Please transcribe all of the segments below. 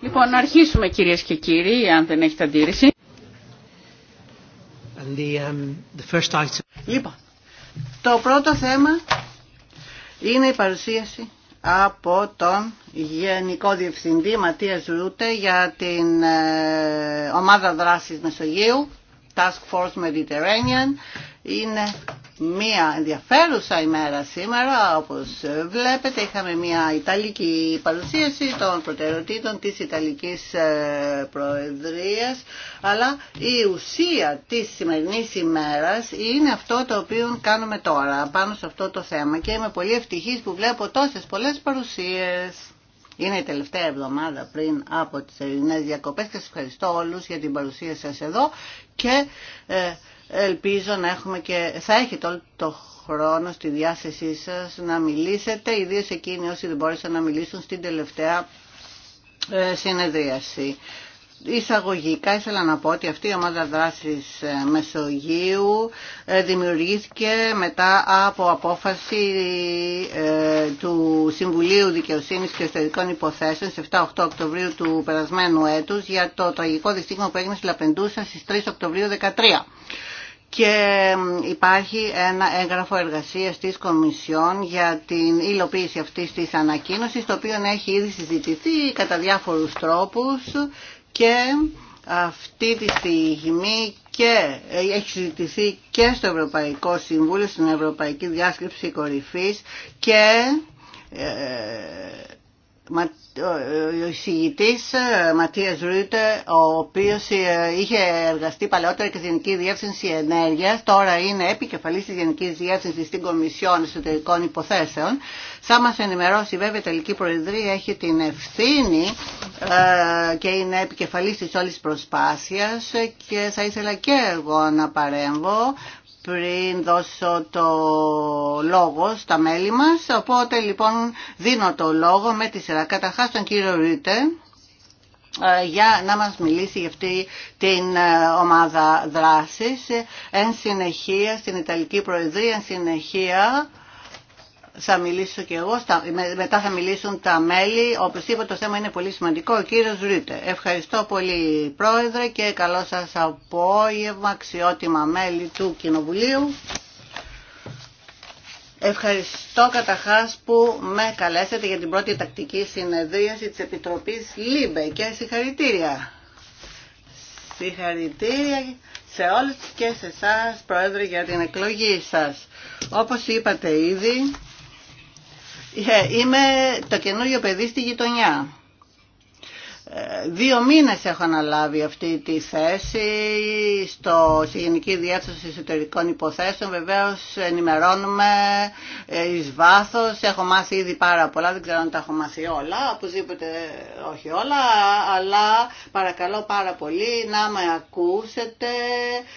Λοιπόν, να αρχίσουμε κυρίες και κύριοι, αν δεν έχετε αντίρρηση. Um, λοιπόν, το πρώτο θέμα είναι η παρουσίαση από τον Γενικό Διευθυντή Ματίας Ρούτε για την ε, Ομάδα Δράσης Μεσογείου, Task Force Mediterranean. Είναι μία ενδιαφέρουσα ημέρα σήμερα. Όπως βλέπετε είχαμε μία Ιταλική παρουσίαση των προτεραιοτήτων της Ιταλικής ε, Προεδρίας. Αλλά η ουσία της σημερινής ημέρας είναι αυτό το οποίο κάνουμε τώρα πάνω σε αυτό το θέμα. Και είμαι πολύ ευτυχής που βλέπω τόσες πολλές παρουσίες. Είναι η τελευταία εβδομάδα πριν από τις ελληνές διακοπές και σας ευχαριστώ όλους για την παρουσία σας εδώ και ε, Ελπίζω να έχουμε και θα έχετε όλο το χρόνο στη διάθεσή σας να μιλήσετε, ιδίως εκείνοι όσοι δεν μπόρεσαν να μιλήσουν στην τελευταία ε, συνεδρίαση. Εισαγωγικά ήθελα να πω ότι αυτή η ομάδα δράσης ε, Μεσογείου ε, δημιουργήθηκε μετά από απόφαση του Συμβουλίου Δικαιοσύνης και Ιστορικών Υποθέσεων στις 7-8 Οκτωβρίου του περασμένου έτους για το τραγικό δυστύχημα που έγινε στη Λαπεντούσα στις 3 Οκτωβρίου 2013 και υπάρχει ένα έγγραφο εργασίας της Κομισιόν για την υλοποίηση αυτής της ανακοίνωσης, το οποίο έχει ήδη συζητηθεί κατά διάφορους τρόπους και αυτή τη στιγμή και ε, έχει συζητηθεί και στο Ευρωπαϊκό Συμβούλιο, στην Ευρωπαϊκή Διάσκεψη Κορυφής και ε, ο εισηγητής ε, Ματία Ρούτε, ο οποίος ε, είχε εργαστεί παλαιότερα και στη Γενική Διεύθυνση ενέργεια, τώρα είναι επικεφαλής της γενική διεύθυνση στην Κομισιόν Εσωτερικών Υποθέσεων. Θα μα ενημερώσει βέβαια η Τελική Προεδρία έχει την ευθύνη ε, και είναι επικεφαλής τη όλη προσπάθεια και θα ήθελα και εγώ να παρέμβω πριν δώσω το λόγο στα μέλη μας. Οπότε λοιπόν δίνω το λόγο με τη σειρά. Καταρχάς τον κύριο Ρίτε ε, για να μας μιλήσει για αυτή την ε, ομάδα δράσης. Εν συνεχεία στην Ιταλική Προεδρία, εν συνεχεία θα μιλήσω και εγώ, μετά θα μιλήσουν τα μέλη. είπα το θέμα είναι πολύ σημαντικό. Ο κύριο Ρούτε, ευχαριστώ πολύ πρόεδρε και καλό σα απόγευμα, αξιότιμα μέλη του Κοινοβουλίου. Ευχαριστώ καταχάς που με καλέσατε για την πρώτη τακτική συνεδρίαση της Επιτροπής ΛΥΜΠΕ και συγχαρητήρια. Συγχαρητήρια σε όλους και σε εσά, Πρόεδρε, για την εκλογή σας. Όπως είπατε ήδη, ε, είμαι το καινούριο παιδί στη γειτονιά. Ε, δύο μήνες έχω αναλάβει αυτή τη θέση στο, στη Γενική Διεύθυνση Εσωτερικών Υποθέσεων. Βεβαίως ενημερώνουμε ε, εις βάθος. Έχω μάθει ήδη πάρα πολλά, δεν ξέρω αν τα έχω μάθει όλα, οπωσδήποτε όχι όλα, αλλά παρακαλώ πάρα πολύ να με ακούσετε,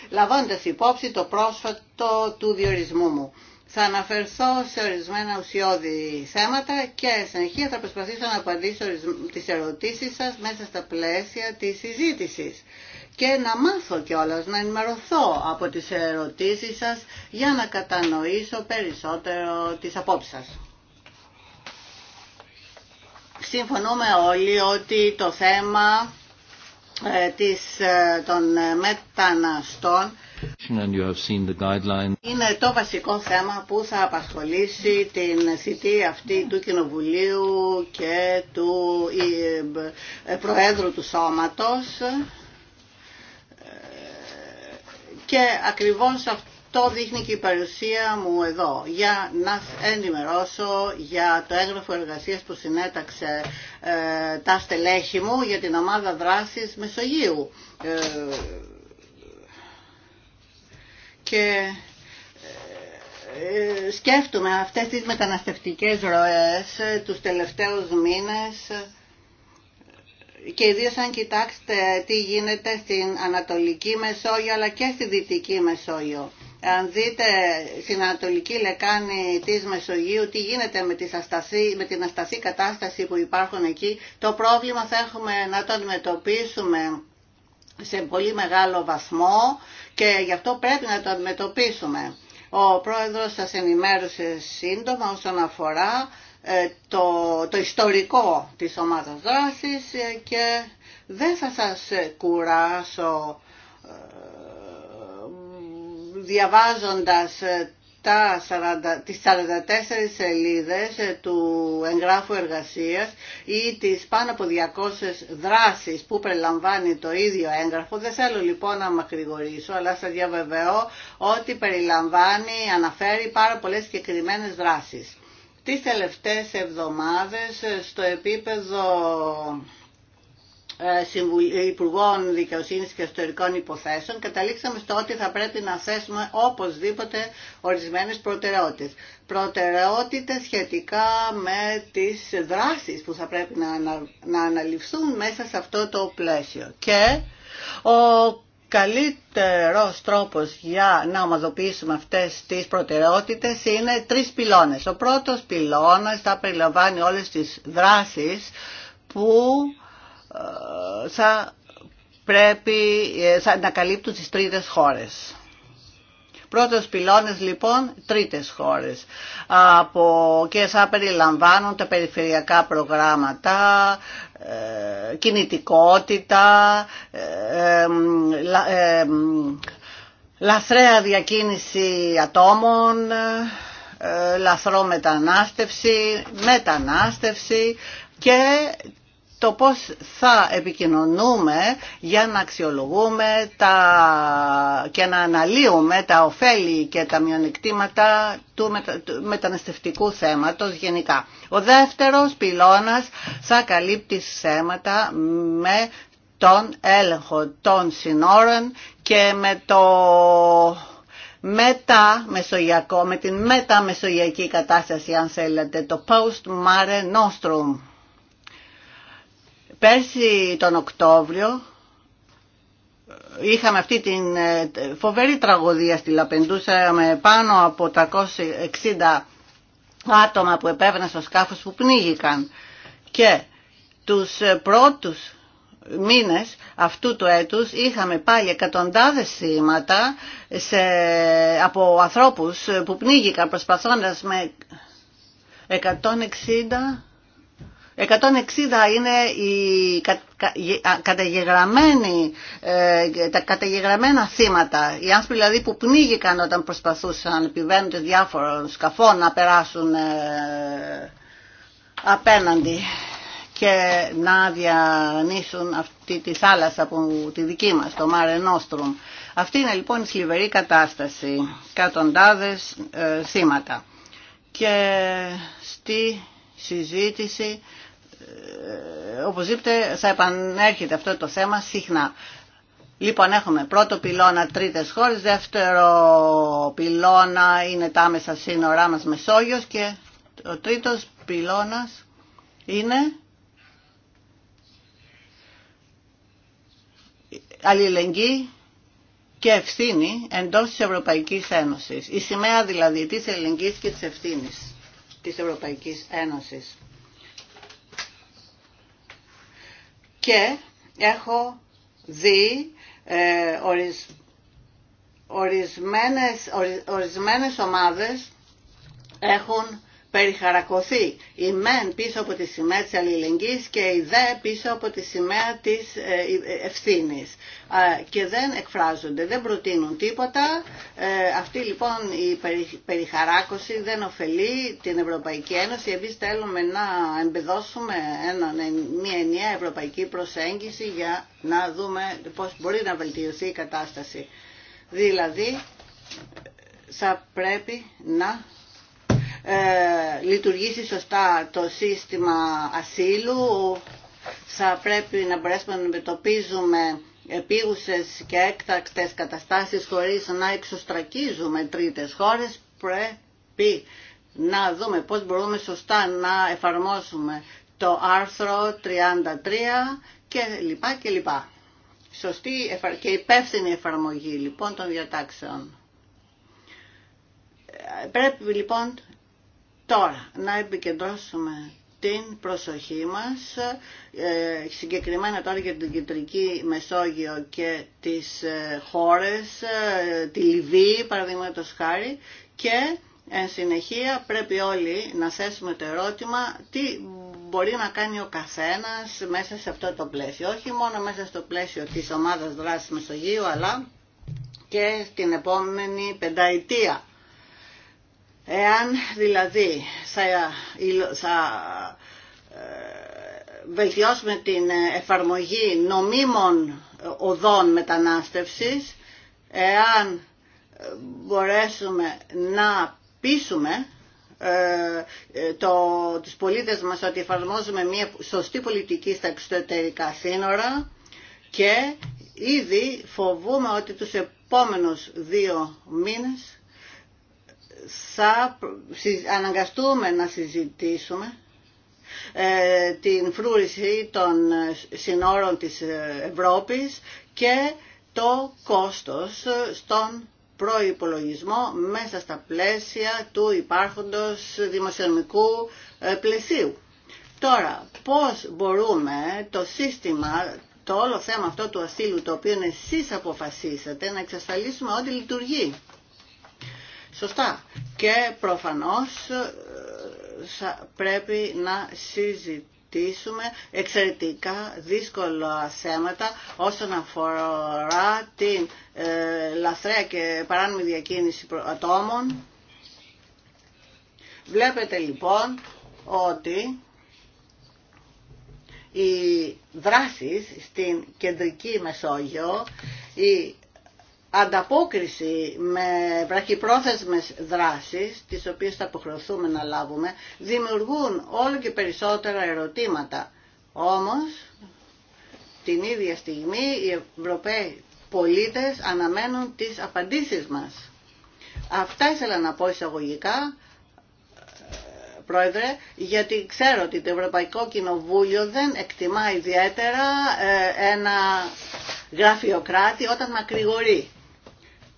λαμβάνοντας υπόψη το πρόσφατο του διορισμού μου. Θα αναφερθώ σε ορισμένα ουσιώδη θέματα και συνεχεία θα προσπαθήσω να απαντήσω τις ερωτήσεις σας μέσα στα πλαίσια της συζήτησης και να μάθω κιόλα να ενημερωθώ από τις ερωτήσεις σας για να κατανοήσω περισσότερο τις απόψεις σας. Συμφωνούμε όλοι ότι το θέμα ε, της, ε, των μεταναστών είναι το βασικό θέμα που θα απασχολήσει την θητή αυτή του Κοινοβουλίου και του ε, ε, Προέδρου του Σώματος ε, και ακριβώς αυτό το δείχνει και η παρουσία μου εδώ για να ενημερώσω για το έγγραφο εργασίας που συνέταξε τα στελέχη μου για την ομάδα δράσης Μεσογείου και ε, ε, σκέφτομαι αυτές τις μεταναστευτικές ροές ε, τους τελευταίους μήνες και ιδίω αν κοιτάξετε τι γίνεται στην Ανατολική Μεσόγειο αλλά και στη Δυτική Μεσόγειο. Αν δείτε στην Ανατολική Λεκάνη της Μεσογείου τι γίνεται με, τις με την αστασή κατάσταση που υπάρχουν εκεί, το πρόβλημα θα έχουμε να το αντιμετωπίσουμε σε πολύ μεγάλο βαθμό και γι' αυτό πρέπει να το αντιμετωπίσουμε. Ο πρόεδρος σας ενημέρωσε σύντομα όσον αφορά ε, το, ιστορικό της ομάδας δράσης ε, και δεν θα σας κουράσω ε, διαβάζοντας τις 44 σελίδες ε, του εγγράφου εργασίας ή τις πάνω από 200 δράσεις που περιλαμβάνει το ίδιο έγγραφο. Δεν θέλω λοιπόν να μακρηγορήσω, αλλά σας διαβεβαιώ ότι περιλαμβάνει, αναφέρει πάρα πολλές συγκεκριμένε δράσεις. Τις τελευταίες εβδομάδες ε, στο επίπεδο ε, ε, Υπουργών Δικαιοσύνης και Ιστορικών Υποθέσεων καταλήξαμε στο ότι θα πρέπει να θέσουμε οπωσδήποτε ορισμένες προτεραιότητες. Προτεραιότητες σχετικά με τις δράσεις που θα πρέπει να, ανα, αναλυφθούν μέσα σε αυτό το πλαίσιο. Και ο καλύτερος τρόπος για να ομαδοποιήσουμε αυτές τις προτεραιότητες είναι τρεις πυλώνες. Ο πρώτος πυλώνας θα περιλαμβάνει όλες τις δράσεις που θα πρέπει να καλύπτουν τις τρίτες χώρες. Πρώτος πυλώνες λοιπόν τρίτες χώρες από, και θα περιλαμβάνουν τα περιφερειακά προγράμματα, ε, κινητικότητα, ε, λαθρέα διακίνηση ατόμων, ε, λαθρό μετανάστευση, μετανάστευση και το πώς θα επικοινωνούμε για να αξιολογούμε τα... και να αναλύουμε τα ωφέλη και τα μειονεκτήματα του, μετα... μεταναστευτικού θέματος γενικά. Ο δεύτερος πυλώνας θα καλύπτει θέματα με τον έλεγχο των συνόρων και με το μεσογειακό με την μεταμεσογειακή κατάσταση αν θέλετε, το post mare nostrum. Πέρσι τον Οκτώβριο είχαμε αυτή την ε, φοβερή τραγωδία στη Λαπεντούσα με πάνω από 360 άτομα που επέβαιναν στο σκάφος που πνίγηκαν και τους πρώτους μήνες αυτού του έτους είχαμε πάλι εκατοντάδες σήματα σε, από ανθρώπους που πνίγηκαν προσπαθώντας με 160 160 είναι οι καταγεγραμμένοι, ε, τα καταγεγραμμένα θύματα. Οι άνθρωποι δηλαδή που πνίγηκαν όταν προσπαθούσαν το διάφορων σκαφών να περάσουν ε, απέναντι και να διανύσουν αυτή τη θάλασσα που τη δική μας, το Μάρε Αυτή είναι λοιπόν η σλιβερή κατάσταση, κατοντάδες ε, θύματα. Και στη συζήτηση ε, οπωσδήποτε θα επανέρχεται αυτό το θέμα συχνά. Λοιπόν, έχουμε πρώτο πυλώνα τρίτες χώρες, δεύτερο πυλώνα είναι τα άμεσα σύνορά μας Μεσόγειος και ο τρίτος πυλώνας είναι αλληλεγγύη και ευθύνη εντός της Ευρωπαϊκής Ένωσης. Η σημαία δηλαδή της αλληλεγγύης και της ευθύνης της Ευρωπαϊκής Ένωσης. και έχω δει ε, ορισμένες, ορισμένες ομάδες έχουν περιχαρακωθεί η μεν πίσω από τη σημαία της αλληλεγγύης και η δε πίσω από τη σημαία της ε, ε, ευθύνης και δεν εκφράζονται, δεν προτείνουν τίποτα. Ε, αυτή λοιπόν η περιχαράκωση δεν ωφελεί την Ευρωπαϊκή Ένωση. Εμεί θέλουμε να εμπεδώσουμε ναι, μια ενιαία ευρωπαϊκή προσέγγιση για να δούμε πώς μπορεί να βελτιωθεί η κατάσταση. Δηλαδή θα πρέπει να ε, λειτουργήσει σωστά το σύστημα ασύλου, θα πρέπει να μπορέσουμε να αντιμετωπίζουμε επίγουσες και έκτακτες καταστάσεις χωρίς να εξωστρακίζουμε τρίτες χώρες. Πρέπει να δούμε πώς μπορούμε σωστά να εφαρμόσουμε το άρθρο 33 και λοιπά και λοιπά. Σωστή και υπεύθυνη εφαρμογή λοιπόν των διατάξεων. Ε, πρέπει λοιπόν Τώρα, να επικεντρώσουμε την προσοχή μας ε, συγκεκριμένα τώρα για την Κεντρική Μεσόγειο και τις ε, χώρες, ε, τη Λιβύη παραδείγματος χάρη και εν συνεχεία πρέπει όλοι να θέσουμε το ερώτημα τι μπορεί να κάνει ο καθένας μέσα σε αυτό το πλαίσιο. Όχι μόνο μέσα στο πλαίσιο της ομάδας δράσης Μεσογείου αλλά και στην επόμενη πενταετία Εάν δηλαδή θα ε, βελτιώσουμε την εφαρμογή νομίμων οδών μετανάστευσης, εάν ε, μπορέσουμε να πείσουμε ε, το, τους πολίτες μας ότι εφαρμόζουμε μια σωστή πολιτική στα εξωτερικά σύνορα και ήδη φοβούμε ότι τους επόμενους δύο μήνες θα αναγκαστούμε να συζητήσουμε ε, την φρούρηση των συνόρων της Ευρώπης και το κόστος στον προϋπολογισμό μέσα στα πλαίσια του υπάρχοντος δημοσιονομικού ε, πλαισίου. Τώρα, πώς μπορούμε το σύστημα, το όλο θέμα αυτό του ασύλου, το οποίο εσείς αποφασίσατε, να εξασφαλίσουμε ότι λειτουργεί σωστά. Και προφανώς ε, πρέπει να συζητήσουμε εξαιρετικά δύσκολα θέματα όσον αφορά την ε, λαθρέα και παράνομη διακίνηση ατόμων. Βλέπετε λοιπόν ότι οι δράσεις στην κεντρική Μεσόγειο, οι ανταπόκριση με βραχυπρόθεσμες δράσεις, τις οποίες θα αποχρεωθούμε να λάβουμε, δημιουργούν όλο και περισσότερα ερωτήματα. Όμως, την ίδια στιγμή οι Ευρωπαίοι πολίτες αναμένουν τις απαντήσεις μας. Αυτά ήθελα να πω εισαγωγικά, Πρόεδρε, γιατί ξέρω ότι το Ευρωπαϊκό Κοινοβούλιο δεν εκτιμά ιδιαίτερα ε, ένα γραφειοκράτη όταν μακρηγορεί.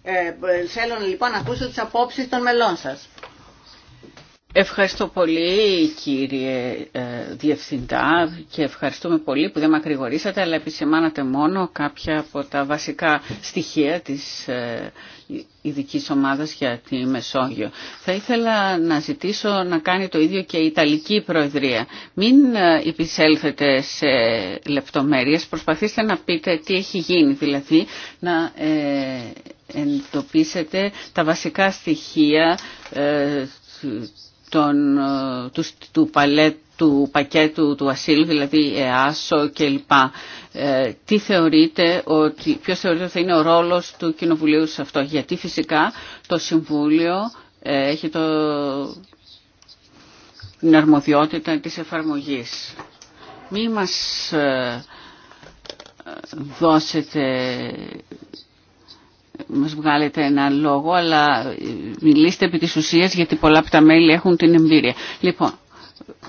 Ε, ε, θέλω λοιπόν να ακούσω τις απόψεις των μελών σας. Ευχαριστώ πολύ κύριε ε, Διευθυντά και ευχαριστούμε πολύ που δεν μακρηγορήσατε αλλά επισημάνατε μόνο κάποια από τα βασικά στοιχεία της ε, ειδική ομάδας για τη Μεσόγειο. Θα ήθελα να ζητήσω να κάνει το ίδιο και η Ιταλική Προεδρία. Μην ε, υπησέλθετε σε λεπτομέρειες, προσπαθήστε να πείτε τι έχει γίνει, δηλαδή να εντοπίσετε τα βασικά στοιχεία ε, του, παλέ, του πακέτου του ασύλου, δηλαδή ΕΑΣΟ κλπ. Ε, τι θεωρείτε ότι, ποιος θεωρείτε ότι θα είναι ο ρόλος του Κοινοβουλίου σε αυτό. Γιατί φυσικά το Συμβούλιο ε, έχει το, την αρμοδιότητα της εφαρμογής. Μη μας ε, δώσετε μας βγάλετε ένα λόγο, αλλά ε, μιλήστε επί της ουσίας γιατί πολλά από τα μέλη έχουν την εμπειρία. Λοιπόν,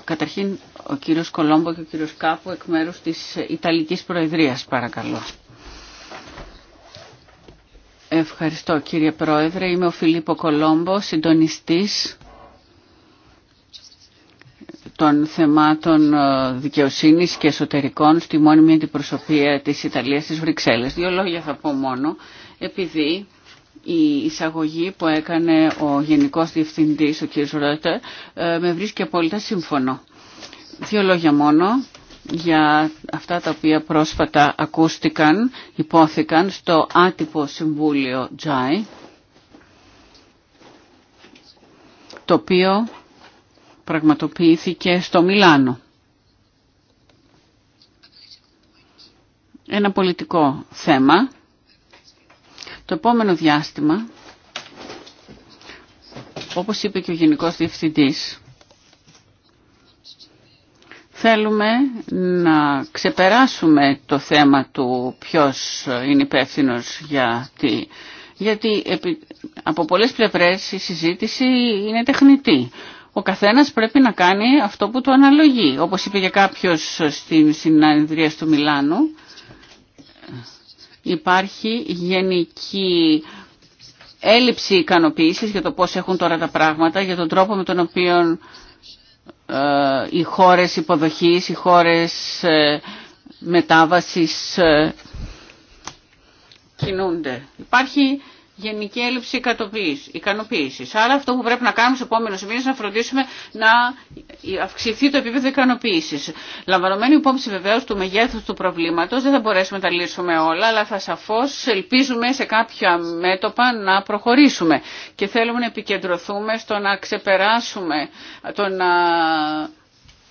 καταρχήν ο κύριος Κολόμπο και ο κύριος Κάπου εκ μέρους της Ιταλικής Προεδρίας, παρακαλώ. Ευχαριστώ κύριε Πρόεδρε. Είμαι ο Φιλίππο Κολόμπο, συντονιστής των θεμάτων ε, δικαιοσύνης και εσωτερικών στη μόνιμη αντιπροσωπεία της Ιταλίας στις Βρυξέλλες. Δύο λόγια θα πω μόνο επειδή η εισαγωγή που έκανε ο Γενικός Διευθυντής, ο κ. Ρότερ, ε, με βρίσκει απόλυτα σύμφωνο. Δύο λόγια μόνο για αυτά τα οποία πρόσφατα ακούστηκαν, υπόθηκαν στο άτυπο Συμβούλιο Τζάι, το οποίο πραγματοποιήθηκε στο Μιλάνο. Ένα πολιτικό θέμα το επόμενο διάστημα, όπως είπε και ο Γενικός Διευθυντής, θέλουμε να ξεπεράσουμε το θέμα του ποιος είναι υπεύθυνο για τι. Γιατί από πολλές πλευρές η συζήτηση είναι τεχνητή. Ο καθένας πρέπει να κάνει αυτό που του αναλογεί. Όπως είπε για κάποιος στην Συνανδρία του Μιλάνου, υπάρχει γενική έλλειψη ικανοποίησης για το πώς έχουν τώρα τα πράγματα, για τον τρόπο με τον οποίο ε, οι χώρες υποδοχής, οι χώρες ε, μετάβασης ε, κινούνται. Υπάρχει γενική έλλειψη ικανοποίηση. Άρα αυτό που πρέπει να κάνουμε στου επόμενου μήνε είναι να φροντίσουμε να αυξηθεί το επίπεδο ικανοποίηση. Λαμβανωμένη υπόψη βεβαίω του μεγέθου του προβλήματο, δεν θα μπορέσουμε να τα λύσουμε όλα, αλλά θα σαφώ ελπίζουμε σε κάποια μέτωπα να προχωρήσουμε. Και θέλουμε να επικεντρωθούμε στο να ξεπεράσουμε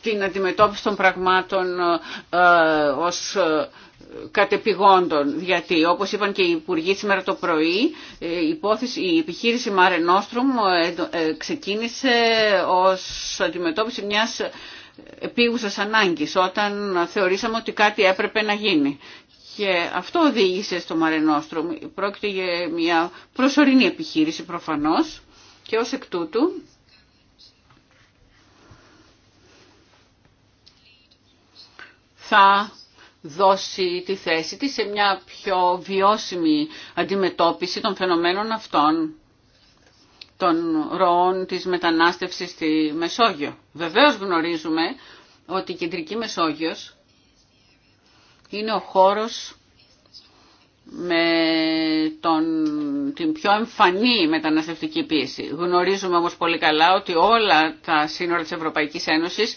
την αντιμετώπιση των πραγμάτων ε, ως ε, κατεπηγόντων γιατί όπως είπαν και οι υπουργοί σήμερα το πρωί η, ε, υπόθεση, η επιχείρηση Μαρενόστρουμ ε, ε, ξεκίνησε ως αντιμετώπιση μιας επίγουσας ανάγκης όταν θεωρήσαμε ότι κάτι έπρεπε να γίνει. Και αυτό οδήγησε στο Μαρενόστρουμ. Πρόκειται για μια προσωρινή επιχείρηση προφανώς και ως εκ τούτου θα δώσει τη θέση της σε μια πιο βιώσιμη αντιμετώπιση των φαινομένων αυτών των ροών της μετανάστευσης στη Μεσόγειο. Βεβαίως γνωρίζουμε ότι η Κεντρική Μεσόγειος είναι ο χώρος με τον, την πιο εμφανή μεταναστευτική πίεση. Γνωρίζουμε όμως πολύ καλά ότι όλα τα σύνορα της Ευρωπαϊκής Ένωσης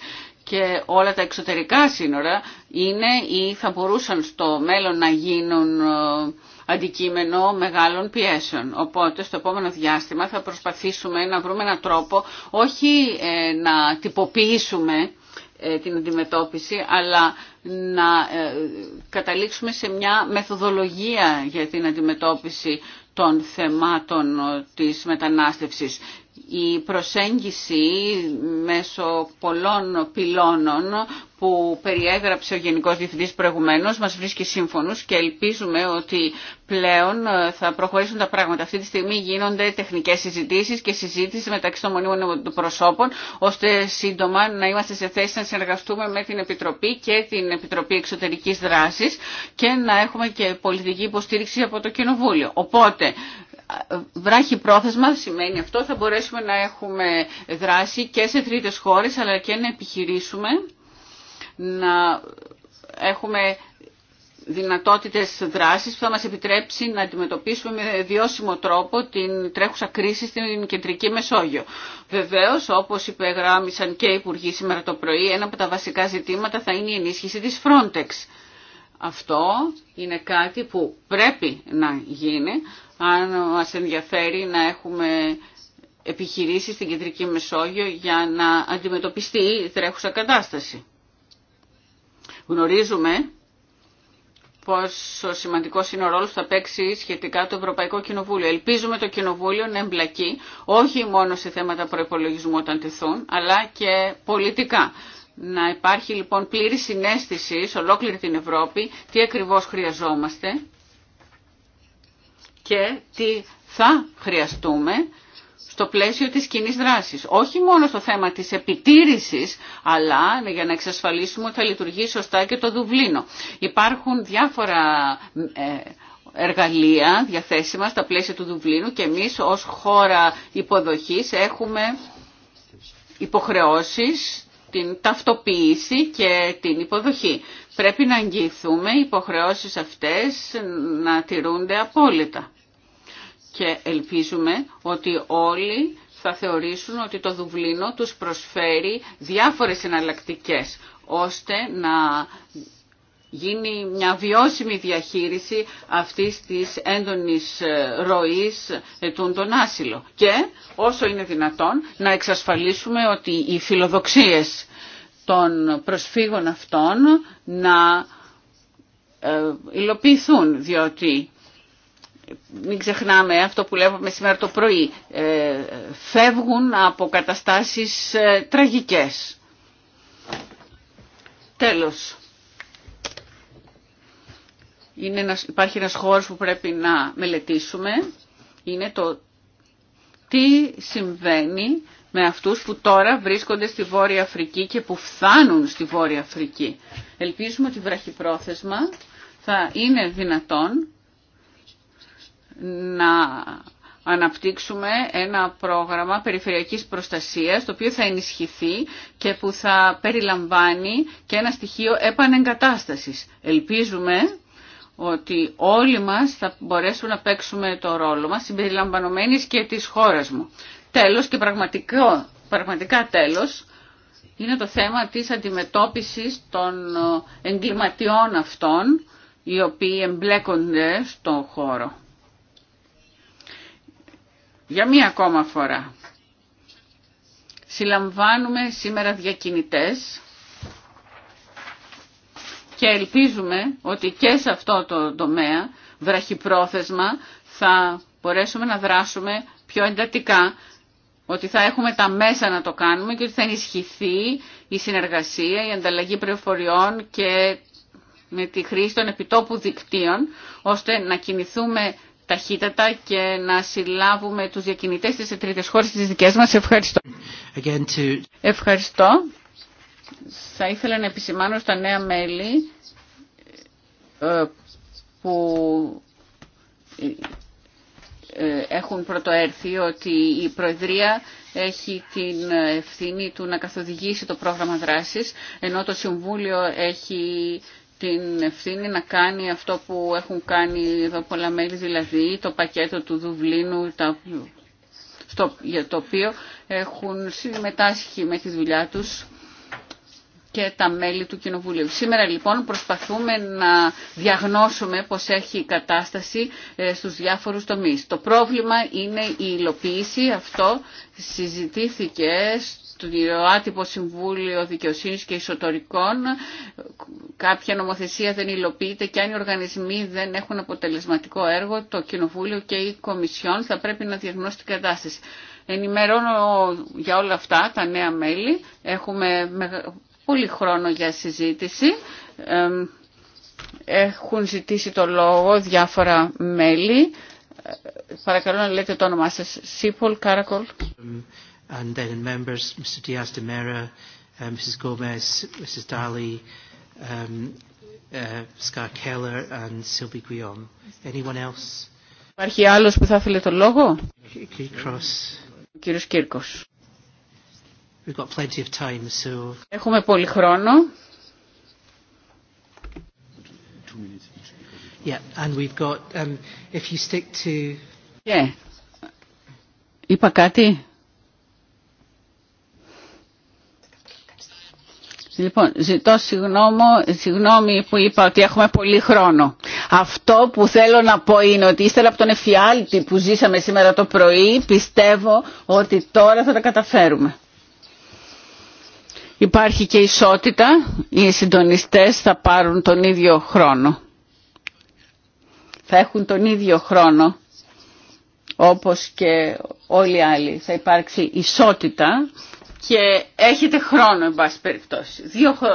και όλα τα εξωτερικά σύνορα είναι ή θα μπορούσαν στο μέλλον να γίνουν ε, αντικείμενο μεγάλων πιέσεων. Οπότε στο επόμενο διάστημα θα προσπαθήσουμε να βρούμε έναν τρόπο όχι ε, να τυποποιήσουμε ε, την αντιμετώπιση, αλλά να καταλήξουμε σε μια μεθοδολογία για την αντιμετώπιση των θεμάτων της μετανάστευσης η προσέγγιση μέσω πολλών πυλώνων που περιέγραψε ο Γενικός Διευθυντής προηγουμένως μας βρίσκει σύμφωνος και ελπίζουμε ότι πλέον θα προχωρήσουν τα πράγματα. Αυτή τη στιγμή γίνονται τεχνικές συζητήσεις και συζήτηση μεταξύ των μονίμων προσώπων ώστε σύντομα να είμαστε σε θέση να συνεργαστούμε με την Επιτροπή και την Επιτροπή Εξωτερικής Δράσης και να έχουμε και πολιτική υποστήριξη από το Κοινοβούλιο. Οπότε Βράχει πρόθεσμα σημαίνει αυτό θα μπορέσουμε να έχουμε δράση και σε τρίτες χώρες αλλά και να επιχειρήσουμε να έχουμε δυνατότητες δράσης που θα μας επιτρέψει να αντιμετωπίσουμε με βιώσιμο τρόπο την τρέχουσα κρίση στην Κεντρική Μεσόγειο. Βεβαίως, όπως υπεγράμμισαν και οι Υπουργοί σήμερα το πρωί, ένα από τα βασικά ζητήματα θα είναι η ενίσχυση της Frontex. Αυτό είναι κάτι που πρέπει να γίνει, αν μας ενδιαφέρει να έχουμε επιχειρήσεις στην Κεντρική Μεσόγειο για να αντιμετωπιστεί η τρέχουσα κατάσταση. Γνωρίζουμε πόσο σημαντικό είναι ο ρόλο που θα παίξει σχετικά το Ευρωπαϊκό Κοινοβούλιο. Ελπίζουμε το Κοινοβούλιο να εμπλακεί όχι μόνο σε θέματα προπολογισμού όταν τεθούν, αλλά και πολιτικά. Να υπάρχει λοιπόν πλήρη συνέστηση σε ολόκληρη την Ευρώπη τι ακριβώς χρειαζόμαστε και τι θα χρειαστούμε στο πλαίσιο της κοινή δράσης. Όχι μόνο στο θέμα της επιτήρησης, αλλά για να εξασφαλίσουμε ότι θα λειτουργεί σωστά και το Δουβλίνο. Υπάρχουν διάφορα ε, εργαλεία διαθέσιμα στα πλαίσια του Δουβλίνου και εμείς ως χώρα υποδοχής έχουμε υποχρεώσεις την ταυτοποίηση και την υποδοχή πρέπει να εγγυηθούμε οι υποχρεώσεις αυτές να τηρούνται απόλυτα. Και ελπίζουμε ότι όλοι θα θεωρήσουν ότι το Δουβλίνο τους προσφέρει διάφορες εναλλακτικέ ώστε να γίνει μια βιώσιμη διαχείριση αυτής της έντονης ροής ετούν τον άσυλο. Και όσο είναι δυνατόν να εξασφαλίσουμε ότι οι φιλοδοξίες των προσφύγων αυτών να ε, υλοποιηθούν, διότι μην ξεχνάμε αυτό που λέμε σήμερα το πρωί, ε, φεύγουν από καταστάσεις ε, τραγικές. Τέλος. Είναι υπάρχει ένας χώρος που πρέπει να μελετήσουμε. Είναι το τι συμβαίνει με αυτούς που τώρα βρίσκονται στη Βόρεια Αφρική και που φθάνουν στη Βόρεια Αφρική. Ελπίζουμε ότι βραχυπρόθεσμα θα είναι δυνατόν να αναπτύξουμε ένα πρόγραμμα περιφερειακής προστασίας το οποίο θα ενισχυθεί και που θα περιλαμβάνει και ένα στοιχείο επανεγκατάστασης. Ελπίζουμε ότι όλοι μας θα μπορέσουμε να παίξουμε το ρόλο μας συμπεριλαμβανομένης και της χώρας μου τέλος και πραγματικό, πραγματικά τέλος είναι το θέμα της αντιμετώπισης των ε, εγκληματιών αυτών οι οποίοι εμπλέκονται στον χώρο. Για μία ακόμα φορά. Συλλαμβάνουμε σήμερα διακινητές και ελπίζουμε ότι και σε αυτό το τομέα βραχυπρόθεσμα θα μπορέσουμε να δράσουμε πιο εντατικά ότι θα έχουμε τα μέσα να το κάνουμε και ότι θα ενισχυθεί η συνεργασία, η ανταλλαγή πληροφοριών και με τη χρήση των επιτόπου δικτύων, ώστε να κινηθούμε ταχύτατα και να συλλάβουμε τους διακινητές της σε τρίτες χώρες της δικές μας. Ευχαριστώ. Ευχαριστώ. Θα ήθελα να επισημάνω στα νέα μέλη ε, που ε, έχουν πρωτοέρθει ότι η Προεδρία έχει την ευθύνη του να καθοδηγήσει το πρόγραμμα δράσης, ενώ το Συμβούλιο έχει την ευθύνη να κάνει αυτό που έχουν κάνει εδώ πολλά μέλη, δηλαδή το πακέτο του Δουβλίνου, τα, στο, για το οποίο έχουν συμμετάσχει με τη δουλειά τους και τα μέλη του Κοινοβουλίου. Σήμερα λοιπόν προσπαθούμε να διαγνώσουμε πως έχει η κατάσταση ε, στους διάφορους τομείς. Το πρόβλημα είναι η υλοποίηση. Αυτό συζητήθηκε στο άτυπο Συμβούλιο Δικαιοσύνης και Ισοτορικών. Κάποια νομοθεσία δεν υλοποιείται και αν οι οργανισμοί δεν έχουν αποτελεσματικό έργο, το Κοινοβούλιο και η Κομισιόν θα πρέπει να διαγνώσει την κατάσταση. Ενημερώνω για όλα αυτά τα νέα μέλη. Έχουμε πολύ χρόνο για συζήτηση. Έχουν ζητήσει το λόγο διάφορα μέλη. Παρακαλώ να λέτε το όνομά σας. Σίπολ, Κάρακολ. And then members, Mr. Diaz de Mera, uh, Mrs. Gomez, Mrs. Daly, um, uh, Ska Keller and Sylvie Guillaume. Anyone else? Υπάρχει άλλος που θα ήθελε το λόγο? Κύριος Κύρκος. Έχουμε πολύ χρόνο. Yeah, and we've got, um, if you stick to... Yeah. Ε, είπα κάτι. Λοιπόν, ζητώ συγγνώμη, συγγνώμη που είπα ότι έχουμε πολύ χρόνο. Αυτό που θέλω να πω είναι ότι ύστερα από τον εφιάλτη που ζήσαμε σήμερα το πρωί, πιστεύω ότι τώρα θα τα καταφέρουμε υπάρχει και ισότητα, οι συντονιστές θα πάρουν τον ίδιο χρόνο. Θα έχουν τον ίδιο χρόνο όπως και όλοι οι άλλοι. Θα υπάρξει ισότητα και έχετε χρόνο, εν πάση περιπτώσει.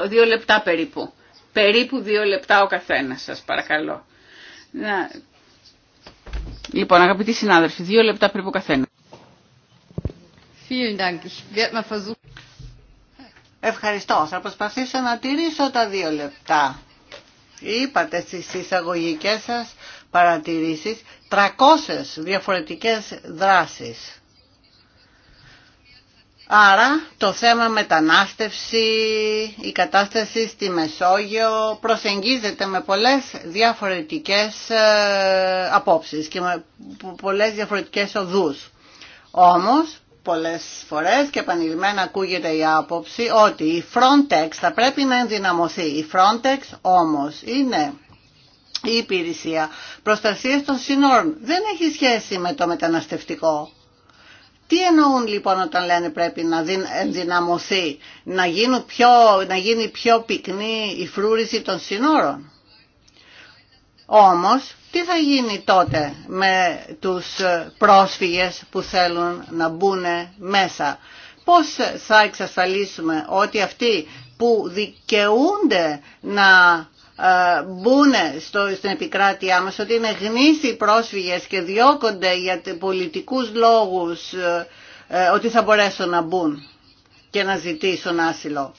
Δύο, λεπτά περίπου. Περίπου δύο λεπτά ο καθένας σας, παρακαλώ. Να... Λοιπόν, αγαπητοί συνάδελφοι, δύο λεπτά περίπου ο καθένα. Ευχαριστώ. Θα προσπαθήσω να τηρήσω τα δύο λεπτά. Είπατε στις εισαγωγικές σας παρατηρήσεις 300 διαφορετικές δράσεις. Άρα το θέμα μετανάστευση, η κατάσταση στη Μεσόγειο προσεγγίζεται με πολλές διαφορετικές ε, απόψεις και με πολλές διαφορετικές οδούς. Όμως πολλές φορές και επανειλημμένα ακούγεται η άποψη ότι η Frontex θα πρέπει να ενδυναμωθεί. Η Frontex όμως είναι η υπηρεσία προστασίας των συνόρων. Δεν έχει σχέση με το μεταναστευτικό. Τι εννοούν λοιπόν όταν λένε πρέπει να ενδυναμωθεί, να, πιο, να γίνει πιο πυκνή η φρούρηση των συνόρων. Όμως τι θα γίνει τότε με τους πρόσφυγες που θέλουν να μπουν μέσα. Πώς θα εξασφαλίσουμε ότι αυτοί που δικαιούνται να ε, μπουν στο, στην επικράτειά μας, ότι είναι γνήσιοι πρόσφυγες και διώκονται για πολιτικούς λόγους, ε, ε, ότι θα μπορέσουν να μπουν και να ζητήσουν άσυλο.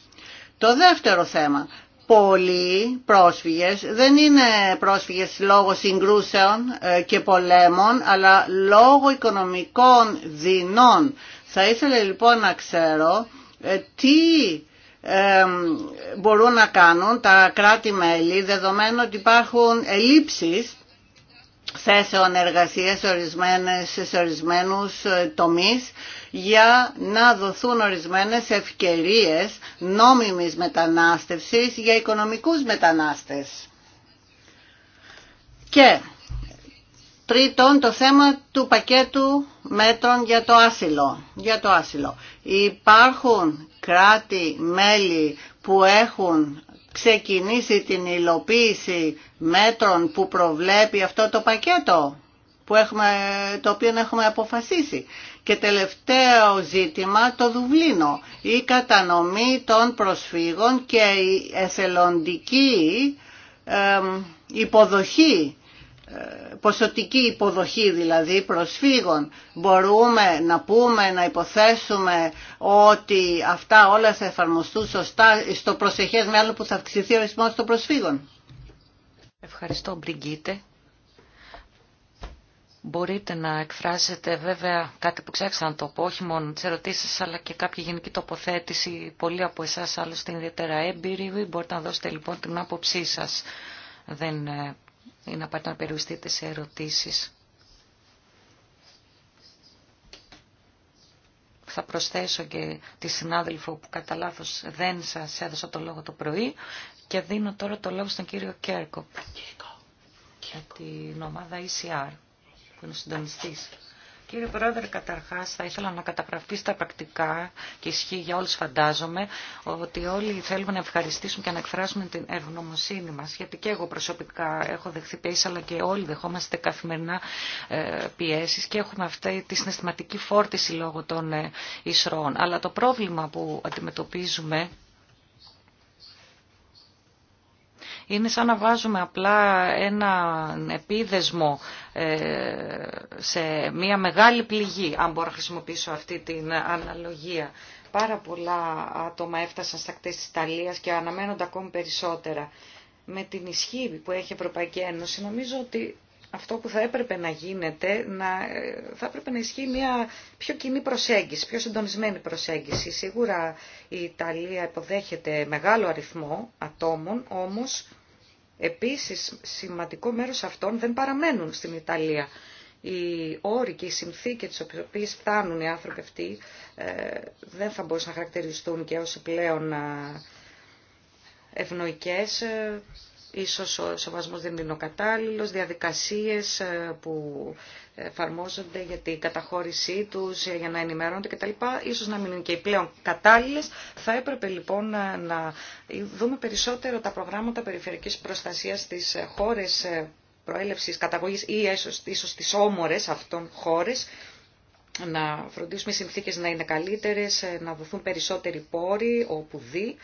Το δεύτερο θέμα, πολλοί πρόσφυγες δεν είναι πρόσφυγες λόγω συγκρούσεων ε, και πολέμων αλλά λόγω οικονομικών δεινών. Θα ήθελα λοιπόν να ξέρω ε, τι μπορούν να κάνουν τα κράτη-μέλη δεδομένου ότι υπάρχουν ελλείψεις θέσεων εργασίας σε ορισμένους ε, τομείς για να δοθούν ορισμένες ευκαιρίες νόμιμης μετανάστευσης για οικονομικούς μετανάστες. Και τρίτον το θέμα του πακέτου μέτρων για το άσυλο. Για το άσυλο. Υπάρχουν κράτη-μέλη που έχουν ξεκινήσει την υλοποίηση μέτρων που προβλέπει αυτό το πακέτο που έχουμε, το οποίο έχουμε αποφασίσει. Και τελευταίο ζήτημα το Δουβλίνο, η κατανομή των προσφύγων και η εθελοντική υποδοχή ποσοτική υποδοχή δηλαδή προσφύγων. Μπορούμε να πούμε, να υποθέσουμε ότι αυτά όλα θα εφαρμοστούν σωστά στο προσεχές με άλλο που θα αυξηθεί ο αριθμός των προσφύγων. Ευχαριστώ Μπριγκίτε. Μπορείτε να εκφράσετε βέβαια κάτι που ξέχασα να το πω, όχι μόνο τι ερωτήσει, αλλά και κάποια γενική τοποθέτηση. Πολλοί από εσά άλλωστε είναι ιδιαίτερα έμπειροι. Μπορείτε να δώσετε λοιπόν την άποψή σα Δεν ε, είναι απαραίτητο να περιουστείτε σε ερωτήσεις. Θα προσθέσω και τη συνάδελφο που κατά λάθο δεν σας έδωσα το λόγο το πρωί και δίνω τώρα το λόγο στον κύριο Κέρκοπ για την ομάδα ECR που είναι ο συντονιστής. Κύριε Πρόεδρε, καταρχά θα ήθελα να καταγραφεί στα πρακτικά και ισχύει για όλους φαντάζομαι ότι όλοι θέλουμε να ευχαριστήσουμε και να εκφράσουμε την ευγνωμοσύνη μας γιατί και εγώ προσωπικά έχω δεχθεί πέσει, αλλά και όλοι δεχόμαστε καθημερινά ε, πιέσει και έχουμε αυτή τη συναισθηματική φόρτιση λόγω των ε, ισρώων. Αλλά το πρόβλημα που αντιμετωπίζουμε Είναι σαν να βάζουμε απλά ένα επίδεσμο ε, σε μια μεγάλη πληγή, αν μπορώ να χρησιμοποιήσω αυτή την αναλογία. Πάρα πολλά άτομα έφτασαν στα κτές της Ιταλίας και αναμένονται ακόμη περισσότερα. Με την ισχύ που έχει η Ευρωπαϊκή Ένωση, νομίζω ότι αυτό που θα έπρεπε να γίνεται, να, ε, θα έπρεπε να ισχύει μια πιο κοινή προσέγγιση, πιο συντονισμένη προσέγγιση. Σίγουρα η Ιταλία υποδέχεται μεγάλο αριθμό ατόμων, όμως Επίσης, σημαντικό μέρος αυτών δεν παραμένουν στην Ιταλία. Οι όροι και οι συνθήκες τις οποίες φτάνουν οι άνθρωποι αυτοί ε, δεν θα μπορούσαν να χαρακτηριστούν και όσοι πλέον ε, ευνοϊκές ε, Ίσως ο σεβασμός δεν είναι ο κατάλληλος, διαδικασίες ε, που εφαρμόζονται για την καταχώρησή τους, ε, για να ενημερώνονται κτλ. Ίσως να μην είναι και οι πλέον κατάλληλες. Θα έπρεπε λοιπόν ε, να δούμε περισσότερο τα προγράμματα περιφερειακής προστασίας στις χώρες προέλευσης, καταγωγής ή ίσως, ίσως τις όμορες αυτών χώρες, να φροντίσουμε οι συνθήκες να είναι καλύτερες, να δοθούν περισσότεροι πόροι όπου δει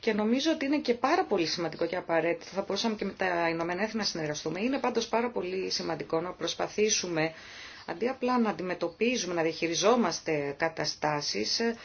και νομίζω ότι είναι και πάρα πολύ σημαντικό και απαραίτητο. Θα μπορούσαμε και με τα Ηνωμένα Έθνη να συνεργαστούμε. Είναι πάντως πάρα πολύ σημαντικό να προσπαθήσουμε αντί απλά να αντιμετωπίζουμε, να διαχειριζόμαστε καταστάσεις ε,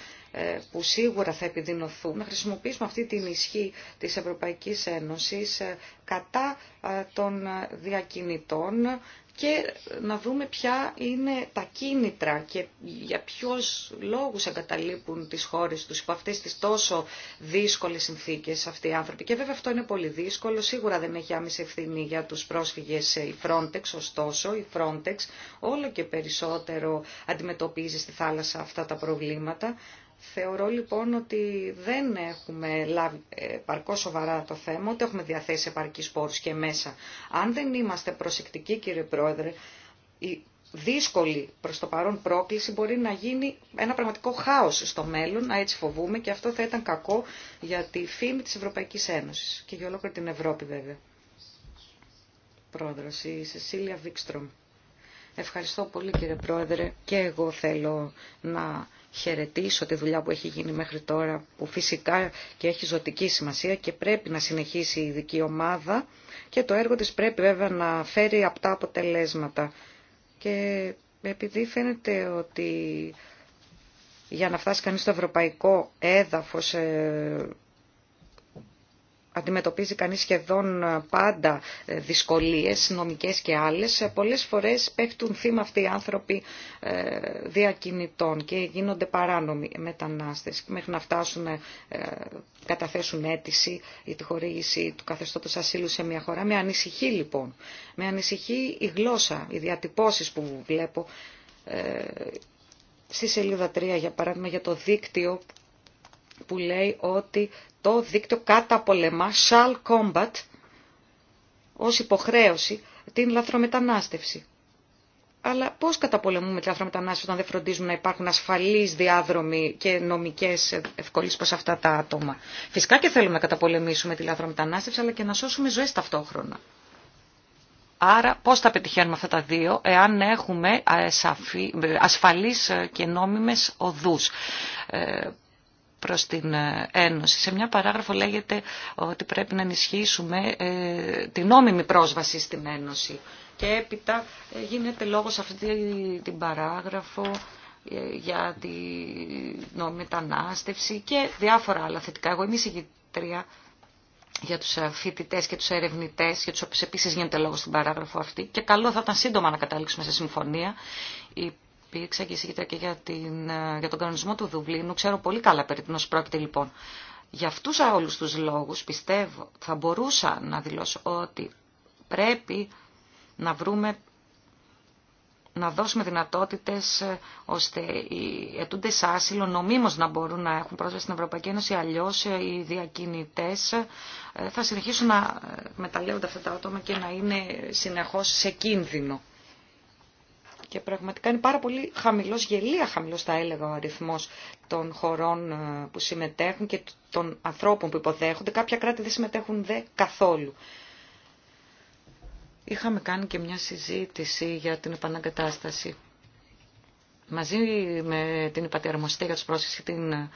που σίγουρα θα επιδεινωθούν, να χρησιμοποιήσουμε αυτή την ισχύ της Ευρωπαϊκής Ένωσης ε, κατά ε, των διακινητών, και να δούμε ποια είναι τα κίνητρα και για ποιους λόγους εγκαταλείπουν τις χώρες τους υπό αυτές τις τόσο δύσκολες συνθήκες αυτοί οι άνθρωποι. Και βέβαια αυτό είναι πολύ δύσκολο, σίγουρα δεν έχει άμεση ευθύνη για τους πρόσφυγες η Frontex, ωστόσο η Frontex όλο και περισσότερο αντιμετωπίζει στη θάλασσα αυτά τα προβλήματα. Θεωρώ λοιπόν ότι δεν έχουμε λάβει ε, παρκώ σοβαρά το θέμα, ούτε έχουμε διαθέσει επαρκή πόρου και μέσα. Αν δεν είμαστε προσεκτικοί κύριε Πρόεδρε, η δύσκολη προς το παρόν πρόκληση μπορεί να γίνει ένα πραγματικό χάος στο μέλλον, να έτσι φοβούμε και αυτό θα ήταν κακό για τη φήμη της Ευρωπαϊκής Ένωσης και για ολόκληρη την Ευρώπη βέβαια. Πρόεδρος, η Σεσίλια Βίξτρομ. Ευχαριστώ πολύ κύριε Πρόεδρε και εγώ θέλω να χαιρετήσω τη δουλειά που έχει γίνει μέχρι τώρα, που φυσικά και έχει ζωτική σημασία και πρέπει να συνεχίσει η ειδική ομάδα και το έργο της πρέπει βέβαια να φέρει απτά αποτελέσματα. Και επειδή φαίνεται ότι για να φτάσει κανείς στο ευρωπαϊκό έδαφος ε, αντιμετωπίζει κανείς σχεδόν ε, πάντα ε, δυσκολίες, νομικές και άλλες, ε, πολλές φορές πέφτουν θύμα αυτοί οι άνθρωποι διακινητών και γίνονται παράνομοι μετανάστες μέχρι να φτάσουν καταθέσουν αίτηση ή τη χορήγηση του καθεστώτος ασύλου σε μια χώρα. Με ανησυχεί λοιπόν, με ανησυχεί η γλώσσα, οι διατυπώσεις που βλέπω στη σελίδα 3 για παράδειγμα για το δίκτυο που λέει ότι το δίκτυο καταπολεμά Shall Combat ως υποχρέωση την λαθρομετανάστευση. Αλλά πώς καταπολεμούμε τη λαθρομετανάστευση όταν δεν φροντίζουμε να υπάρχουν ασφαλείς διάδρομοι και νομικές ευκολίες προς αυτά τα άτομα. Φυσικά και θέλουμε να καταπολεμήσουμε τη λαθρομετανάστευση αλλά και να σώσουμε ζωές ταυτόχρονα. Άρα πώς θα πετυχαίνουμε αυτά τα δύο εάν έχουμε ε, ε, ασφαλείς και νόμιμες οδούς ε, προς την ε, Ένωση. Σε μια παράγραφο λέγεται ότι πρέπει να ενισχύσουμε ε, την νόμιμη πρόσβαση στην Ένωση. Και έπειτα ε, γίνεται λόγος αυτή την παράγραφο για τη μετανάστευση και διάφορα άλλα θετικά. Εγώ είμαι εισηγητρία για τους φοιτητέ και τους ερευνητές, για τους οποίους επίσης γίνεται λόγο στην παράγραφο αυτή και καλό θα ήταν σύντομα να καταλήξουμε σε συμφωνία υπήρξα και και για, την, ε, για τον κανονισμό του Δουβλίνου. Ξέρω πολύ καλά περί πρόκειται λοιπόν. Για αυτούς όλους τους λόγους πιστεύω θα μπορούσα να δηλώσω ότι πρέπει να βρούμε να δώσουμε δυνατότητες ε, ώστε οι ετούντες άσυλο νομίμως να μπορούν να έχουν πρόσβαση στην Ευρωπαϊκή Ένωση, αλλιώς ε, οι διακινητές θα συνεχίσουν να μεταλλεύονται αυτά τα άτομα και να είναι συνεχώς σε κίνδυνο. Και πραγματικά είναι πάρα πολύ χαμηλός, γελία χαμηλός θα έλεγα ο αριθμός των χωρών ε, που συμμετέχουν και των ανθρώπων που υποδέχονται. Κάποια κράτη δεν συμμετέχουν δε καθόλου. Είχαμε κάνει και μια συζήτηση για την επαναγκατάσταση. Μαζί με την Υπατιαρμοστή για τους πρόσφυγες και την ε,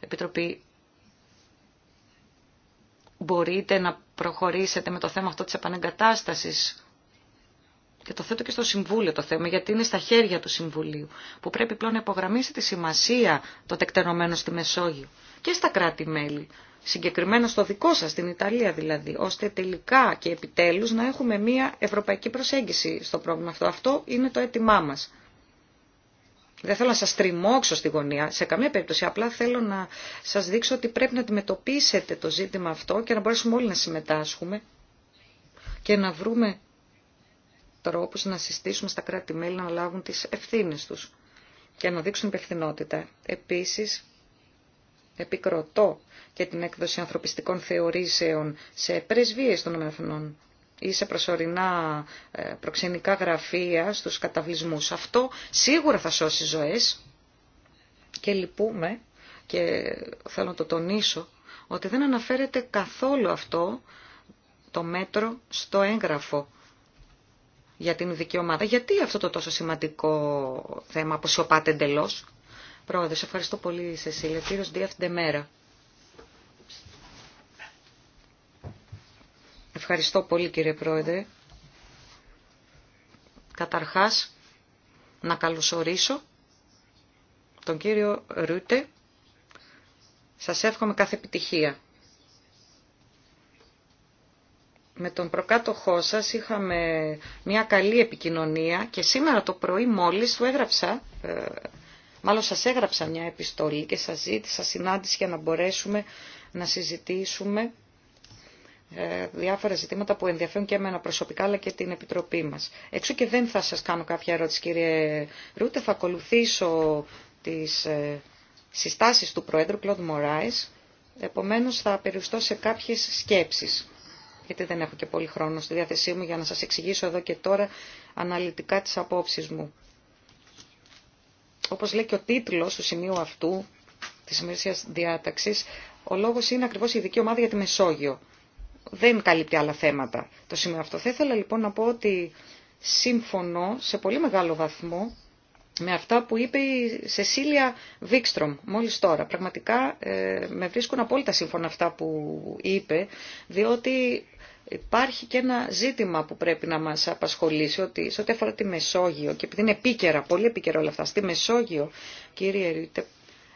Επιτροπή μπορείτε να προχωρήσετε με το θέμα αυτό της επαναγκατάστασης και το θέτω και στο Συμβούλιο το θέμα, γιατί είναι στα χέρια του Συμβουλίου, που πρέπει πλέον να υπογραμμίσει τη σημασία των τεκτενωμένων στη Μεσόγειο και στα κράτη-μέλη, συγκεκριμένα στο δικό σας, στην Ιταλία δηλαδή, ώστε τελικά και επιτέλους να έχουμε μια ευρωπαϊκή προσέγγιση στο πρόβλημα αυτό. Αυτό είναι το αίτημά μας. Δεν θέλω να σας τριμώξω στη γωνία, σε καμία περίπτωση, απλά θέλω να σας δείξω ότι πρέπει να αντιμετωπίσετε το ζήτημα αυτό και να μπορέσουμε όλοι να συμμετάσχουμε και να βρούμε τρόπους να συστήσουμε στα κράτη-μέλη να λάβουν τις ευθύνες τους και να δείξουν υπευθυνότητα. Επίσης, επικροτώ και την έκδοση ανθρωπιστικών θεωρήσεων σε πρεσβείες των ομεθνών ή σε προσωρινά ε, προξενικά γραφεία στους καταβλισμούς. Αυτό σίγουρα θα σώσει ζωές και λυπούμε και θέλω να το τονίσω ότι δεν αναφέρεται καθόλου αυτό το μέτρο στο έγγραφο για την ειδική ομάδα. Γιατί αυτό το τόσο σημαντικό θέμα αποσιωπάται εντελώ. Πρόεδρε, ευχαριστώ πολύ, Σεσίλια. Κύριο Ευχαριστώ πολύ, κύριε Πρόεδρε. Καταρχάς, να καλωσορίσω τον κύριο Ρούτε. Σας εύχομαι κάθε επιτυχία με τον προκάτοχό σας είχαμε μια καλή επικοινωνία και σήμερα το πρωί μόλις του έγραψα, ε, μάλλον σας έγραψα μια επιστολή και σας ζήτησα συνάντηση για να μπορέσουμε να συζητήσουμε ε, διάφορα ζητήματα που ενδιαφέρουν και εμένα προσωπικά αλλά και την Επιτροπή μας. Έξω και δεν θα σας κάνω κάποια ερώτηση κύριε Ρούτε, θα ακολουθήσω τις ε, συστάσεις του Προέδρου Κλοντ Μωράης, επομένως θα περιουστώ σε κάποιες σκέψεις γιατί δεν έχω και πολύ χρόνο στη διάθεσή μου για να σας εξηγήσω εδώ και τώρα αναλυτικά τις απόψεις μου. Όπως λέει και ο τίτλος του σημείου αυτού της ημερήσιας διάταξης, ο λόγος είναι ακριβώς η ειδική ομάδα για τη Μεσόγειο. Δεν καλύπτει άλλα θέματα το σημείο αυτό. Θα ήθελα λοιπόν να πω ότι σύμφωνο σε πολύ μεγάλο βαθμό με αυτά που είπε η Σεσίλια Βίκστρομ μόλις τώρα. Πραγματικά ε, με βρίσκουν απόλυτα σύμφωνα αυτά που είπε, διότι Υπάρχει και ένα ζήτημα που πρέπει να μας απασχολήσει ότι σε ό,τι αφορά τη Μεσόγειο και επειδή είναι επίκαιρα, πολύ επίκαιρα όλα αυτά, στη Μεσόγειο, κύριε Ρίτε,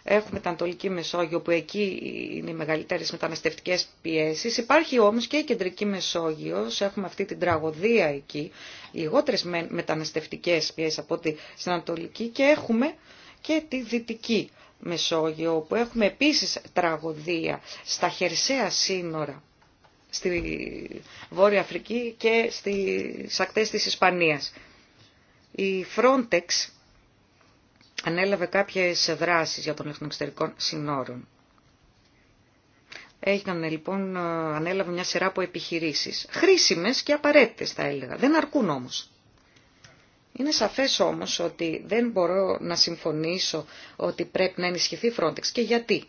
έχουμε την Ανατολική Μεσόγειο που εκεί είναι οι μεγαλύτερες μεταναστευτικές πιέσεις. Υπάρχει όμως και η Κεντρική Μεσόγειο έχουμε αυτή την τραγωδία εκεί, λιγότερες μεταναστευτικές πιέσεις από ό,τι στην Ανατολική και έχουμε και τη Δυτική Μεσόγειο που έχουμε επίσης τραγωδία στα χερσαία σύνορα στη Βόρεια Αφρική και στις ακτές της Ισπανίας. Η Frontex ανέλαβε κάποιες δράσεις για τον ελέγχο συνόρων. Έγιναν λοιπόν, ανέλαβε μια σειρά από επιχειρήσεις. Χρήσιμες και απαραίτητες θα έλεγα. Δεν αρκούν όμως. Είναι σαφές όμως ότι δεν μπορώ να συμφωνήσω ότι πρέπει να ενισχυθεί η Frontex. Και γιατί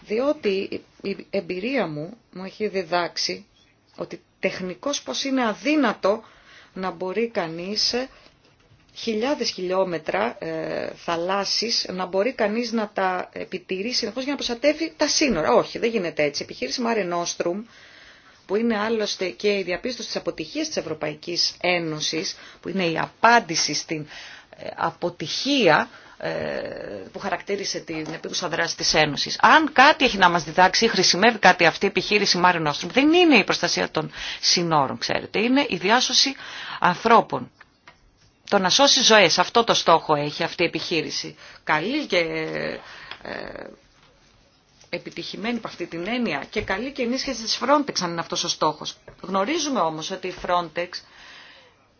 διότι η εμπειρία μου μου έχει διδάξει ότι τεχνικός πως είναι αδύνατο να μπορεί κανείς ε, χιλιάδες χιλιόμετρα ε, θαλάσσης να μπορεί κανείς να τα επιτηρεί συνεχώς για να προστατεύει τα σύνορα. Όχι, δεν γίνεται έτσι. επιχείρηση Mare που είναι άλλωστε και η διαπίστωση της αποτυχίας της Ευρωπαϊκής Ένωσης, που είναι η απάντηση στην ε, αποτυχία ε, που χαρακτήρισε την επίγουσα δράση της Ένωσης. Αν κάτι έχει να μας διδάξει ή χρησιμεύει κάτι αυτή η επιχείρηση Μάρι Νόστρομ, δεν είναι η προστασία των συνόρων, ξέρετε. Είναι η διάσωση ανθρώπων. Το να σώσει ζωές, αυτό το στόχο έχει αυτή η επιχείρηση. Καλή και ε, επιτυχημένη από αυτή την έννοια και καλή και ενίσχυση της Frontex αν είναι αυτός ο στόχος. Γνωρίζουμε όμως ότι η Frontex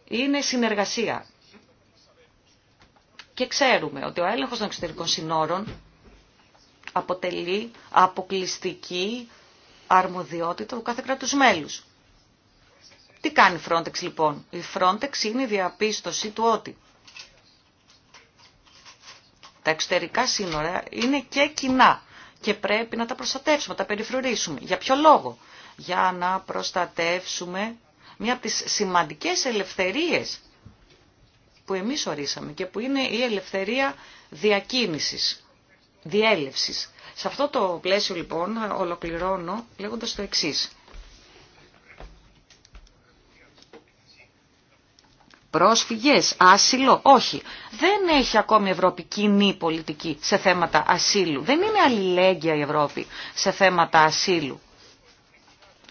είναι συνεργασία και ξέρουμε ότι ο έλεγχος των εξωτερικών συνόρων αποτελεί αποκλειστική αρμοδιότητα του κάθε κράτους μέλους. Τι κάνει η Frontex λοιπόν. Η Frontex είναι η διαπίστωση του ότι τα εξωτερικά σύνορα είναι και κοινά και πρέπει να τα προστατεύσουμε, να τα περιφρουρήσουμε. Για ποιο λόγο. Για να προστατεύσουμε μία από τις σημαντικές ελευθερίες που εμείς ορίσαμε και που είναι η ελευθερία διακίνησης, διέλευσης. Σε αυτό το πλαίσιο λοιπόν ολοκληρώνω λέγοντας το εξής. Πρόσφυγες, άσυλο, όχι. Δεν έχει ακόμη η Ευρώπη κοινή πολιτική σε θέματα ασύλου. Δεν είναι αλληλέγγυα η Ευρώπη σε θέματα ασύλου.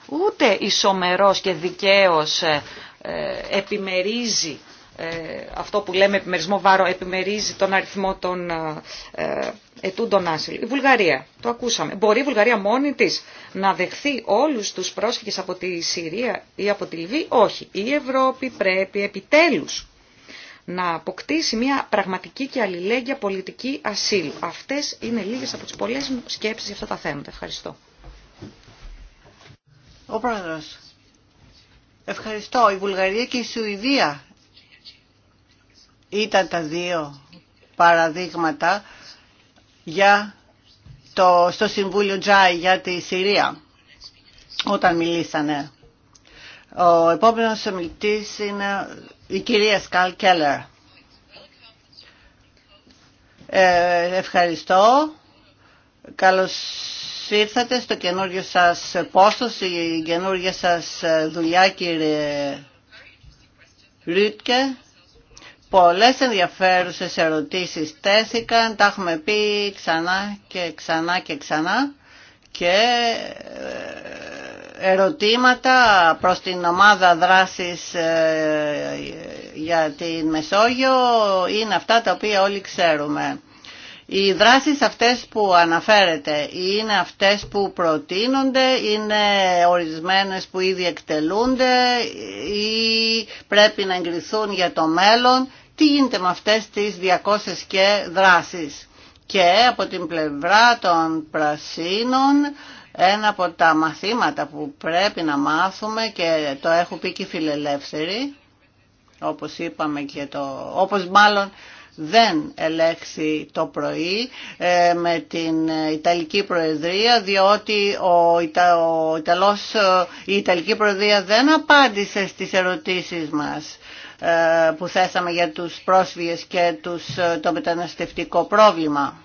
Ούτε ισομερός και δικαίως ε, ε, επιμερίζει ε, αυτό που λέμε επιμερισμό βάρο επιμερίζει τον αριθμό των ε, ε ετούντων άσυλου. Η Βουλγαρία, το ακούσαμε. Μπορεί η Βουλγαρία μόνη της να δεχθεί όλους τους πρόσφυγες από τη Συρία ή από τη Λιβύη. Όχι. Η Ευρώπη πρέπει επιτέλους να αποκτήσει μια πραγματική και αλληλέγγυα πολιτική ασύλου. Αυτές είναι λίγες από τις πολλές μου σκέψεις για αυτά τα θέματα. Ευχαριστώ. Ο Πρόεδρος. Ευχαριστώ. Η ευρωπη πρεπει επιτελους να αποκτησει μια πραγματικη και αλληλεγγυα πολιτικη ασυλου αυτες ειναι λιγες απο τι πολλε μου σκεψει για αυτα τα θεματα ευχαριστω ο ευχαριστω η βουλγαρια και η Σουηδία ήταν τα δύο παραδείγματα για το, στο Συμβούλιο Τζάι για τη Συρία όταν μιλήσανε. Ο επόμενος ομιλητής είναι η κυρία Σκάλ Κέλλερ. Ε, ευχαριστώ. Καλώς ήρθατε στο καινούριο σας πόστο, η καινούργια σας δουλειά κύριε Ρίτκε. Πολλές ενδιαφέρουσες ερωτήσεις τέθηκαν, τα έχουμε πει ξανά και ξανά και ξανά και ε, ερωτήματα προς την ομάδα δράσης ε, για την Μεσόγειο είναι αυτά τα οποία όλοι ξέρουμε. Οι δράσεις αυτές που αναφέρετε είναι αυτές που προτείνονται, είναι ορισμένες που ήδη εκτελούνται ή πρέπει να εγκριθούν για το μέλλον τι γίνεται με αυτές τις 200 και δράσεις. Και από την πλευρά των πρασίνων ένα από τα μαθήματα που πρέπει να μάθουμε και το έχω πει και οι φιλελεύθεροι, όπως είπαμε και το, όπως μάλλον δεν ελέγξει το πρωί ε, με την Ιταλική Προεδρία διότι ο, Ιτα, ο Ιταλός, ε, η Ιταλική Προεδρία δεν απάντησε στις ερωτήσεις μας ε, που θέσαμε για τους πρόσφυγες και τους, ε, το μεταναστευτικό πρόβλημα.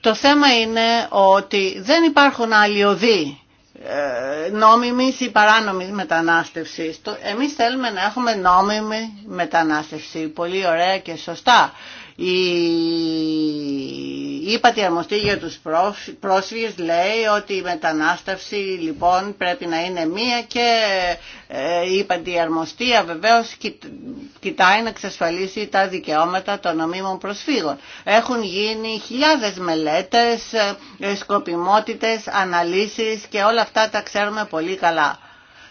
Το θέμα είναι ότι δεν υπάρχουν άλλοι οδοί ε, νόμιμης ή παράνομης μετανάστευσης. Εμείς θέλουμε να έχουμε νόμιμη μετανάστευση. Πολύ ωραία και σωστά η η για τους πρόσφυγες λέει ότι η μετανάστευση λοιπόν πρέπει να είναι μία και ε, η ύπατη αρμοστή βεβαίως κοιτάει να εξασφαλίσει τα δικαιώματα των νομίμων προσφύγων. Έχουν γίνει χιλιάδες μελέτες, ε, ε, σκοπιμότητες, αναλύσεις και όλα αυτά τα ξέρουμε πολύ καλά.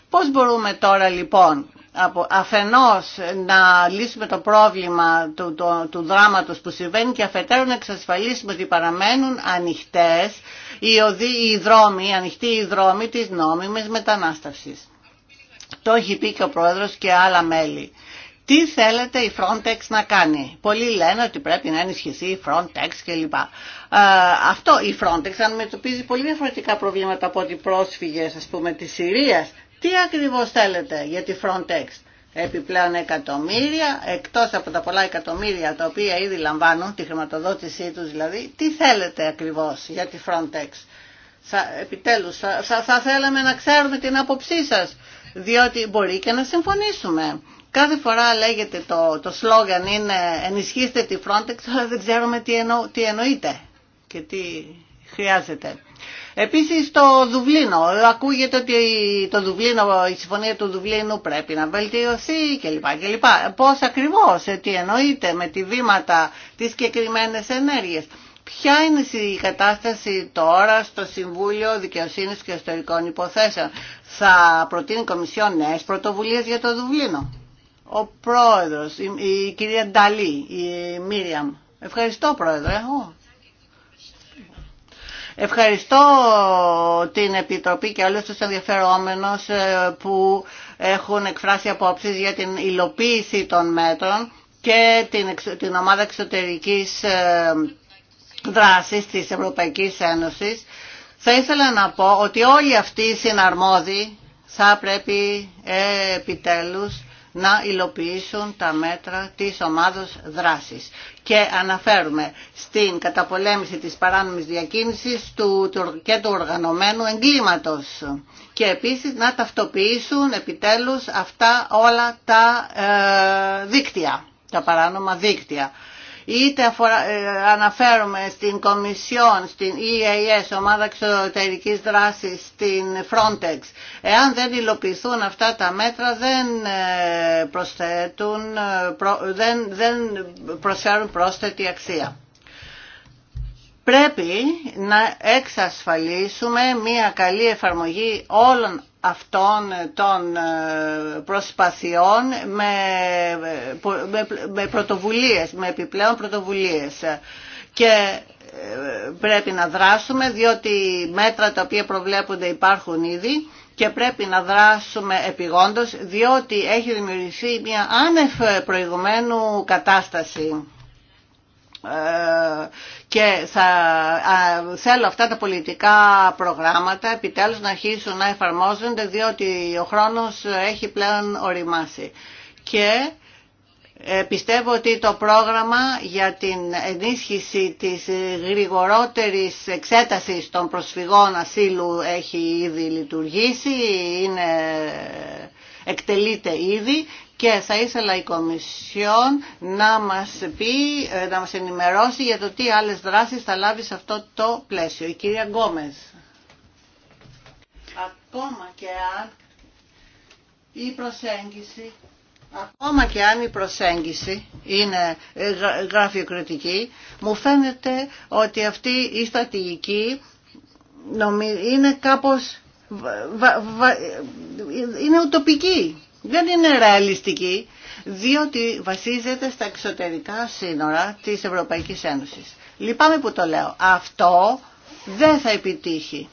Πώς μπορούμε τώρα λοιπόν από, αφενός να λύσουμε το πρόβλημα του, του, του δράματος που συμβαίνει και αφετέρου να εξασφαλίσουμε ότι παραμένουν ανοιχτές οι, οδοί, οι δρόμοι, ανοιχτοί οι δρόμοι της νόμιμης μετανάστευσης. Το έχει πει και ο Πρόεδρος και άλλα μέλη. Τι θέλετε η Frontex να κάνει. Πολλοί λένε ότι πρέπει να ενισχυθεί η Frontex κλπ. αυτό η Frontex αντιμετωπίζει πολύ διαφορετικά προβλήματα από ότι πρόσφυγες ας πούμε τη Συρίας τι ακριβώς θέλετε για τη Frontex. Επιπλέον εκατομμύρια, εκτός από τα πολλά εκατομμύρια τα οποία ήδη λαμβάνουν, τη χρηματοδότησή τους δηλαδή, τι θέλετε ακριβώς για τη Frontex. Θα, επιτέλους, θα, θα, θέλαμε να ξέρουμε την άποψή σας, διότι μπορεί και να συμφωνήσουμε. Κάθε φορά λέγεται το, το είναι ενισχύστε τη Frontex, αλλά δεν ξέρουμε τι, τι εννοείται και τι χρειάζεται. Επίσης το Δουβλίνο, ακούγεται ότι το Δουβλίνο, η συμφωνία του Δουβλίνου πρέπει να βελτιωθεί κλπ. κλπ. Πώς ακριβώς, ε, τι εννοείται με τη βήματα, τις συγκεκριμένε ενέργειες. Ποια είναι η κατάσταση τώρα στο Συμβούλιο Δικαιοσύνης και Ιστορικών Υποθέσεων. Θα προτείνει η Κομισιόν νέες πρωτοβουλίες για το Δουβλίνο. Ο πρόεδρος, η, κυρία Νταλή, η Μίριαμ. Ευχαριστώ πρόεδρε. Ευχαριστώ την Επιτροπή και όλους τους ενδιαφερόμενους ε, που έχουν εκφράσει απόψεις για την υλοποίηση των μέτρων και την, την ομάδα εξωτερικής ε, δράσης της Ευρωπαϊκής Ένωσης. Θα ήθελα να πω ότι όλοι αυτοί οι συναρμόδιοι θα πρέπει ε, επιτέλους να υλοποιήσουν τα μέτρα της ομάδος δράσης. Και αναφέρουμε στην καταπολέμηση της παράνομης διακίνησης του, και του οργανωμένου εγκλήματος. Και επίσης να ταυτοποιήσουν επιτέλους αυτά όλα τα ε, δίκτυα, τα παράνομα δίκτυα είτε αφορά, ε, αναφέρουμε στην Κομισιόν, στην EAS, Ομάδα Εξωτερικής Δράσης, στην Frontex, εάν δεν υλοποιηθούν αυτά τα μέτρα δεν ε, προσθέτουν, ε, δεν προσφέρουν πρόσθετη αξία. Πρέπει να εξασφαλίσουμε μια καλή εφαρμογή όλων αυτών των ε, προσπαθειών με, με πρωτοβουλίες, με επιπλέον πρωτοβουλίες. Και ε, πρέπει να δράσουμε διότι μέτρα τα οποία προβλέπονται υπάρχουν ήδη και πρέπει να δράσουμε επιγόντως διότι έχει δημιουργηθεί μια άνευ προηγουμένου κατάσταση. Ε, και θα θέλω αυτά τα πολιτικά προγράμματα επιτέλους να αρχίσουν να εφαρμόζονται διότι ο χρόνος έχει πλέον οριμάσει. Και ε, πιστεύω ότι το πρόγραμμα για την ενίσχυση της γρηγορότερης εξέτασης των προσφυγών ασύλου έχει ήδη λειτουργήσει, είναι, εκτελείται ήδη και θα ήθελα η Κομισιόν να μας πει, ε, να μας ενημερώσει για το τι άλλες δράσεις θα λάβει σε αυτό το πλαίσιο. Η κυρία Γκόμες. Ακόμα και αν η προσέγγιση Ακόμα και αν η προσέγγιση είναι ε, γραφειοκρατική, μου φαίνεται ότι αυτή η στρατηγική είναι κάπως ε, είναι ουτοπική δεν είναι ρεαλιστική, διότι βασίζεται στα εξωτερικά σύνορα της Ευρωπαϊκής Ένωσης. Λυπάμαι που το λέω. Αυτό δεν θα επιτύχει.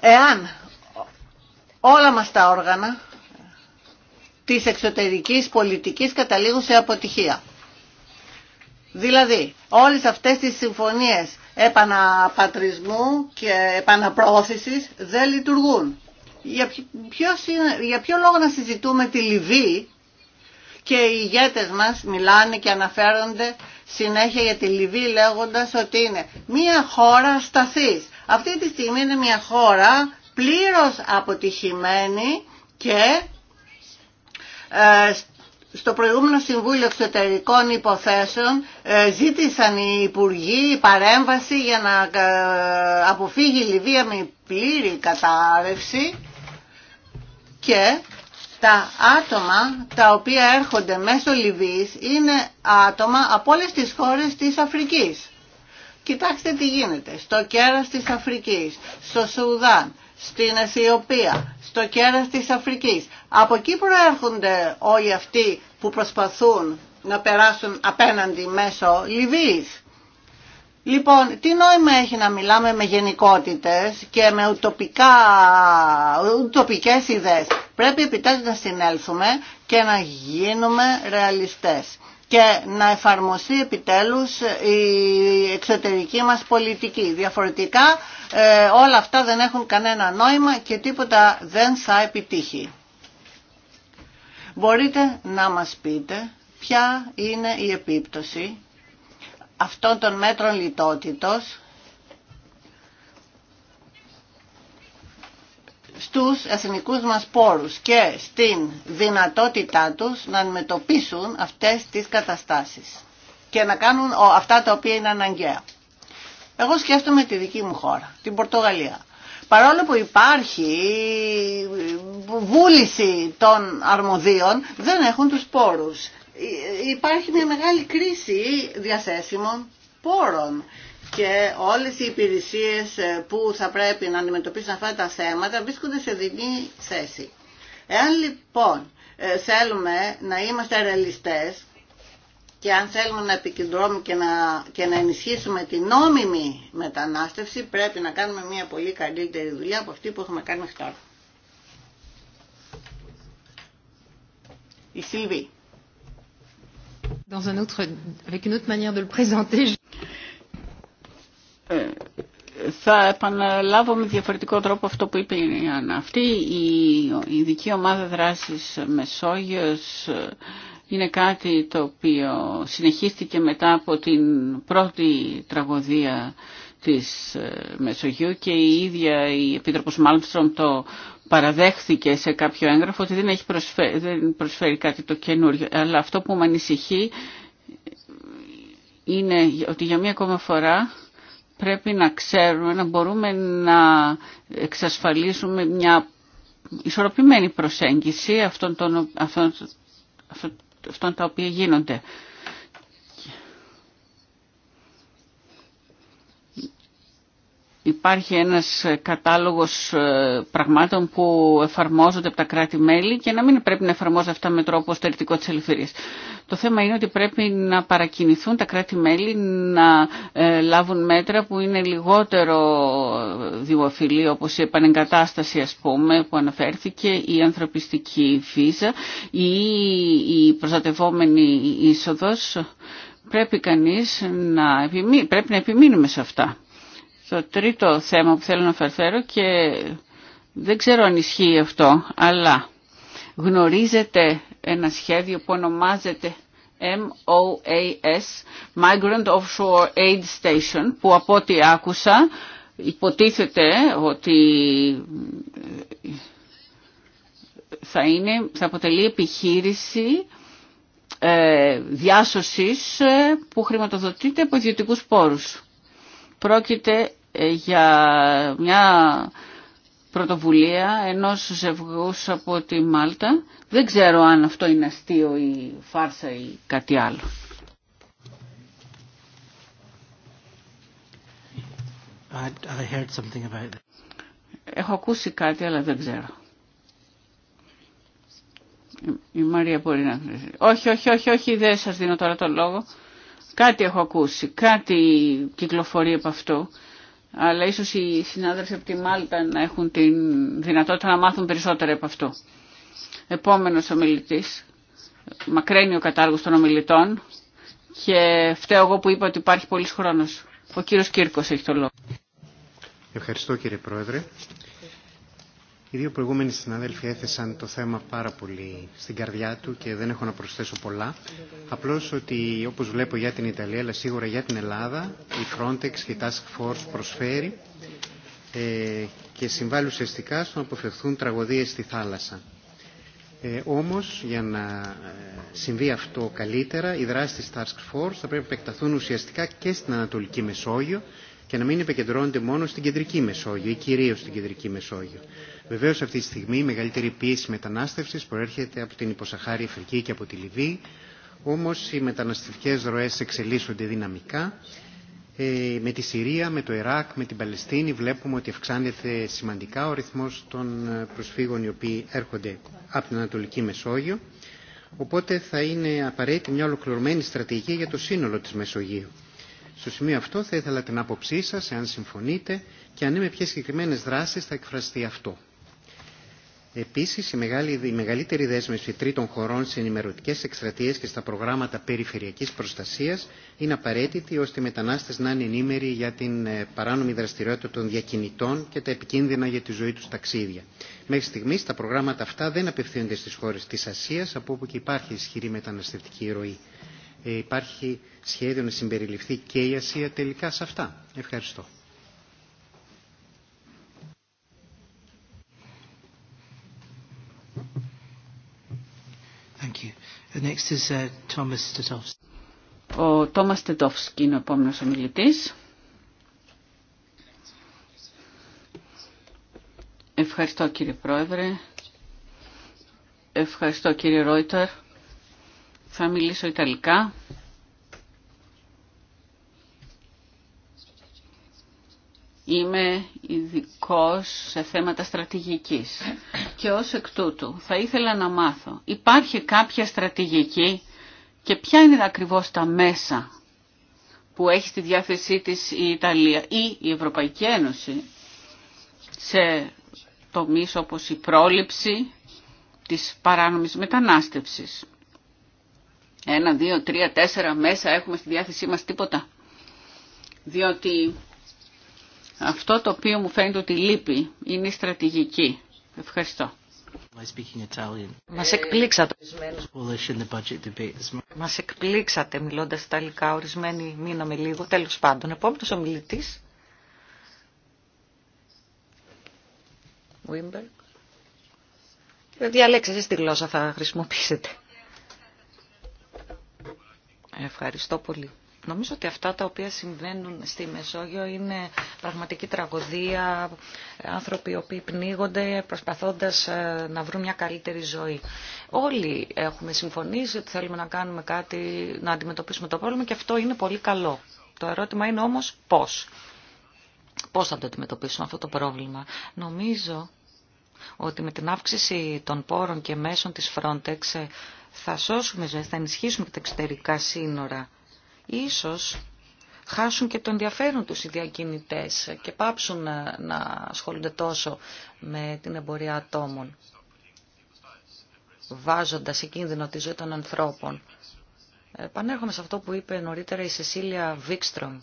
Εάν όλα μας τα όργανα της εξωτερικής πολιτικής καταλήγουν σε αποτυχία. Δηλαδή, όλες αυτές τις συμφωνίες επαναπατρισμού και επαναπρόθεσης δεν λειτουργούν. Για, για ποιο λόγο να συζητούμε τη Λιβύη και οι ηγέτες μας μιλάνε και αναφέρονται συνέχεια για τη Λιβύη λέγοντας ότι είναι μια χώρα σταθής. Αυτή τη στιγμή είναι μια χώρα πλήρως αποτυχημένη και ε, στο προηγούμενο Συμβούλιο Εξωτερικών Υποθέσεων ε, ζήτησαν οι Υπουργοί παρέμβαση για να ε, αποφύγει η Λιβύα με πλήρη κατάρρευση και τα άτομα τα οποία έρχονται μέσω Λιβύης είναι άτομα από όλες τις χώρες της Αφρικής. Κοιτάξτε τι γίνεται στο κέρας της Αφρικής, στο Σουδάν, στην Αιθιοπία, στο κέρας της Αφρικής. Από εκεί προέρχονται όλοι αυτοί που προσπαθούν να περάσουν απέναντι μέσω Λιβύης. Λοιπόν, τι νόημα έχει να μιλάμε με γενικότητες και με ουτοπικά, ουτοπικές ιδέες. Πρέπει επιτέλους να συνέλθουμε και να γίνουμε ρεαλιστές και να εφαρμοστεί επιτέλους η εξωτερική μας πολιτική. Διαφορετικά ε, όλα αυτά δεν έχουν κανένα νόημα και τίποτα δεν θα επιτύχει. Μπορείτε να μας πείτε ποια είναι η επίπτωση αυτών των μέτρων λιτότητος στους εθνικούς μας πόρους και στην δυνατότητά τους να αντιμετωπίσουν αυτές τις καταστάσεις και να κάνουν αυτά τα οποία είναι αναγκαία. Εγώ σκέφτομαι τη δική μου χώρα, την Πορτογαλία. Παρόλο που υπάρχει βούληση των αρμοδίων, δεν έχουν τους πόρους. Υπάρχει μια μεγάλη κρίση διαθέσιμων πόρων και όλες οι υπηρεσίες ε, που θα πρέπει να αντιμετωπίσουν αυτά τα θέματα βρίσκονται σε δινή θέση. Εάν λοιπόν ε, θέλουμε να είμαστε ρεαλιστές και αν θέλουμε να επικεντρώνουμε και να, ενισχύσουμε την νόμιμη μετανάστευση πρέπει να κάνουμε μια πολύ καλύτερη δουλειά από αυτή που έχουμε κάνει μέχρι τώρα. Η Σιλβή. Dans ε, θα επαναλάβω με διαφορετικό τρόπο αυτό που είπε η Άννα. Αυτή η ειδική ομάδα δράσης Μεσόγειος ε, είναι κάτι το οποίο συνεχίστηκε μετά από την πρώτη τραγωδία της ε, Μεσογείου και η ίδια η Επίτροπος Μάλμστρομ το παραδέχθηκε σε κάποιο έγγραφο ότι δεν, προσφέρει, δεν προσφέρει κάτι το καινούριο. Αλλά αυτό που με ανησυχεί είναι ότι για μία ακόμα φορά πρέπει να ξέρουμε, να μπορούμε να εξασφαλίσουμε μια ισορροπημένη προσέγγιση αυτών, των, αυτών, αυτών, αυτών τα οποία γίνονται. υπάρχει ένας ε, κατάλογος ε, πραγμάτων που εφαρμόζονται από τα κράτη-μέλη και να μην πρέπει να εφαρμόζονται αυτά με τρόπο στερητικό της ελευθερίας. Το θέμα είναι ότι πρέπει να παρακινηθούν τα κράτη-μέλη να ε, λάβουν μέτρα που είναι λιγότερο δημοφιλή όπως η επανεγκατάσταση ας που αναφέρθηκε, η ανθρωπιστική βίζα ή η προστατευόμενη είσοδος. Πρέπει, κανείς να, πρέπει να επιμείνουμε σε αυτά. Το τρίτο θέμα που θέλω να φερθέρω και δεν ξέρω αν ισχύει αυτό, αλλά γνωρίζετε ένα σχέδιο που ονομάζεται MOAS, Migrant Offshore Aid Station, που από ό,τι άκουσα υποτίθεται ότι θα, είναι, θα αποτελεί επιχείρηση ε, διάσωσης ε, που χρηματοδοτείται από ιδιωτικού πόρους. Πρόκειται ε, για μια πρωτοβουλία ενός ζευγούς από τη Μάλτα. Δεν ξέρω αν αυτό είναι αστείο ή φάρσα ή κάτι άλλο. I heard about Έχω ακούσει κάτι αλλά δεν ξέρω. Η Μαρία μπορεί να... Όχι, όχι, όχι, όχι, δεν σας δίνω τώρα το λόγο. Κάτι έχω ακούσει, κάτι κυκλοφορεί από αυτό αλλά ίσως οι συνάδελφοι από τη Μάλτα να έχουν τη δυνατότητα να μάθουν περισσότερα από αυτού. Επόμενος ομιλητής, μακραίνει ο κατάργος των ομιλητών και φταίω εγώ που είπα ότι υπάρχει πολλής χρόνος. Ο κύριος Κύρκος έχει το λόγο. Ευχαριστώ κύριε Πρόεδρε. Οι δύο προηγούμενοι συναδέλφοι έθεσαν το θέμα πάρα πολύ στην καρδιά του και δεν έχω να προσθέσω πολλά. Απλώς ότι όπως βλέπω για την Ιταλία, αλλά σίγουρα για την Ελλάδα, η Frontex και η Task Force προσφέρει ε, και συμβάλλει ουσιαστικά στο να αποφευθούν τραγωδίες στη θάλασσα. Ε, όμως, για να ε, συμβεί αυτό καλύτερα, οι δράσεις της Task Force θα πρέπει να επεκταθούν ουσιαστικά και στην Ανατολική Μεσόγειο και να μην επικεντρώνονται μόνο στην Κεντρική Μεσόγειο ή κυρίως στην Κεντρική Μεσόγειο. Βεβαίω αυτή τη στιγμή η μεγαλύτερη πίεση μετανάστευση προέρχεται από την υποσαχάρη Αφρική και από τη Λιβύη. Όμω οι μεταναστευτικέ ροέ εξελίσσονται δυναμικά. Ε, με τη Συρία, με το Ιράκ, με την Παλαιστίνη βλέπουμε ότι αυξάνεται σημαντικά ο ρυθμός των ε, προσφύγων οι οποίοι έρχονται από την Ανατολική Μεσόγειο. Οπότε θα είναι απαραίτητη μια ολοκληρωμένη στρατηγική για το σύνολο της Μεσογείου. Στο σημείο αυτό θα ήθελα την άποψή σα, εάν συμφωνείτε, και αν είναι με συγκεκριμένες δράσεις θα εκφραστεί αυτό. Επίση, η, η μεγαλύτερη δέσμευση τρίτων χωρών σε ενημερωτικέ εκστρατείε και στα προγράμματα περιφερειακή προστασία είναι απαραίτητη ώστε οι μετανάστες να είναι ενήμεροι για την ε, παράνομη δραστηριότητα των διακινητών και τα επικίνδυνα για τη ζωή του ταξίδια. Μέχρι στιγμή, τα προγράμματα αυτά δεν απευθύνονται στι χώρε τη Ασία, από όπου και υπάρχει ισχυρή μεταναστευτική ροή. Ε, υπάρχει σχέδιο να συμπεριληφθεί και η Ασία τελικά σε αυτά. Ευχαριστώ. Uh, ο Τόμας Τετόφσκι είναι ο επόμενος ομιλητής. Ευχαριστώ κύριε Πρόεδρε. Ευχαριστώ κύριε Ρόιτερ. Θα μιλήσω Ιταλικά. Είμαι ειδικό σε θέματα στρατηγικής και ως εκ τούτου θα ήθελα να μάθω υπάρχει κάποια στρατηγική και ποια είναι ακριβώς τα μέσα που έχει στη διάθεσή της η Ιταλία ή η Ευρωπαϊκή Ένωση σε τομείς όπως η πρόληψη της παράνομης μετανάστευσης. Ένα, δύο, τρία, τέσσερα μέσα έχουμε στη διάθεσή μας τίποτα. Διότι αυτό το οποίο μου φαίνεται ότι λείπει είναι η στρατηγική. Ευχαριστώ. Μας εκπλήξατε. Μας εκπλήξατε μιλώντας ιταλικά ορισμένοι μείναμε λίγο. Τέλος πάντων, επόμενος ομιλητής. Βίμπερ. Διαλέξτε εσείς τη γλώσσα θα χρησιμοποιήσετε. Ευχαριστώ πολύ. Νομίζω ότι αυτά τα οποία συμβαίνουν στη Μεσόγειο είναι πραγματική τραγωδία, άνθρωποι οι οποίοι πνίγονται προσπαθώντας ε, να βρουν μια καλύτερη ζωή. Όλοι έχουμε συμφωνήσει ότι θέλουμε να κάνουμε κάτι, να αντιμετωπίσουμε το πρόβλημα και αυτό είναι πολύ καλό. Το ερώτημα είναι όμως πώς. Πώς θα το αντιμετωπίσουμε αυτό το πρόβλημα. Νομίζω ότι με την αύξηση των πόρων και μέσων της Frontex ε, θα σώσουμε ζωές, θα ενισχύσουμε τα εξωτερικά σύνορα ίσως χάσουν και το ενδιαφέρον τους οι διακινητές και πάψουν να ασχολούνται τόσο με την εμπορία ατόμων, βάζοντας σε κίνδυνο τη ζωή των ανθρώπων. Επανέρχομαι σε αυτό που είπε νωρίτερα η Σεσίλια Βίκστρομ.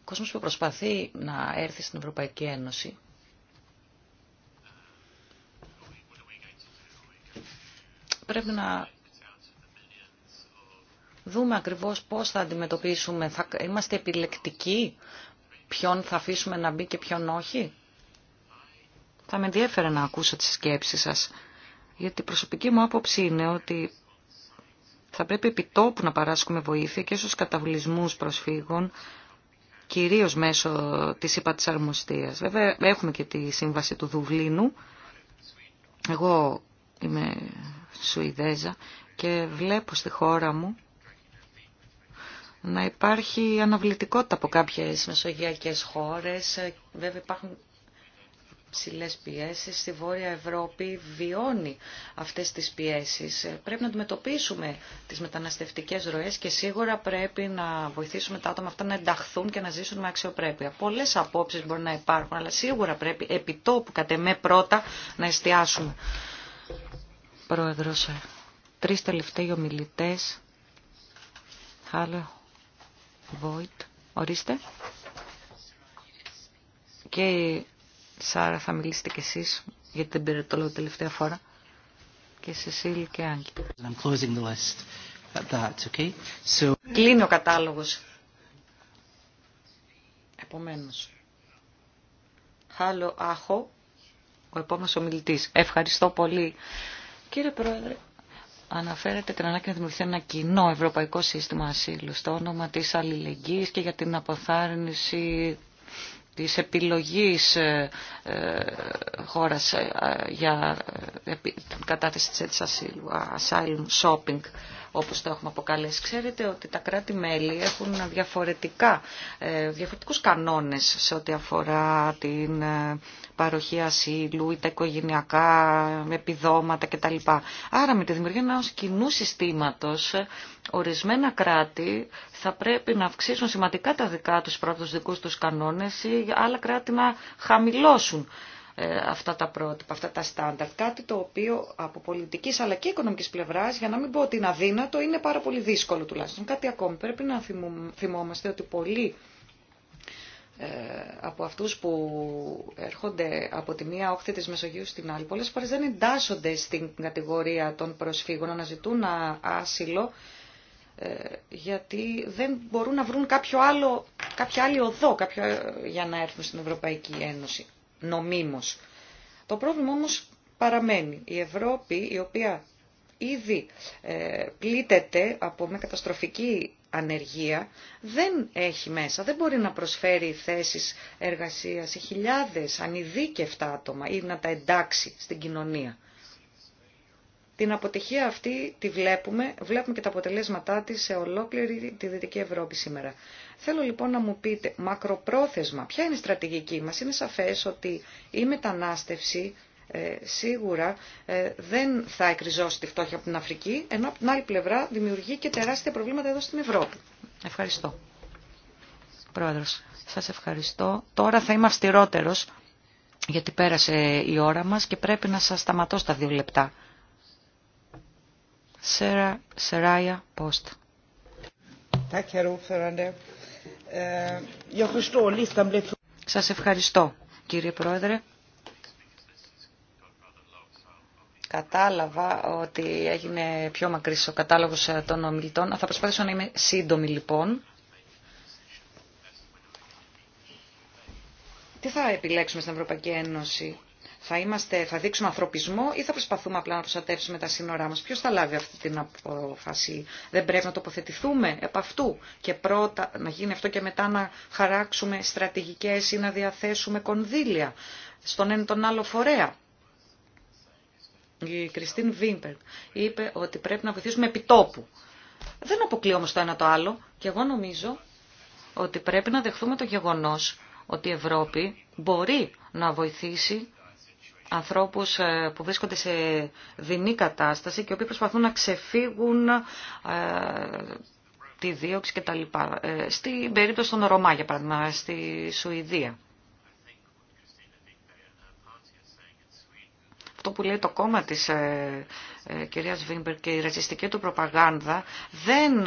Ο κόσμος που προσπαθεί να έρθει στην Ευρωπαϊκή Ένωση πρέπει να δούμε ακριβώς πώς θα αντιμετωπίσουμε. Θα είμαστε επιλεκτικοί ποιον θα αφήσουμε να μπει και ποιον όχι. Θα με ενδιαφέρε να ακούσω τις σκέψεις σας. Γιατί η προσωπική μου άποψη είναι ότι θα πρέπει επιτόπου να παράσχουμε βοήθεια και στους καταβλισμούς προσφύγων, κυρίως μέσω της ΥΠΑ Αρμοστίας. Βέβαια έχουμε και τη σύμβαση του Δουβλίνου. Εγώ είμαι Σουηδέζα και βλέπω στη χώρα μου να υπάρχει αναβλητικότητα από κάποιες μεσογειακές χώρες. Βέβαια υπάρχουν ψηλέ πιέσεις. Στη Βόρεια Ευρώπη βιώνει αυτές τις πιέσεις. Πρέπει να αντιμετωπίσουμε τις μεταναστευτικές ροές και σίγουρα πρέπει να βοηθήσουμε τα άτομα αυτά να ενταχθούν και να ζήσουν με αξιοπρέπεια. Πολλές απόψεις μπορεί να υπάρχουν, αλλά σίγουρα πρέπει επιτόπου κατ' πρώτα να εστιάσουμε. Ε, τελευταίοι Βόιτ, ορίστε. Και Σάρα θα μιλήσετε κι εσείς, γιατί δεν πήρε το λόγο τελευταία φορά. Και Σεσίλ και Άγγι. Okay? Κλείνει ο κατάλογος. Επομένως. Χάλο Άχο, ο επόμενος ομιλητής. Ευχαριστώ πολύ. Κύριε Πρόεδρε, αναφέρεται την ανάγκη να δημιουργηθεί ένα κοινό ευρωπαϊκό σύστημα ασύλου στο όνομα της αλληλεγγύης και για την αποθάρρυνση της επιλογής ε, ε, χώρας ε, για την κατάθεση της ασύλου, asylum shopping όπως το έχουμε αποκαλέσει. Ξέρετε ότι τα κράτη-μέλη έχουν διαφορετικά, ε, διαφορετικούς κανόνες σε ό,τι αφορά την ε, παροχή ασύλου ή τα οικογενειακά επιδόματα κτλ. Άρα με τη δημιουργία ενός κοινού συστήματος ε, ορισμένα κράτη θα πρέπει να αυξήσουν σημαντικά τα δικά τους πρώτους δικούς τους κανόνες ή άλλα κράτη να χαμηλώσουν ε, αυτά τα πρότυπα, αυτά τα στάνταρτ. Κάτι το οποίο από πολιτική αλλά και οικονομική πλευρά, για να μην πω ότι είναι αδύνατο, είναι πάρα πολύ δύσκολο τουλάχιστον. Κάτι ακόμη. Πρέπει να θυμόμαστε ότι πολλοί ε, από αυτού που έρχονται από τη μία όχθη τη Μεσογείου στην άλλη, πολλέ φορέ δεν εντάσσονται στην κατηγορία των προσφύγων, να ζητούν άσυλο, ε, γιατί δεν μπορούν να βρουν κάποιο άλλο, κάποια άλλη οδό κάποιο, για να έρθουν στην Ευρωπαϊκή Ένωση νομίμως. Το πρόβλημα όμως παραμένει. Η Ευρώπη, η οποία ήδη ε, πλήττεται από μια καταστροφική ανεργία, δεν έχει μέσα, δεν μπορεί να προσφέρει θέσεις εργασίας σε χιλιάδες ανειδίκευτα άτομα ή να τα εντάξει στην κοινωνία. Την αποτυχία αυτή τη βλέπουμε, βλέπουμε και τα αποτελέσματά της σε ολόκληρη τη Δυτική Ευρώπη σήμερα. Θέλω λοιπόν να μου πείτε, μακροπρόθεσμα, ποια είναι η στρατηγική μας. Είναι σαφές ότι η μετανάστευση ε, σίγουρα ε, δεν θα εκριζώσει τη φτώχεια από την Αφρική, ενώ από την άλλη πλευρά δημιουργεί και τεράστια προβλήματα εδώ στην Ευρώπη. Ευχαριστώ. Πρόεδρος, σας ευχαριστώ. Τώρα θα είμαι αυστηρότερος, γιατί πέρασε η ώρα μας και πρέπει να σας σταματώ στα δύο λεπτά. Σεράια eh, Σας ευχαριστώ κύριε Πρόεδρε. Κατάλαβα ότι έγινε πιο μακρύς ο κατάλογος ε, των ομιλητών. Θα προσπαθήσω να είμαι σύντομη λοιπόν. Τι θα επιλέξουμε στην Ευρωπαϊκή Ένωση θα, είμαστε, θα δείξουμε ανθρωπισμό ή θα προσπαθούμε απλά να προστατεύσουμε τα σύνορά μας. Ποιος θα λάβει αυτή την απόφαση. Δεν πρέπει να τοποθετηθούμε επ' αυτού και πρώτα να γίνει αυτό και μετά να χαράξουμε στρατηγικές ή να διαθέσουμε κονδύλια στον ένα τον άλλο φορέα. Η Κριστίν Βίμπερ είπε ότι πρέπει να βοηθήσουμε επιτόπου. Δεν αποκλείω όμως το ένα το άλλο και εγώ νομίζω ότι πρέπει να δεχθούμε το γεγονός ότι η Ευρώπη μπορεί να βοηθήσει ανθρώπους ε, που βρίσκονται σε δεινή κατάσταση και οι οποίοι προσπαθούν να ξεφύγουν ε, τη δίωξη κτλ. Ε, Στην περίπτωση των Ρωμά, για παράδειγμα, στη Σουηδία. Αυτό που λέει το κόμμα της κυρίας Βίμπερ και η ρατσιστική του προπαγάνδα δεν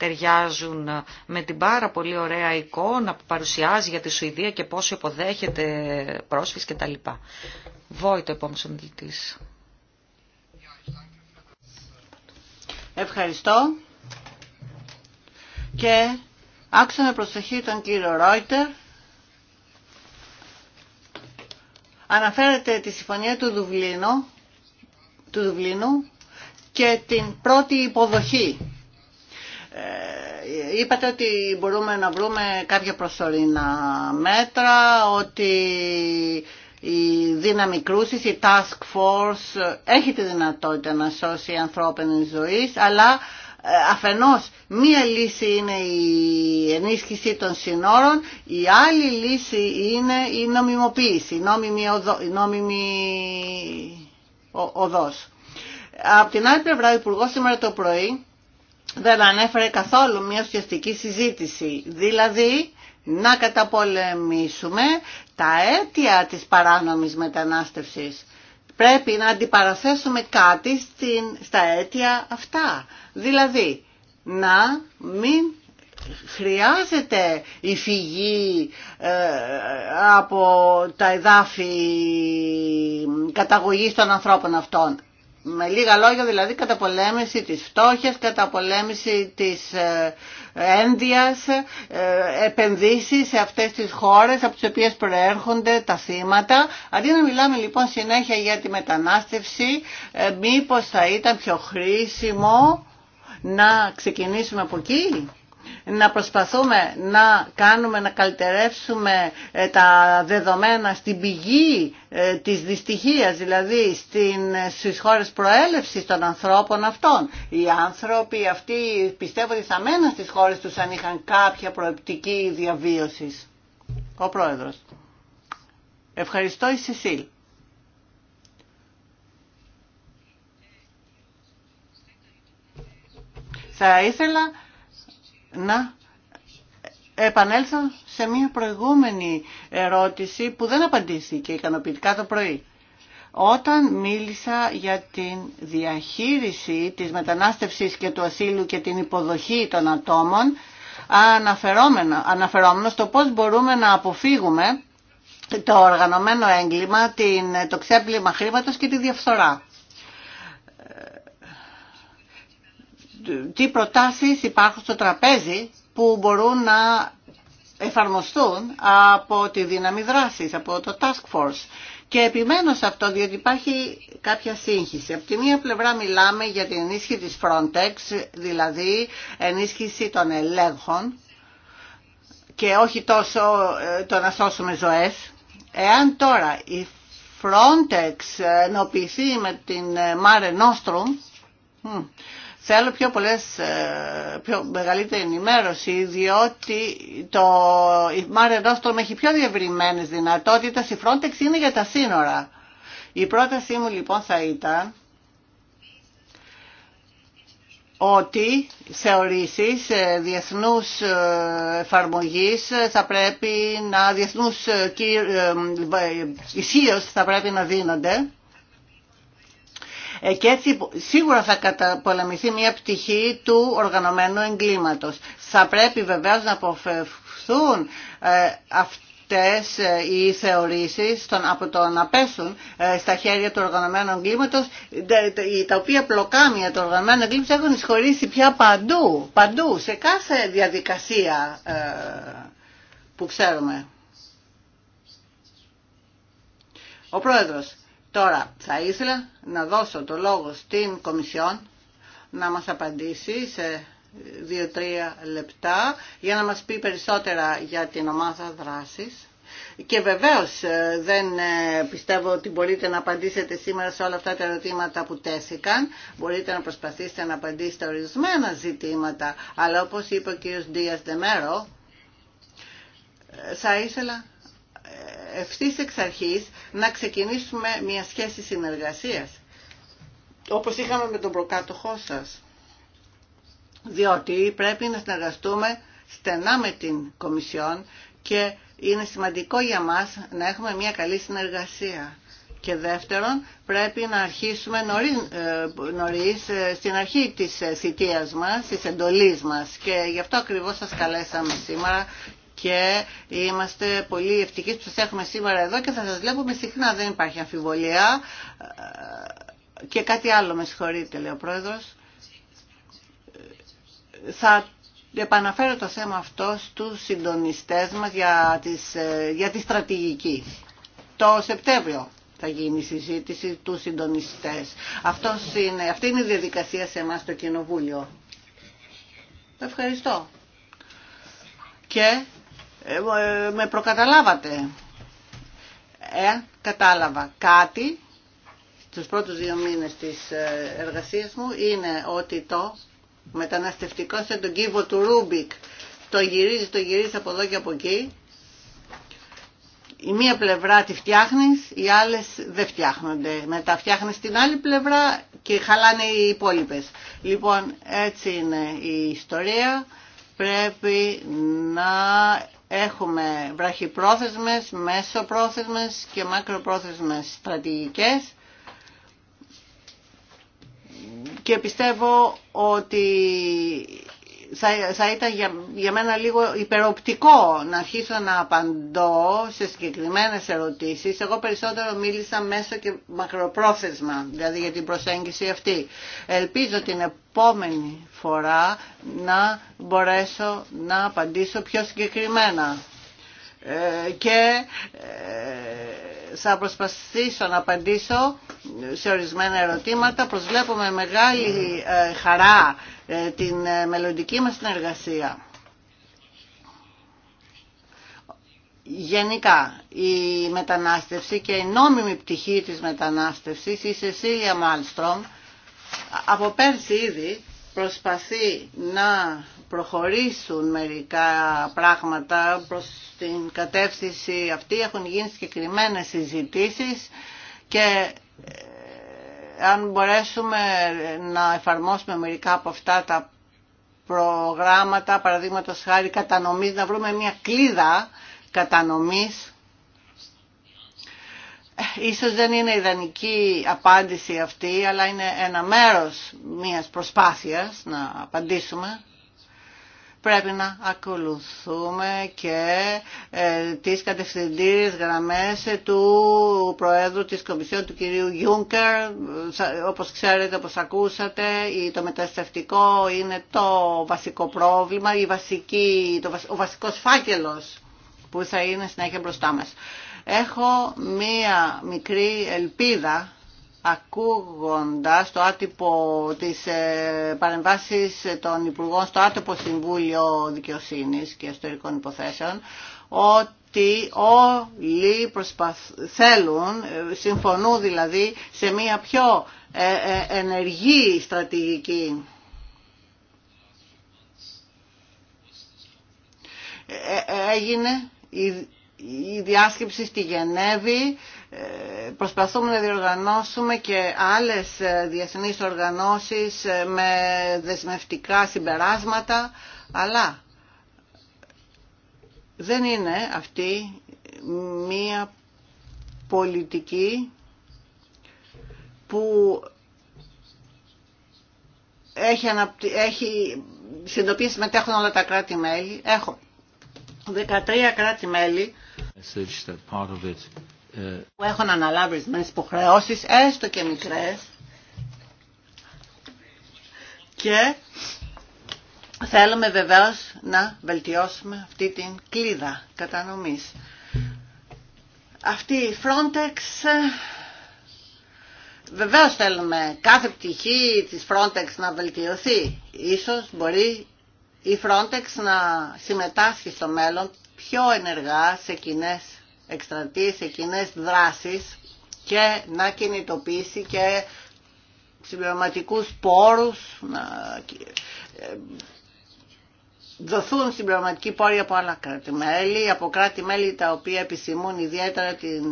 ταιριάζουν ε, με την πάρα πολύ ωραία εικόνα που παρουσιάζει για τη Σουηδία και πόσο υποδέχεται πρόσφυγες κτλ. Βόητο επόμενος ομιλητής. Ευχαριστώ. Και άξιο προσοχή τον κύριο Ρόιτερ. Αναφέρεται τη συμφωνία του Δουβλίνου, του Δουβλίνου και την πρώτη υποδοχή ε, είπατε ότι μπορούμε να βρούμε κάποια προσωρινά μέτρα, ότι η δύναμη κρούση, η task force έχει τη δυνατότητα να σώσει ανθρώπινη ζωή, αλλά ε, αφενός μία λύση είναι η ενίσχυση των συνόρων, η άλλη λύση είναι η νομιμοποίηση, η νόμιμη, οδο, η νόμιμη οδός. Απ' την άλλη πλευρά, ο Υπουργός σήμερα το πρωί δεν ανέφερε καθόλου μια ουσιαστική συζήτηση. Δηλαδή, να καταπολεμήσουμε τα αίτια της παράνομης μετανάστευσης. Πρέπει να αντιπαραθέσουμε κάτι στην, στα αίτια αυτά. Δηλαδή, να μην χρειάζεται η φυγή ε, από τα εδάφη καταγωγής των ανθρώπων αυτών με λίγα λόγια δηλαδή καταπολέμηση της φτώχειας, καταπολέμηση της ε, ένδυας, ε, επενδύσεις σε αυτές τις χώρες από τις οποίες προέρχονται τα θύματα. Αντί να μιλάμε λοιπόν συνέχεια για τη μετανάστευση, ε, μήπως θα ήταν πιο χρήσιμο να ξεκινήσουμε από εκεί να προσπαθούμε να κάνουμε, να καλυτερεύσουμε ε, τα δεδομένα στην πηγή ε, της δυστυχίας, δηλαδή στην, ε, στις χώρες προέλευσης των ανθρώπων αυτών. Οι άνθρωποι αυτοί πιστεύω ότι θα μέναν στις χώρες τους αν είχαν κάποια προεπτική διαβίωσης. Ο Πρόεδρος. Ευχαριστώ η Σισίλ. Θα ήθελα να επανέλθω σε μια προηγούμενη ερώτηση που δεν απαντήθηκε ικανοποιητικά το πρωί. Όταν μίλησα για την διαχείριση της μετανάστευσης και του ασύλου και την υποδοχή των ατόμων, αναφερόμενο, στο πώς μπορούμε να αποφύγουμε το οργανωμένο έγκλημα, την, το ξέπλυμα χρήματος και τη διαφθορά. τι προτάσεις υπάρχουν στο τραπέζι που μπορούν να εφαρμοστούν από τη δύναμη δράσης, από το Task Force. Και επιμένω σε αυτό διότι υπάρχει κάποια σύγχυση. Από τη μία πλευρά μιλάμε για την ενίσχυση της Frontex, δηλαδή ενίσχυση των ελέγχων και όχι τόσο ε, το να σώσουμε ζωές. Εάν τώρα η Frontex ενοποιηθεί με την ε, Mare Nostrum, Θέλω πιο, πολλές, ε, πιο μεγαλύτερη ενημέρωση, διότι το Μάρια Nostrum έχει πιο διευρυμένες δυνατότητες, η Frontex είναι για τα σύνορα. Η πρότασή μου λοιπόν θα ήταν ότι σε ορίσεις ε, διεθνούς ε, εφαρμογής θα πρέπει να διεθνούς ισχύως θα πρέπει να δίνονται ε, και έτσι σίγουρα θα καταπολεμηθεί μια πτυχή του οργανωμένου εγκλήματος. Θα πρέπει βεβαίως να αποφευθούν ε, αυτές ε, οι θεωρήσεις από το να πέσουν στα χέρια του οργανωμένου εγκλήματος τα οποία πλοκάμια του οργανωμένου εγκλήματος έχουν εισχωρήσει πια παντού, παντού σε κάθε διαδικασία που ξέρουμε. Ο Πρόεδρος, Τώρα θα ήθελα να δώσω το λόγο στην Κομισιόν να μας απαντήσει σε 2-3 λεπτά για να μας πει περισσότερα για την ομάδα δράσης. Και βεβαίως ε, δεν ε, πιστεύω ότι μπορείτε να απαντήσετε σήμερα σε όλα αυτά τα ερωτήματα που τέθηκαν. Μπορείτε να προσπαθήσετε να απαντήσετε ορισμένα ζητήματα. Αλλά όπως είπε ο κ. Δίας Δεμέρο, ε, θα ήθελα ευθύς εξ αρχής να ξεκινήσουμε μια σχέση συνεργασίας όπως είχαμε με τον προκάτοχό σας διότι πρέπει να συνεργαστούμε στενά με την Κομισιόν και είναι σημαντικό για μας να έχουμε μια καλή συνεργασία. Και δεύτερον, πρέπει να αρχίσουμε νωρίς, ε, ε, στην αρχή της ε, θητείας μας, της εντολής μας. Και γι' αυτό ακριβώς σας καλέσαμε σήμερα και είμαστε πολύ ευτυχείς που σας έχουμε σήμερα εδώ και θα σας βλέπουμε συχνά, δεν υπάρχει αμφιβολία. Και κάτι άλλο, με συγχωρείτε, λέει ο Πρόεδρος. Θα επαναφέρω το θέμα αυτό στους συντονιστές μας για, τις, για τη στρατηγική. Το Σεπτέμβριο θα γίνει η συζήτηση του συντονιστές. Αυτός είναι, αυτή είναι η διαδικασία σε εμάς το Κοινοβούλιο. Ευχαριστώ. Και ε, ε, με προκαταλάβατε. Ε, κατάλαβα κάτι στους πρώτους δύο μήνες της ε, εργασίας μου είναι ότι το μεταναστευτικό σε τον κύβο του Ρούμπικ το γυρίζει, το γυρίζει από εδώ και από εκεί η μία πλευρά τη φτιάχνεις, οι άλλες δεν φτιάχνονται. Μετά φτιάχνεις την άλλη πλευρά και χαλάνε οι υπόλοιπε. Λοιπόν, έτσι είναι η ιστορία. Πρέπει να Έχουμε βραχυπρόθεσμες, μέσοπρόθεσμες και μακροπρόθεσμες στρατηγικές και πιστεύω ότι θα, ήταν για, μένα λίγο υπεροπτικό να αρχίσω να απαντώ σε συγκεκριμένες ερωτήσεις. Εγώ περισσότερο μίλησα μέσω και μακροπρόθεσμα, δηλαδή για την προσέγγιση αυτή. Ελπίζω την επόμενη φορά να μπορέσω να απαντήσω πιο συγκεκριμένα. Ε, και ε, θα προσπαθήσω να απαντήσω σε ορισμένα ερωτήματα. Προσβλέπουμε μεγάλη ε, χαρά ε, την ε, μελλοντική μας συνεργασία. Γενικά, η μετανάστευση και η νόμιμη πτυχή της μετανάστευσης, η Σεσίλια Μάλστρομ, από πέρσι ήδη προσπαθεί να προχωρήσουν μερικά πράγματα προς την κατεύθυνση αυτή. Έχουν γίνει συγκεκριμένες συζητήσεις και ε, αν μπορέσουμε να εφαρμόσουμε μερικά από αυτά τα προγράμματα, παραδείγματο χάρη κατανομής, να βρούμε μια κλίδα κατανομής. Ίσως δεν είναι ιδανική απάντηση αυτή, αλλά είναι ένα μέρος μιας προσπάθειας να απαντήσουμε πρέπει να ακολουθούμε και ε, τις κατευθυντήριες γραμμές του Προέδρου της Κομισιόν του κυρίου Γιούνκερ. Όπως ξέρετε, όπως ακούσατε, το μεταστευτικό είναι το βασικό πρόβλημα, η βασική, ο βασικός φάκελος που θα είναι συνέχεια μπροστά μας. Έχω μία μικρή ελπίδα ακούγοντας το άτυπο της ε, παρεμβάσεις των Υπουργών στο άτυπο Συμβούλιο Δικαιοσύνης και Ιστορικών Υποθέσεων ότι όλοι θέλουν, ε, συμφωνούν δηλαδή σε μια πιο ε, ενεργή στρατηγική έγινε η διάσκεψη στη Γενέβη προσπαθούμε να διοργανώσουμε και άλλες ε, διεθνείς οργανώσεις ε, με δεσμευτικά συμπεράσματα, αλλά δεν είναι αυτή μία πολιτική που έχει, αναπτυ... έχει συντοπίσει όλα τα κράτη-μέλη. Έχω 13 κράτη-μέλη που έχουν αναλάβει ορισμένε υποχρεώσει, έστω και μικρέ, και θέλουμε βεβαίω να βελτιώσουμε αυτή την κλίδα κατανομής. Αυτή η Frontex Βεβαίω θέλουμε κάθε πτυχή της Frontex να βελτιωθεί. Ίσως μπορεί η Frontex να συμμετάσχει στο μέλλον πιο ενεργά σε κοινέ σε κοινέ δράσεις και να κινητοποιήσει και συμπληρωματικούς πόρους, να δοθούν συμπληρωματικοί πόροι από άλλα κράτη-μέλη, από κράτη-μέλη τα οποία επισημούν ιδιαίτερα την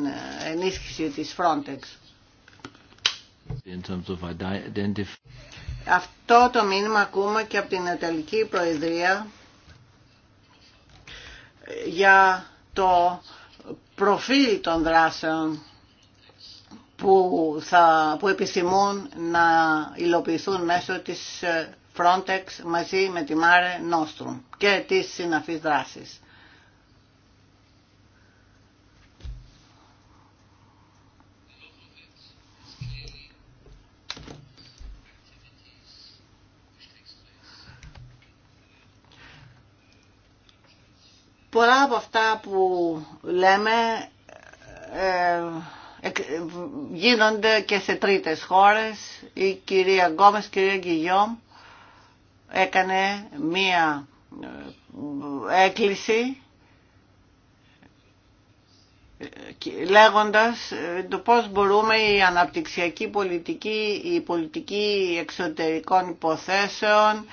ενίσχυση της Frontex. Αυτό το μήνυμα ακούμε και από την Ιταλική Προεδρία για το προφίλ των δράσεων που, θα, που επιθυμούν να υλοποιηθούν μέσω της Frontex μαζί με τη Mare Nostrum και τις συναφής δράσεις. πολλά από αυτά που λέμε ε, γίνονται και σε τρίτες χώρες. Η κυρία Γκόμες, η κυρία Γκυγιόμ έκανε μία ε, έκκληση ε, λέγοντας το πώς μπορούμε η αναπτυξιακή πολιτική, η πολιτική εξωτερικών υποθέσεων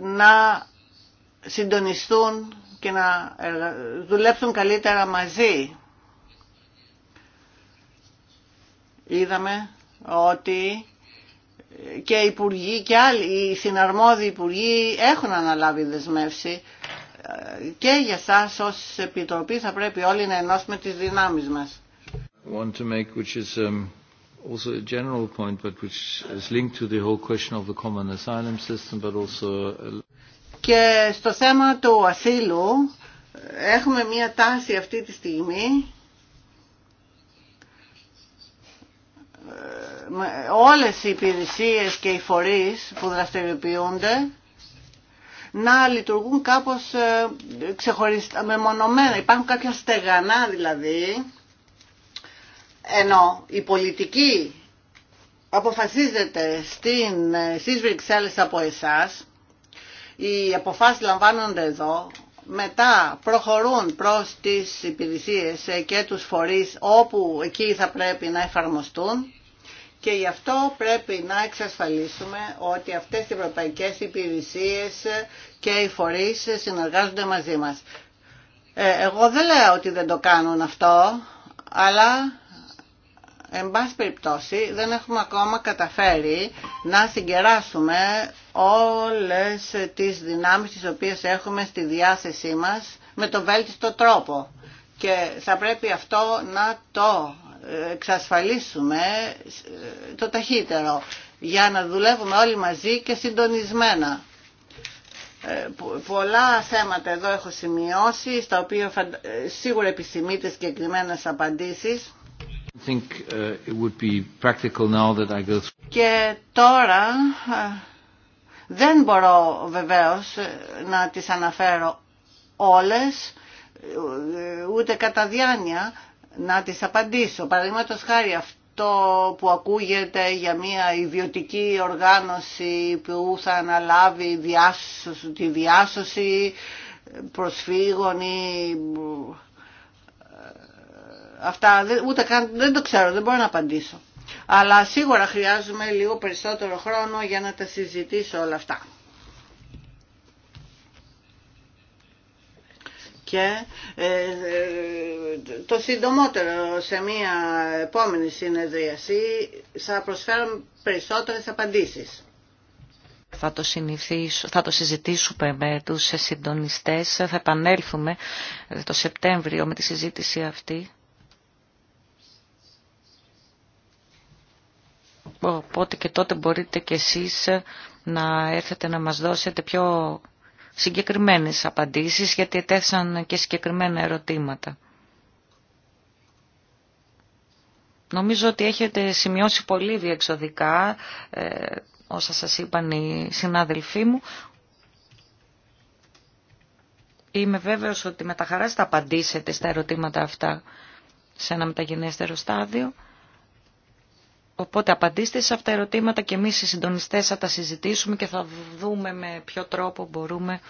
να συντονιστούν και να δουλέψουν καλύτερα μαζί. Είδαμε ότι και οι υπουργοί και άλλοι, οι συναρμόδιοι υπουργοί έχουν αναλάβει δεσμεύση ε, και για σας ως Επιτροπή θα πρέπει όλοι να ενώσουμε τις δυνάμεις μας. Um, also a general point, but which is linked to the whole question of the common asylum system, but also και στο θέμα του ασύλου έχουμε μία τάση αυτή τη στιγμή όλες οι υπηρεσίες και οι φορείς που δραστηριοποιούνται να λειτουργούν κάπως ε, ξεχωριστά, μεμονωμένα. Υπάρχουν κάποια στεγανά δηλαδή, ενώ η πολιτική αποφασίζεται στην, ε, στις Βρυξέλλες από εσάς, οι αποφάσεις λαμβάνονται εδώ, μετά προχωρούν προς τις υπηρεσίες ε, και τους φορείς όπου εκεί θα πρέπει να εφαρμοστούν και γι' αυτό πρέπει να εξασφαλίσουμε ότι αυτές οι ευρωπαϊκές υπηρεσίες και οι φορείς συνεργάζονται μαζί μας. Ε, εγώ δεν λέω ότι δεν το κάνουν αυτό, αλλά εν πάση περιπτώσει δεν έχουμε ακόμα καταφέρει να συγκεράσουμε όλες τις δυνάμεις τις οποίες έχουμε στη διάθεσή μας με τον βέλτιστο τρόπο. Και θα πρέπει αυτό να το εξασφαλίσουμε ε, το ταχύτερο για να δουλεύουμε όλοι μαζί και συντονισμένα. Ε, πολλά θέματα εδώ έχω σημειώσει, στα οποία ε, σίγουρα επισημείτε συγκεκριμένε απαντήσεις. Uh, και τώρα δεν μπορώ βεβαίως ε, να τις αναφέρω όλες, ούτε κατά διάνοια να τις απαντήσω. Παραδείγματος χάρη αυτό που ακούγεται για μια ιδιωτική οργάνωση που θα αναλάβει διάσωση, τη διάσωση προσφύγων ή ε, αυτά, ούτε καν, δεν το ξέρω, δεν μπορώ να απαντήσω αλλά σίγουρα χρειάζομαι λίγο περισσότερο χρόνο για να τα συζητήσω όλα αυτά. και ε, ε, το συντομότερο σε μια επόμενη συνεδρίαση θα προσφέρω περισσότερες απαντήσεις. Θα το, θα το συζητήσουμε με τους συντονιστές, θα επανέλθουμε το Σεπτέμβριο με τη συζήτηση αυτή Οπότε και τότε μπορείτε και εσείς ε, να έρθετε να μας δώσετε πιο συγκεκριμένες απαντήσεις, γιατί ετέθησαν και συγκεκριμένα ερωτήματα. Νομίζω ότι έχετε σημειώσει πολύ διεξοδικά ε, όσα σας είπαν οι συνάδελφοί μου. Είμαι βέβαιος ότι με τα χαρά θα απαντήσετε στα ερωτήματα αυτά σε ένα μεταγενέστερο στάδιο. Οπότε απαντήστε σε αυτά τα ερωτήματα και εμείς οι συντονιστές θα τα συζητήσουμε και θα δούμε με ποιο τρόπο μπορούμε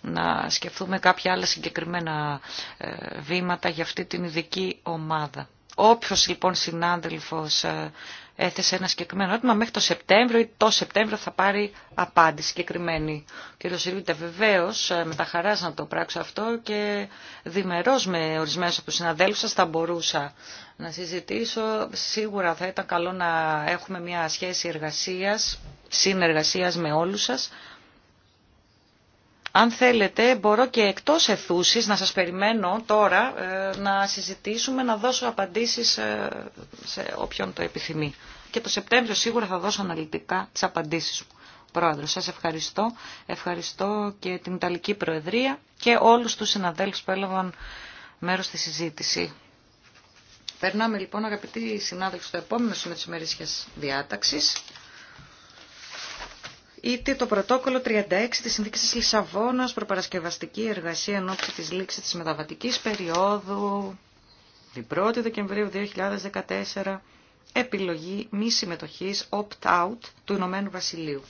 να σκεφτούμε κάποια άλλα συγκεκριμένα ε, βήματα για αυτή την ειδική ομάδα. Όποιος λοιπόν συνάδελφος ε, έθεσε ένα συγκεκριμένο ερώτημα. Μέχρι το Σεπτέμβριο ή το Σεπτέμβριο θα πάρει απάντηση συγκεκριμένη. Κύριο Σιρούτε, βεβαίω ε, με τα χαρά να το πράξω αυτό και διμερό με ορισμένου από του συναδέλφου σα θα μπορούσα να συζητήσω. Σίγουρα θα ήταν καλό να έχουμε μια σχέση εργασία, συνεργασία με όλου σα. Αν θέλετε, μπορώ και εκτός εθούσης να σας περιμένω τώρα ε, να συζητήσουμε, να δώσω απαντήσεις ε, σε όποιον το επιθυμεί. Και το Σεπτέμβριο σίγουρα θα δώσω αναλυτικά τις απαντήσεις μου. Πρόεδρο, σας ευχαριστώ. Ευχαριστώ και την Ιταλική Προεδρία και όλους τους συναδέλφους που έλαβαν μέρος στη συζήτηση. Περνάμε λοιπόν αγαπητοί συνάδελφοι στο επόμενο σημείο της ημερήσιας διάταξης είτε το πρωτόκολλο 36 της Συνθήκης Λισαβόνας προπαρασκευαστική εργασία εν ώψη της λήξης της μεταβατικής περίοδου την 1η Δεκεμβρίου 2014 επιλογή μη συμμετοχής opt-out του Ηνωμένου Βασιλείου.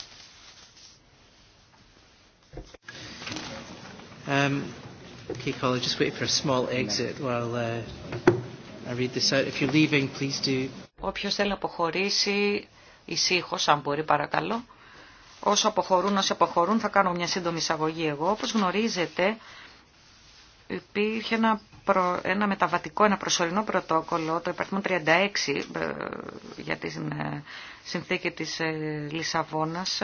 Um, Όποιος θέλει να αποχωρήσει, ησύχως, αν μπορεί, παρακαλώ. Όσο αποχωρούν, όσοι αποχωρούν, θα κάνω μια σύντομη εισαγωγή εγώ. Όπως γνωρίζετε, υπήρχε ένα, ένα μεταβατικό, ένα προσωρινό πρωτόκολλο, το υπαρθμό 36 ε, για τη ε, συνθήκη της ε, Λισαβόνας.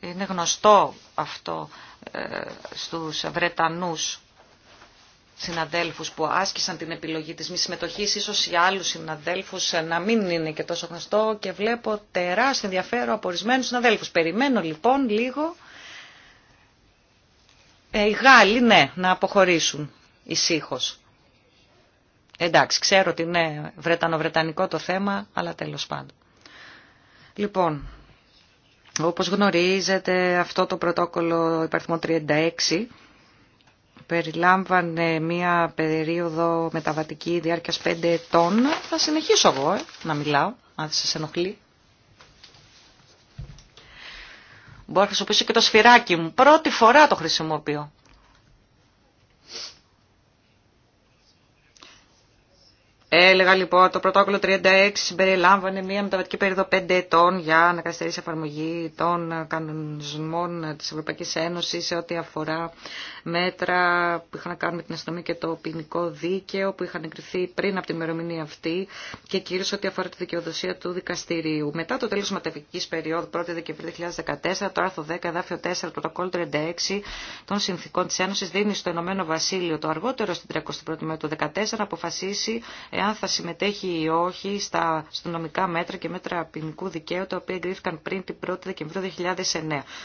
Είναι γνωστό αυτό στους Βρετανούς Συναδέλφου που άσκησαν την επιλογή τη μη συμμετοχή ίσω για άλλου συναδέλφου να μην είναι και τόσο γνωστό και βλέπω τεράστιο ενδιαφέρον από ορισμένου συναδέλφους. Περιμένω λοιπόν λίγο ε, οι Γάλλοι ναι, να αποχωρήσουν ησύχω. Εντάξει, ξέρω ότι είναι βρετανοβρετανικό το θέμα, αλλά τέλος πάντων. Λοιπόν, όπως γνωρίζετε αυτό το πρωτόκολλο υπαρθμό 36 περιλάμβανε μία περίοδο μεταβατική διάρκειας 5 ετών. Θα συνεχίσω εγώ ε, να μιλάω, αν σας ενοχλεί. Μπορώ να χρησιμοποιήσω και το σφυράκι μου. Πρώτη φορά το χρησιμοποιώ. Έλεγα λοιπόν το πρωτόκολλο 36 συμπεριλάμβανε μια μεταβατική περίοδο 5 ετών για να καθυστερήσει εφαρμογή των κανονισμών της Ευρωπαϊκής Ένωσης σε ό,τι αφορά μέτρα που είχαν να κάνουν με την αστυνομία και το ποινικό δίκαιο που είχαν εγκριθεί πριν από την ημερομηνία αυτή και κυρίως ό,τι αφορά τη δικαιοδοσία του δικαστηρίου. Μετά το τελος μεταβατικης ματεβικής περίοδου 1η Δεκεμβρίου 2014, το άρθρο 10, εδάφιο 4 πρωτοκόλλο 36 των συνθήκων της Ένωσης δίνει στο Ηνωμένο Βασίλειο το αργότερο στην 31η 2014 αποφασίσει ε, εάν θα συμμετέχει ή όχι στα αστυνομικά μέτρα και μέτρα ποινικού δικαίου, τα οποία εγκρίθηκαν πριν την 1η Δεκεμβρίου 2009.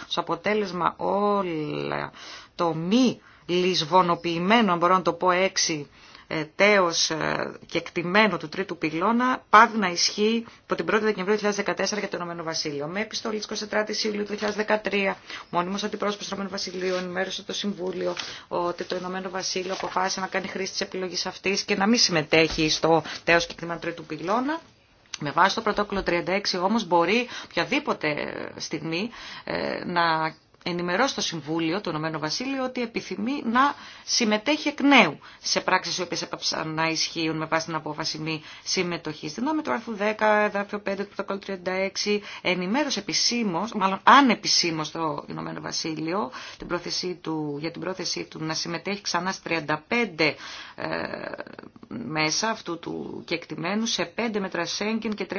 Στο αποτέλεσμα όλα το μη λησβονοποιημένο, αν μπορώ να το πω, έξι ε, τέος ε, και εκτιμένο του τρίτου πυλώνα πάβει να ισχύει από την 1η Δεκεμβρίου 2014 για το Ηνωμένο Βασίλειο. Με επιστολή της 24ης Ιουλίου 2013, μόνιμος αντιπρόσωπος του Ηνωμένου Βασιλείου ενημέρωσε το Συμβούλιο ότι το Ηνωμένο Βασίλειο αποφάσισε να κάνει χρήση της επιλογής αυτής και να μην συμμετέχει στο τέος και εκτιμένο τρίτου πυλώνα. Με βάση το πρωτόκολλο 36 όμως μπορεί οποιαδήποτε στιγμή ε, να ενημερώσει το Συμβούλιο, του Ηνωμένου Βασίλειο, ότι επιθυμεί να συμμετέχει εκ νέου σε πράξεις οι οποίες έπαψαν να ισχύουν με βάση την απόφαση μη συμμετοχή. Στην νόμη του άρθρου 10, εδάφιο 5 του πρωτοκόλλου 36, ενημέρωσε επισήμω, μάλλον ανεπισήμω το Ηνωμένο Βασίλειο την του, για την πρόθεσή του να συμμετέχει ξανά στι 35 ε, μέσα αυτού του κεκτημένου σε 5 μέτρα Σέγγεν και 30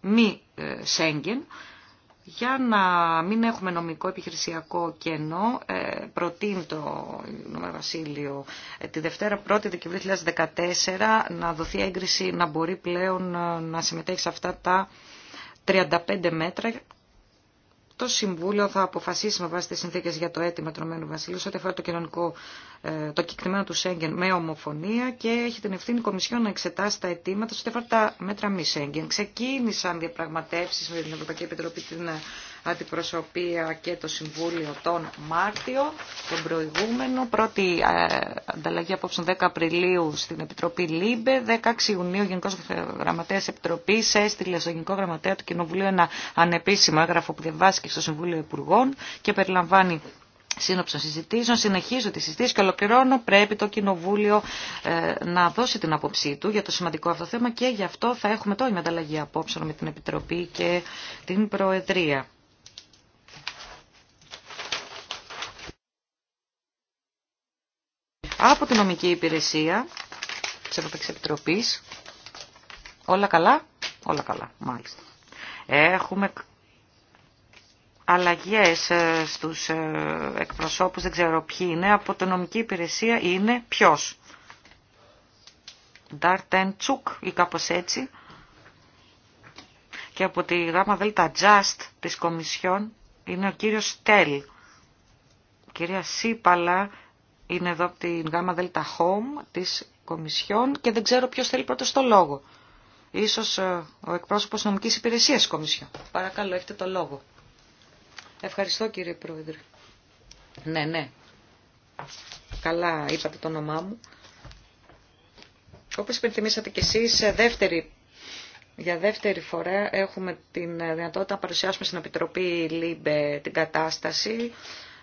μη ε, Σέγγεν. Για να μην έχουμε νομικό επιχειρησιακό κενό, ε, προτείνει το νούμερο Βασίλειο ε, τη Δευτέρα 1η Δεκεμβρίου 2014 να δοθεί έγκριση να μπορεί πλέον ε, να συμμετέχει σε αυτά τα 35 μέτρα το Συμβούλιο θα αποφασίσει με βάση τι συνθήκε για το αίτημα του Ηνωμένου Βασιλείου ό,τι αφορά το κοινωνικό, ε, το κεκτημένο του Σέγγεν με ομοφωνία και έχει την ευθύνη η Κομισιόν να εξετάσει τα αιτήματα σε ό,τι αφορά τα μέτρα μη Σέγγεν. Ξεκίνησαν διαπραγματεύσει με την Ευρωπαϊκή Επιτροπή την ε, αντιπροσωπεία και το Συμβούλιο τον Μάρτιο, τον προηγούμενο. Πρώτη ε, ανταλλαγή απόψε 10 Απριλίου στην Επιτροπή ΛΥΜΠΕ. 16 Ιουνίου ο Γενικό Γραμματέα Επιτροπή έστειλε στο Γενικό Γραμματέα του Κοινοβουλίου ένα ανεπίσημο έγγραφο που διαβάστηκε στο Συμβούλιο Υπουργών και περιλαμβάνει σύνοψη συζητήσεων, συνεχίζω τη συζήτηση και ολοκληρώνω. Πρέπει το Κοινοβούλιο ε, να δώσει την άποψή του για το σημαντικό αυτό θέμα και γι' αυτό θα έχουμε τώρα ανταλλαγή απόψεων με την Επιτροπή και την Προεδρία. από την νομική υπηρεσία της Ευρωπαϊκής Επιτροπής. Όλα καλά, όλα καλά, μάλιστα. Έχουμε αλλαγές ε, στους ε, εκπροσώπους, δεν ξέρω ποιοι είναι, από την νομική υπηρεσία είναι ποιος. Ντάρτεν Τσουκ ή κάπως έτσι. Και από τη γάμα δέλτα Just της Κομισιόν είναι ο κύριος Στέλ Κυρία Σύπαλα είναι εδώ από την γάμα δελτα ΧΟΜ της Κομισιόν και δεν ξέρω ποιος θέλει πρώτος το λόγο. Ίσως ε, ο εκπρόσωπος νομικής υπηρεσίας της Κομισιόν. Παρακαλώ, έχετε το λόγο. Ευχαριστώ κύριε Πρόεδρε. Ναι, ναι. Καλά είπατε το όνομά μου. Όπως υπενθυμίσατε κι εσείς, δεύτερη, για δεύτερη φορά έχουμε την δυνατότητα να παρουσιάσουμε στην Επιτροπή ΛΥΜΠΕ την κατάσταση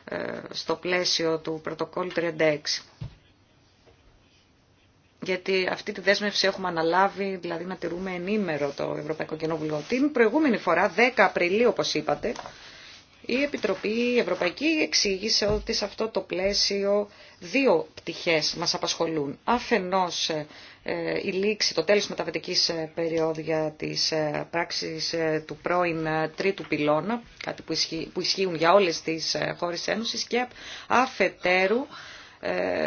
ε, στο πλαίσιο του πρωτοκόλλου 36. Γιατί αυτή τη δέσμευση έχουμε αναλάβει, δηλαδή να τηρούμε ενήμερο το Ευρωπαϊκό Κοινοβουλίο. Την προηγούμενη φορά, 10 Απριλίου όπως είπατε, η Επιτροπή Ευρωπαϊκή εξήγησε ότι σε αυτό το πλαίσιο δύο πτυχές μας απασχολούν. Αφενός ε, ε, η λήξη, το τέλος μεταβατικής ε, περίοδου για τις ε, πράξεις του πρώην τρίτου πυλώνα, κάτι που ισχύουν για όλες τις χώρες Ένωσης και αφετέρου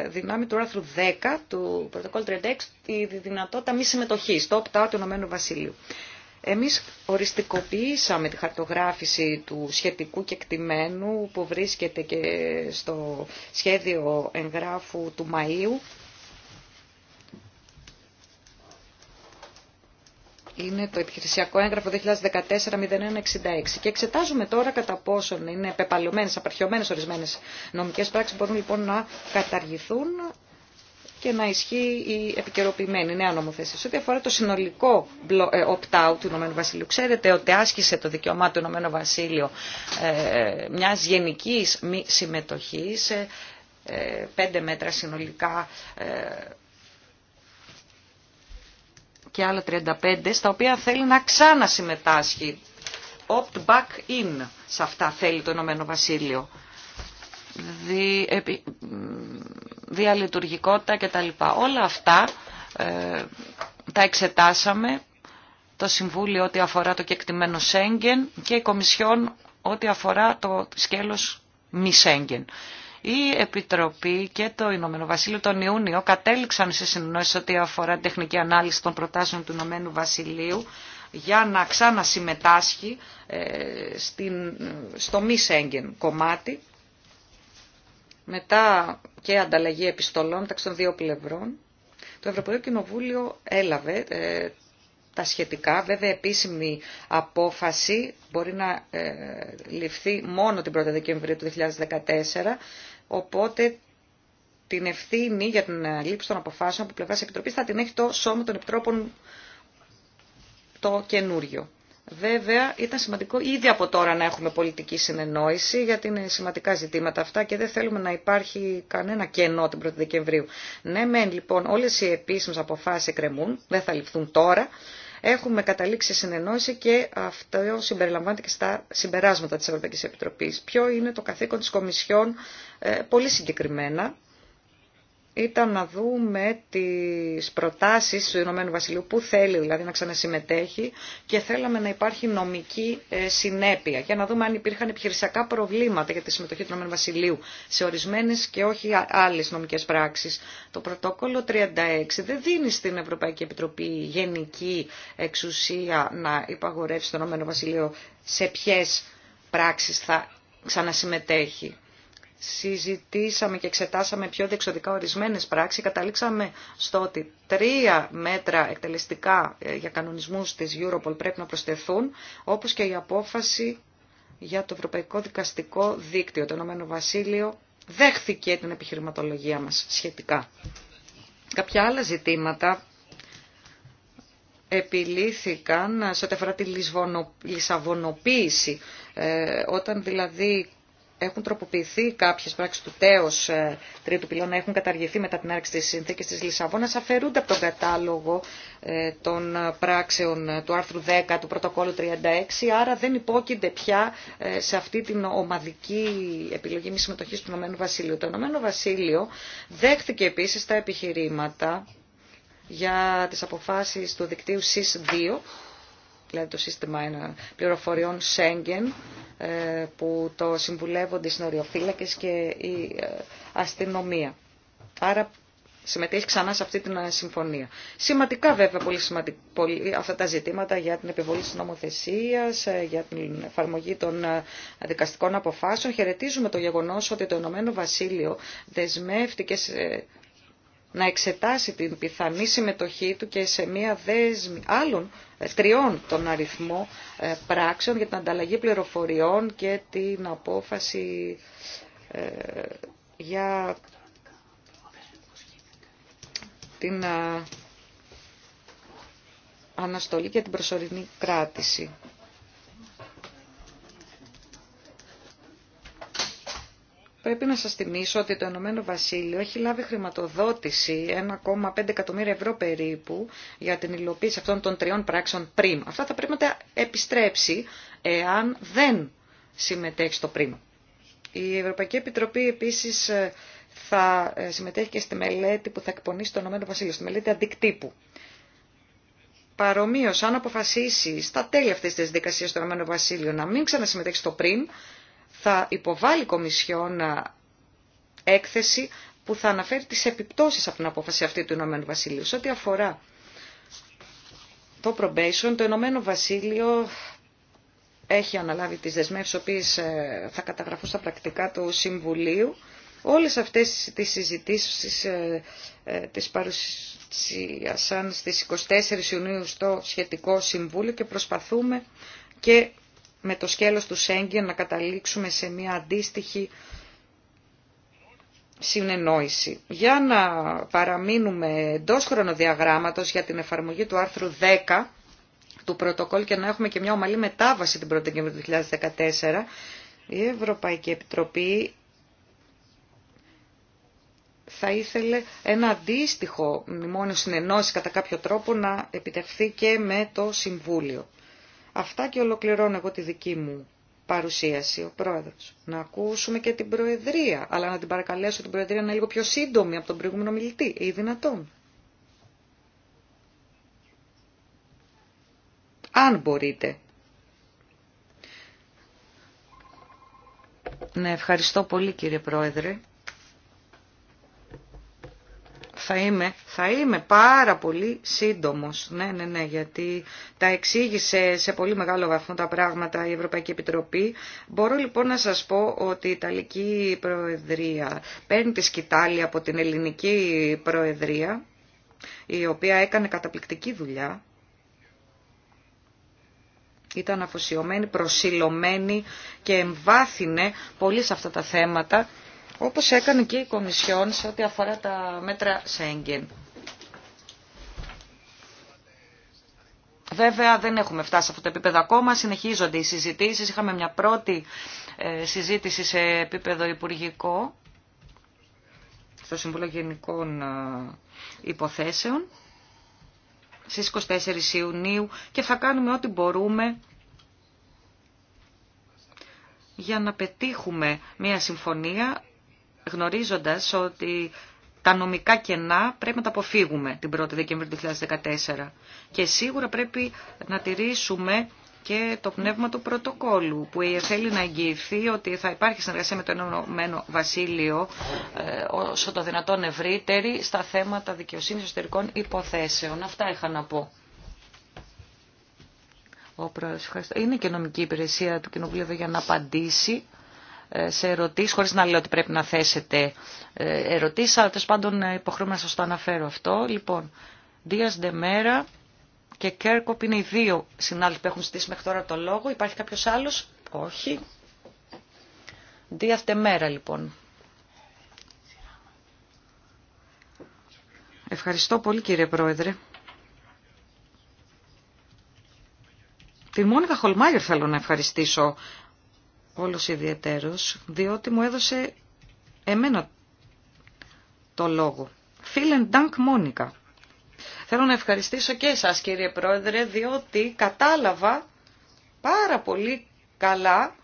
δυνάμει του άρθρου 10 του πρωτοκόλλου 36 τη δυνατότητα μη συμμετοχή, το opt-out του Ηνωμένου Βασιλείου. Εμείς οριστικοποιήσαμε τη χαρτογράφηση του σχετικού κεκτημένου που βρίσκεται και στο σχέδιο εγγράφου του Μαΐου είναι το επιχειρησιακό έγγραφο 2014-01-66 και εξετάζουμε τώρα κατά πόσον είναι πεπαλωμένες, απαρχαιωμένες ορισμένες νομικές πράξεις μπορούν λοιπόν να καταργηθούν και να ισχύει η επικαιροποιημένη νέα νομοθεσία. Σε ό,τι αφορά το συνολικό ε, opt-out του Ηνωμένου Βασιλείου, ξέρετε ότι άσκησε το δικαίωμά του Ηνωμένου ε, μιας γενικής μη συμμετοχής, ε, ε, πέντε μέτρα συνολικά και άλλα 35, στα οποία θέλει να ξανασυμμετάσχει. Opt back in, σε αυτά θέλει το Ηνωμένο Βασίλειο. Δι, επι, διαλειτουργικότητα κτλ. Όλα αυτά ε, τα εξετάσαμε, το Συμβούλιο ό,τι αφορά το κεκτημένο Σέγγεν και η Κομισιόν ό,τι αφορά το σκέλος μη Σέγγεν. Η Επιτροπή και το Ηνωμένο Βασίλειο τον Ιούνιο κατέληξαν σε συνεννόηση ό,τι αφορά τεχνική ανάλυση των προτάσεων του Ηνωμένου Βασιλείου για να ξανασυμμετάσχει ε, στην, στο μη Σέγγεν κομμάτι μετά και ανταλλαγή επιστολών μεταξύ των δύο πλευρών. Το Ευρωπαϊκό Κοινοβούλιο έλαβε ε, τα σχετικά. Βέβαια, επίσημη απόφαση μπορεί να ε, ληφθεί μόνο την 1η Δεκεμβρίου του 2014 Οπότε την ευθύνη για την ε, λήψη των αποφάσεων από πλευρά Επιτροπή θα την έχει το Σώμα των Επιτρόπων το καινούριο. Βέβαια, ήταν σημαντικό ήδη από τώρα να έχουμε πολιτική συνεννόηση, γιατί είναι σημαντικά ζητήματα αυτά και δεν θέλουμε να υπάρχει κανένα κενό την 1η Δεκεμβρίου. Ναι, μεν λοιπόν, όλε οι επίσημε αποφάσει εκκρεμούν, δεν θα ληφθούν τώρα, Έχουμε καταλήξει συνεννόηση και αυτό συμπεριλαμβάνεται και στα συμπεράσματα της Ευρωπαϊκής Επιτροπής. Ποιο είναι το καθήκον της Κομισιόν ε, πολύ συγκεκριμένα ήταν να δούμε τις προτάσεις του Ηνωμένου Βασιλείου, που θέλει δηλαδή να ξανασυμμετέχει και θέλαμε να υπάρχει νομική ε, συνέπεια για να δούμε αν υπήρχαν επιχειρησιακά προβλήματα για τη συμμετοχή του Ηνωμένου Βασιλείου σε ορισμένες και όχι άλλες νομικές πράξεις. Το πρωτόκολλο 36 δεν δίνει στην Ευρωπαϊκή Επιτροπή γενική εξουσία να υπαγορεύσει το Ηνωμένο Βασιλείο σε ποιε πράξεις θα ξανασυμμετέχει συζητήσαμε και εξετάσαμε πιο διεξοδικά ορισμένες πράξεις, καταλήξαμε στο ότι τρία μέτρα εκτελεστικά ε, για κανονισμούς της Europol πρέπει να προσθεθούν, όπως και η απόφαση για το Ευρωπαϊκό Δικαστικό Δίκτυο. Το Ηνωμένο Βασίλειο δέχθηκε την επιχειρηματολογία μας σχετικά. Κάποια άλλα ζητήματα επιλήθηκαν σε ό,τι αφορά τη λισαβονοποίηση, ε, όταν δηλαδή έχουν τροποποιηθεί κάποιε πράξει του τέο ε, τρίτου πυλώνα, έχουν καταργηθεί μετά την άρξη τη συνθήκη τη Λισαβόνα, αφαιρούνται από τον κατάλογο ε, των πράξεων ε, του άρθρου 10 του πρωτοκόλλου 36, άρα δεν υπόκεινται πια σε αυτή την ομαδική επιλογή μη συμμετοχή του Ηνωμένου Βασίλειου. Το Ηνωμένο Βασίλειο δέχθηκε επίση τα επιχειρήματα για τις αποφάσεις του δικτυου ΣΥΣ. SIS-2 δηλαδή το σύστημα πληροφοριών Schengen ε, που το συμβουλεύονται οι συνοριοφύλακες και η ε, αστυνομία. Άρα συμμετέχει ξανά σε αυτή την ε, συμφωνία. Σημαντικά βέβαια πολύ σημαντικά, αυτά τα ζητήματα για την επιβολή της νομοθεσίας, για την εφαρμογή των δικαστικών αποφάσεων. Χαιρετίζουμε το γεγονός ότι το Ηνωμένο Βασίλειο δεσμεύτηκε να εξετάσει την πιθανή συμμετοχή του και σε μία δέσμη άλλων ε, τριών των αριθμό ε, πράξεων για την ανταλλαγή πληροφοριών και την απόφαση ε, για την αναστολή και την προσωρινή κράτηση. Πρέπει να σας θυμίσω ότι το Ηνωμένο Βασίλειο έχει λάβει χρηματοδότηση 1,5 εκατομμύρια ευρώ περίπου για την υλοποίηση αυτών των τριών πράξεων πριν. Αυτά θα πρέπει να τα επιστρέψει εάν δεν συμμετέχει στο πριν. Η Ευρωπαϊκή Επιτροπή επίσης ε, θα ε, συμμετέχει και στη μελέτη που θα εκπονήσει το Ηνωμένο Βασίλειο, στη μελέτη αντικτύπου. Παρομοίως, αν αποφασίσει στα τέλη αυτή τη διαδικασία του Ηνωμένου Βασίλειου να μην ξανασυμμετέχει στο πριν, θα υποβάλει Κομισιόν ε, έκθεση που θα αναφέρει τις επιπτώσεις από την απόφαση αυτή του Ηνωμένου Βασιλείου. Σε ό,τι αφορά το probation, το Ηνωμένο Βασίλειο έχει αναλάβει τις δεσμεύσεις οποίες ε, θα καταγραφούν στα πρακτικά του Συμβουλίου. Όλες αυτές τις συζητήσεις ε, τις παρουσίασαν στις 24 Ιουνίου στο σχετικό Συμβούλιο και προσπαθούμε και με το σκέλος του Σέγγεν να καταλήξουμε σε μια αντίστοιχη συνεννόηση. Για να παραμείνουμε εντό χρονοδιαγράμματος για την εφαρμογή του άρθρου 10 του πρωτοκόλλου και να έχουμε και μια ομαλή μετάβαση την 1η του 2014, η Ευρωπαϊκή Επιτροπή θα ήθελε ένα αντίστοιχο μνημόνιο συνεννόηση κατά κάποιο τρόπο να επιτευχθεί και με το Συμβούλιο. Αυτά και ολοκληρώνω εγώ τη δική μου παρουσίαση, ο πρόεδρος. Να ακούσουμε και την Προεδρία, αλλά να την παρακαλέσω την Προεδρία να είναι λίγο πιο σύντομη από τον προηγούμενο μιλητή, ή δυνατόν. Αν μπορείτε. Ναι, ευχαριστώ πολύ κύριε Πρόεδρε. Θα είμαι, θα είμαι πάρα πολύ σύντομος, ναι, ναι, ναι, γιατί τα εξήγησε σε πολύ μεγάλο βαθμό τα πράγματα η Ευρωπαϊκή Επιτροπή. Μπορώ λοιπόν να σας πω ότι η Ιταλική Προεδρία παίρνει τη σκητάλη από την Ελληνική Προεδρία, η οποία έκανε καταπληκτική δουλειά. Ήταν αφοσιωμένη, προσιλωμένη και εμβάθυνε πολύ σε αυτά τα θέματα όπως έκανε και η Κομισιόν σε ό,τι αφορά τα μέτρα Σέγγεν. Βέβαια δεν έχουμε φτάσει σε αυτό το επίπεδο ακόμα, συνεχίζονται οι συζητήσεις. Είχαμε μια πρώτη ε, συζήτηση σε επίπεδο υπουργικό στο Συμβουλό Γενικών ε, Υποθέσεων στις 24 Ιουνίου και θα κάνουμε ό,τι μπορούμε για να πετύχουμε μια συμφωνία γνωρίζοντας ότι τα νομικά κενά πρέπει να τα αποφύγουμε την 1η Δεκεμβρίου του 2014. Και σίγουρα πρέπει να τηρήσουμε και το πνεύμα του πρωτοκόλου που ΕΕ θέλει να εγγυηθεί ότι θα υπάρχει συνεργασία με το Ενωμένο Βασίλειο ε, όσο το δυνατόν ευρύτερη στα θέματα δικαιοσύνης εσωτερικών υποθέσεων. Αυτά είχα να πω. Είναι και νομική υπηρεσία του Κοινοβουλίου για να απαντήσει. Ε, σε ερωτήσεις, χωρίς να λέω ότι πρέπει να θέσετε ε, ερωτήσεις, αλλά τέλος πάντων ε, υποχρεούμε να σας το αναφέρω αυτό. Λοιπόν, Δίας Ντεμέρα και Κέρκοπ είναι οι δύο συνάδελφοι που έχουν ζητήσει μέχρι τώρα το λόγο. Υπάρχει κάποιος άλλος? Όχι. Δίας Ντεμέρα λοιπόν. Ευχαριστώ πολύ κύριε Πρόεδρε. Τη Μόνικα Χολμάγερ θέλω να ευχαριστήσω όλος ιδιαιτέρως, διότι μου έδωσε εμένα το λόγο. Φίλεν Ντάνκ Μόνικα. Θέλω να ευχαριστήσω και εσάς κύριε Πρόεδρε, διότι κατάλαβα πάρα πολύ καλά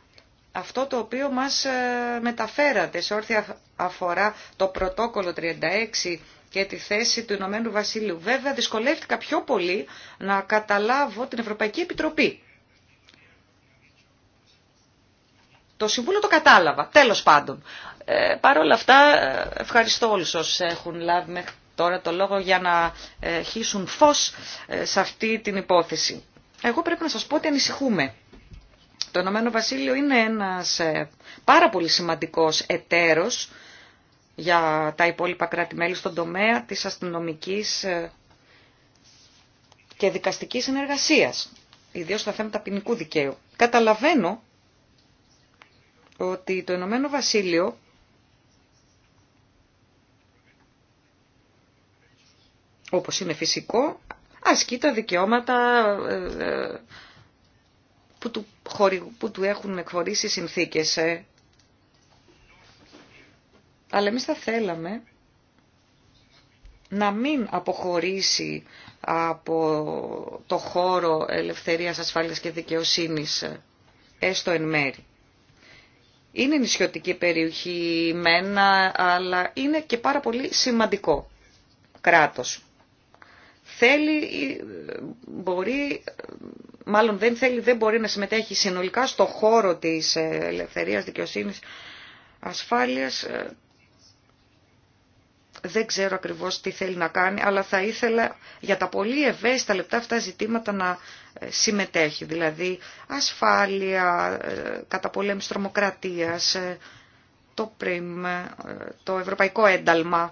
αυτό το οποίο μας ε, μεταφέρατε σε όρθια αφορά το πρωτόκολλο 36 και τη θέση του Ηνωμένου Βασίλειου. Βέβαια δυσκολεύτηκα πιο πολύ να καταλάβω την Ευρωπαϊκή Επιτροπή Το Συμβούλιο το κατάλαβα, τέλος πάντων. Ε, Παρ' όλα αυτά ε, ευχαριστώ όλους όσους έχουν λάβει μέχρι τώρα το λόγο για να ε, χύσουν φως ε, σε αυτή την υπόθεση. Εγώ πρέπει να σας πω ότι ανησυχούμε. Το Ηνωμένο Βασίλειο είναι ένας ε, πάρα πολύ σημαντικός εταίρος για τα υπόλοιπα κράτη-μέλη στον τομέα της αστυνομικής και δικαστικής συνεργασίας, ιδίως στα θέματα ποινικού δικαίου. Καταλαβαίνω ότι το Ηνωμένο Βασίλειο όπως είναι φυσικό, ασκεί τα δικαιώματα ε, ε, που του, που του έχουν εκφορήσει οι συνθήκες. Ε. Αλλά εμείς θα θέλαμε να μην αποχωρήσει από το χώρο ελευθερίας, ασφάλειας και δικαιοσύνης, έστω εν μέρη. Είναι νησιωτική περιοχή μένα, αλλά είναι και πάρα πολύ σημαντικό κράτος. Θέλει, μπορεί, μάλλον δεν θέλει, δεν μπορεί να συμμετέχει συνολικά στο χώρο της ελευθερίας, δικαιοσύνης, ασφάλειας ε, δεν ξέρω ακριβώς τι θέλει να κάνει, αλλά θα ήθελα για τα πολύ ευαίσθητα λεπτά αυτά ζητήματα να ε, συμμετέχει. Δηλαδή ασφάλεια, ε, καταπολέμηση τρομοκρατίας, ε, το ΠΡΙΜ, το Ευρωπαϊκό Ένταλμα,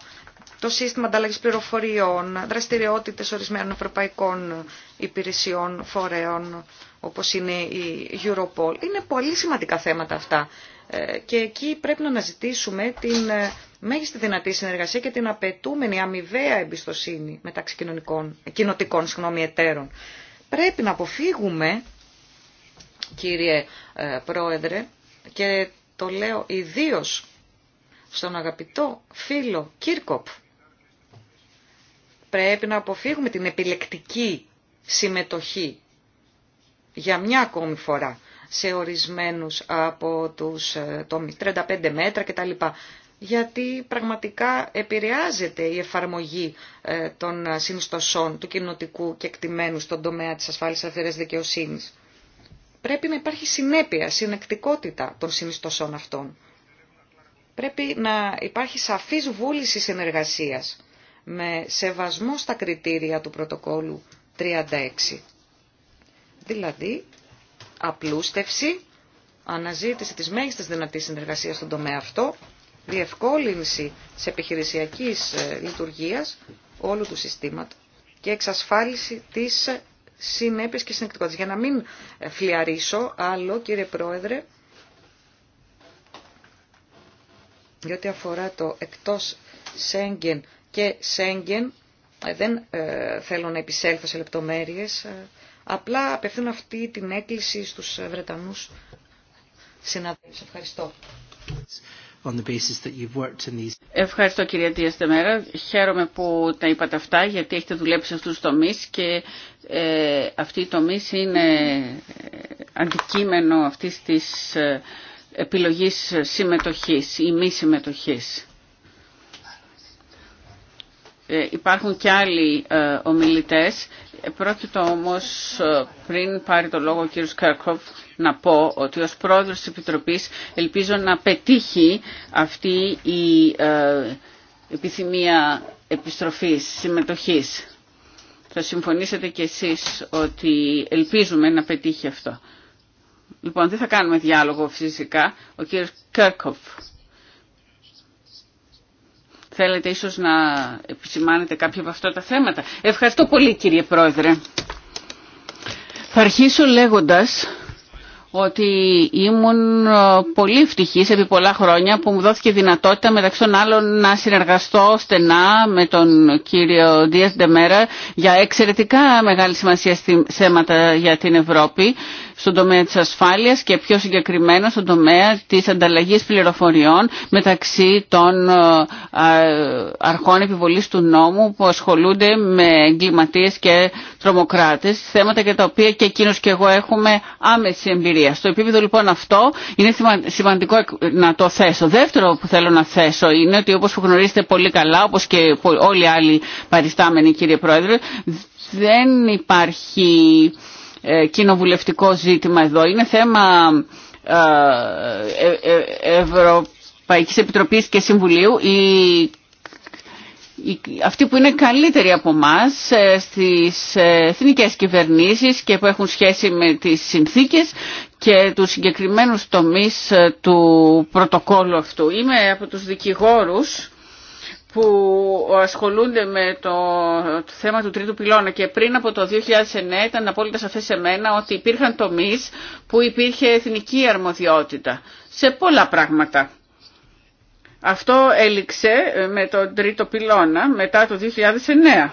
το σύστημα ανταλλαγή πληροφοριών, δραστηριότητες ορισμένων ευρωπαϊκών υπηρεσιών, φορέων, όπως είναι η Europol. Είναι πολύ σημαντικά θέματα αυτά ε, και εκεί πρέπει να αναζητήσουμε την ε, μέγιστη δυνατή συνεργασία και την απαιτούμενη αμοιβαία εμπιστοσύνη μεταξύ κοινωνικών, ε, κοινοτικών συγγνώμη, εταίρων. Πρέπει να αποφύγουμε, κύριε Πρόεδρε, και το λέω ιδίως στον αγαπητό φίλο Κίρκοπ, πρέπει να αποφύγουμε την επιλεκτική συμμετοχή για μια ακόμη φορά σε ορισμένους από τους ε, το 35 μέτρα κτλ. Γιατί πραγματικά επηρεάζεται η εφαρμογή ε, των συνιστοσών του κοινοτικού και εκτιμένου στον τομέα της ασφάλισης αφαιρές δικαιοσύνης. Πρέπει να υπάρχει συνέπεια, συνεκτικότητα των συνιστοσών αυτών. Πρέπει να υπάρχει σαφής βούληση συνεργασίας με σεβασμό στα κριτήρια του πρωτοκόλου 36. Δηλαδή, απλούστευση, αναζήτηση της μέγιστης δυνατής συνεργασίας στον τομέα αυτό, διευκόλυνση της επιχειρησιακής ε, λειτουργίας όλου του συστήματος και εξασφάλιση της ε, συνέπειας και συνεκτικότητας. Για να μην ε, φλιαρίσω άλλο, κύριε Πρόεδρε, διότι αφορά το εκτός Σέγγεν και Σέγγεν, δεν θέλω να επισέλθω σε λεπτομέρειες, Απλά απευθύνω αυτή την έκκληση στους Βρετανούς συναδέλφους. Ευχαριστώ. Ευχαριστώ κυρία Στεμέρα. Χαίρομαι που τα είπατε αυτά γιατί έχετε δουλέψει σε αυτούς τους τομείς και αυτή ε, αυτοί οι τομείς είναι ε, αντικείμενο αυτής της ε, επιλογής συμμετοχής ή μη συμμετοχής. Ε, υπάρχουν και άλλοι ε, ομιλητές. Ε, πρόκειται όμως πριν πάρει το λόγο ο κύριος Κέρκοφ να πω ότι ως πρόεδρος της Επιτροπής ελπίζω να πετύχει αυτή η επιθυμία επιστροφής, συμμετοχής. Θα συμφωνήσετε κι εσείς ότι ελπίζουμε να πετύχει αυτό. Λοιπόν, δεν θα κάνουμε διάλογο φυσικά. Ο κύριος Κέρκοφ. Θέλετε ίσως να επισημάνετε κάποια από αυτά τα θέματα. Ευχαριστώ πολύ κύριε Πρόεδρε. Θα αρχίσω λέγοντας ότι ήμουν πολύ ευτυχής επί πολλά χρόνια που μου δόθηκε δυνατότητα μεταξύ των άλλων να συνεργαστώ στενά με τον κύριο Δίας Ντεμέρα για εξαιρετικά μεγάλη σημασία θέματα για την Ευρώπη στον τομέα της ασφάλειας και πιο συγκεκριμένα στον τομέα της ανταλλαγής πληροφοριών μεταξύ των ε, αρχών επιβολής του νόμου που ασχολούνται με εγκληματίες και τρομοκράτες, θέματα για τα οποία και εκείνος και εγώ έχουμε άμεση εμπειρία. Στο επίπεδο λοιπόν αυτό είναι σημαντικό να το θέσω. Δεύτερο που θέλω να θέσω είναι ότι όπως γνωρίζετε πολύ καλά, όπως και όλοι οι άλλοι παριστάμενοι κύριε Πρόεδρε, δεν υπάρχει ε, κοινοβουλευτικό ζήτημα εδώ. Είναι θέμα ε, ε, Ευρωπαϊκής Επιτροπής και Συμβουλίου. Η αυτοί που είναι καλύτεροι από εμά στις εθνικές κυβερνήσεις και που έχουν σχέση με τις συνθήκες και τους συγκεκριμένους τομείς του πρωτοκόλλου αυτού. Είμαι από τους δικηγόρους που ασχολούνται με το, το θέμα του τρίτου πυλώνα και πριν από το 2009 ήταν απόλυτα σαφές σε μένα ότι υπήρχαν τομείς που υπήρχε εθνική αρμοδιότητα σε πολλά πράγματα. Αυτό έληξε με τον τρίτο πυλώνα μετά το 2009.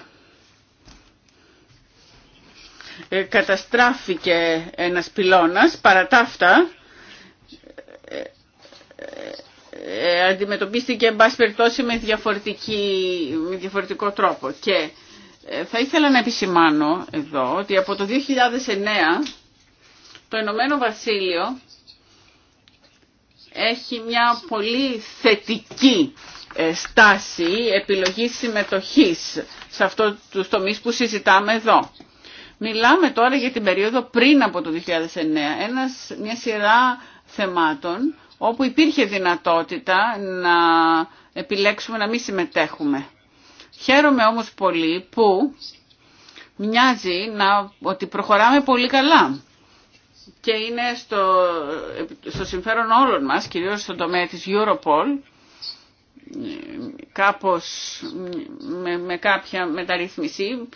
Ε, καταστράφηκε ένας πυλώνας, παρά τα αυτά ε, ε, ε, αντιμετωπίστηκε εν πάση περιπτώσει με, με διαφορετικό τρόπο. Και ε, θα ήθελα να επισημάνω εδώ ότι από το 2009 το Ηνωμένο Βασίλειο έχει μια πολύ θετική ε, στάση επιλογής συμμετοχής σε αυτό του τομείς που συζητάμε εδώ. Μιλάμε τώρα για την περίοδο πριν από το 2009, ένας, μια σειρά θεμάτων όπου υπήρχε δυνατότητα να επιλέξουμε να μην συμμετέχουμε. Χαίρομαι όμως πολύ που μοιάζει να, ότι προχωράμε πολύ καλά και είναι στο, στο συμφέρον όλων μας, κυρίως στον τομέα της Europol, κάπως με, με κάποια μεταρρύθμιση,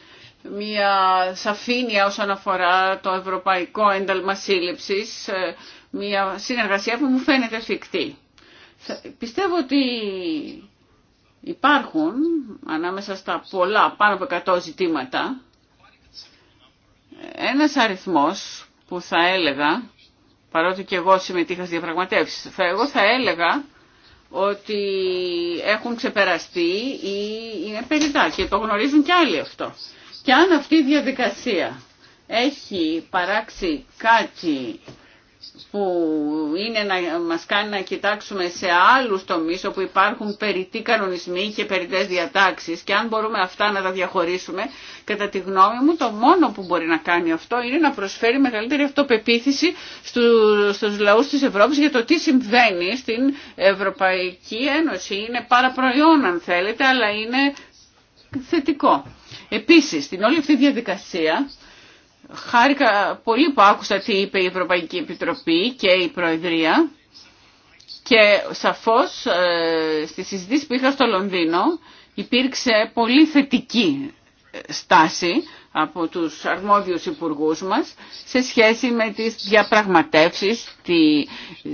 μια σαφήνεια όσον αφορά το ευρωπαϊκό ένταλμα σύλληψης, ε, μια συνεργασία που μου φαίνεται εφικτή. Πιστεύω ότι υπάρχουν ανάμεσα στα πολλά πάνω από 100 ζητήματα ένας αριθμός που θα έλεγα, παρότι και εγώ συμμετείχα στις διαπραγματεύσεις, θα, εγώ θα έλεγα ότι έχουν ξεπεραστεί ή είναι περιτά και το γνωρίζουν και άλλοι αυτό. Και αν αυτή η διαδικασία έχει παράξει κάτι που είναι να μας κάνει να κοιτάξουμε σε άλλους τομείς όπου υπάρχουν περιττή κανονισμοί και περιττές διατάξεις και αν μπορούμε αυτά να τα διαχωρίσουμε, κατά τη γνώμη μου το μόνο που μπορεί να κάνει αυτό είναι να προσφέρει μεγαλύτερη αυτοπεποίθηση στους, στους λαούς της Ευρώπης για το τι συμβαίνει στην Ευρωπαϊκή Ένωση. Είναι παραπροϊόν αν θέλετε, αλλά είναι θετικό. Επίσης, στην όλη αυτή διαδικασία Χάρηκα πολύ που άκουσα τι είπε η Ευρωπαϊκή Επιτροπή και η Προεδρία και σαφώς ε, στη συζήτηση που είχα στο Λονδίνο υπήρξε πολύ θετική ε, στάση από τους αρμόδιους υπουργούς μας σε σχέση με τις διαπραγματεύσεις, τη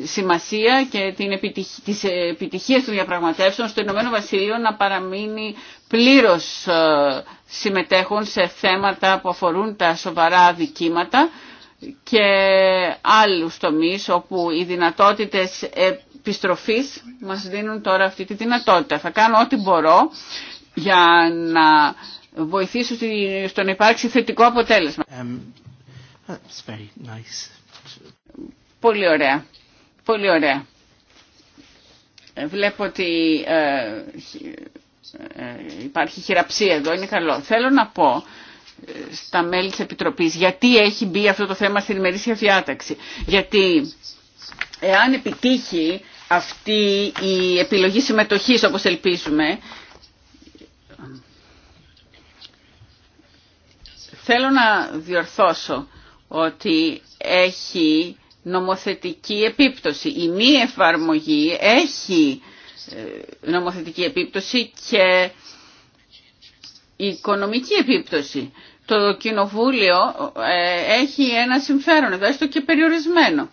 σημασία και την επιτυχία, τις επιτυχίες των διαπραγματεύσεων στο Ηνωμένο Βασίλειο να παραμείνει πλήρως ε, συμμετέχουν σε θέματα που αφορούν τα σοβαρά δικήματα και άλλους τομείς όπου οι δυνατότητες επιστροφής μας δίνουν τώρα αυτή τη δυνατότητα. Θα κάνω ό,τι μπορώ για να βοηθήσουν στο να υπάρξει θετικό αποτέλεσμα. Um, very nice. Πολύ ωραία. Πολύ ωραία. Ε, βλέπω ότι ε, ε, υπάρχει χειραψία εδώ, είναι καλό. Θέλω να πω ε, στα μέλη της Επιτροπής γιατί έχει μπει αυτό το θέμα στην ημερήσια διάταξη. Γιατί εάν επιτύχει αυτή η επιλογή συμμετοχής όπως ελπίζουμε, Θέλω να διορθώσω ότι έχει νομοθετική επίπτωση. Η μη εφαρμογή έχει ε, νομοθετική επίπτωση και οικονομική επίπτωση. Το Κοινοβούλιο ε, έχει ένα συμφέρον, εδώ, έστω και περιορισμένο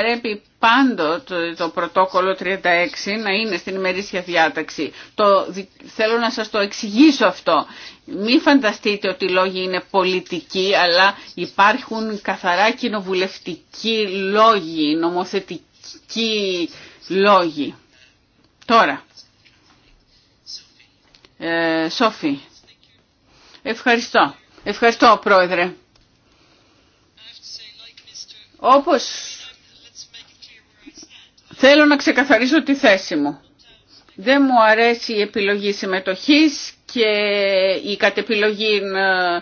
πρέπει πάντοτε το πρωτόκολλο 36 να είναι στην ημερήσια διάταξη. Το, θέλω να σας το εξηγήσω αυτό. Μην φανταστείτε ότι οι λόγοι είναι πολιτικοί, αλλά υπάρχουν καθαρά κοινοβουλευτικοί λόγοι, νομοθετικοί λόγοι. Τώρα, ε, Σόφη, ευχαριστώ. Ευχαριστώ, Πρόεδρε. Όπως Θέλω να ξεκαθαρίσω τη θέση μου. Δεν μου αρέσει η επιλογή συμμετοχής και η κατεπιλογή ε,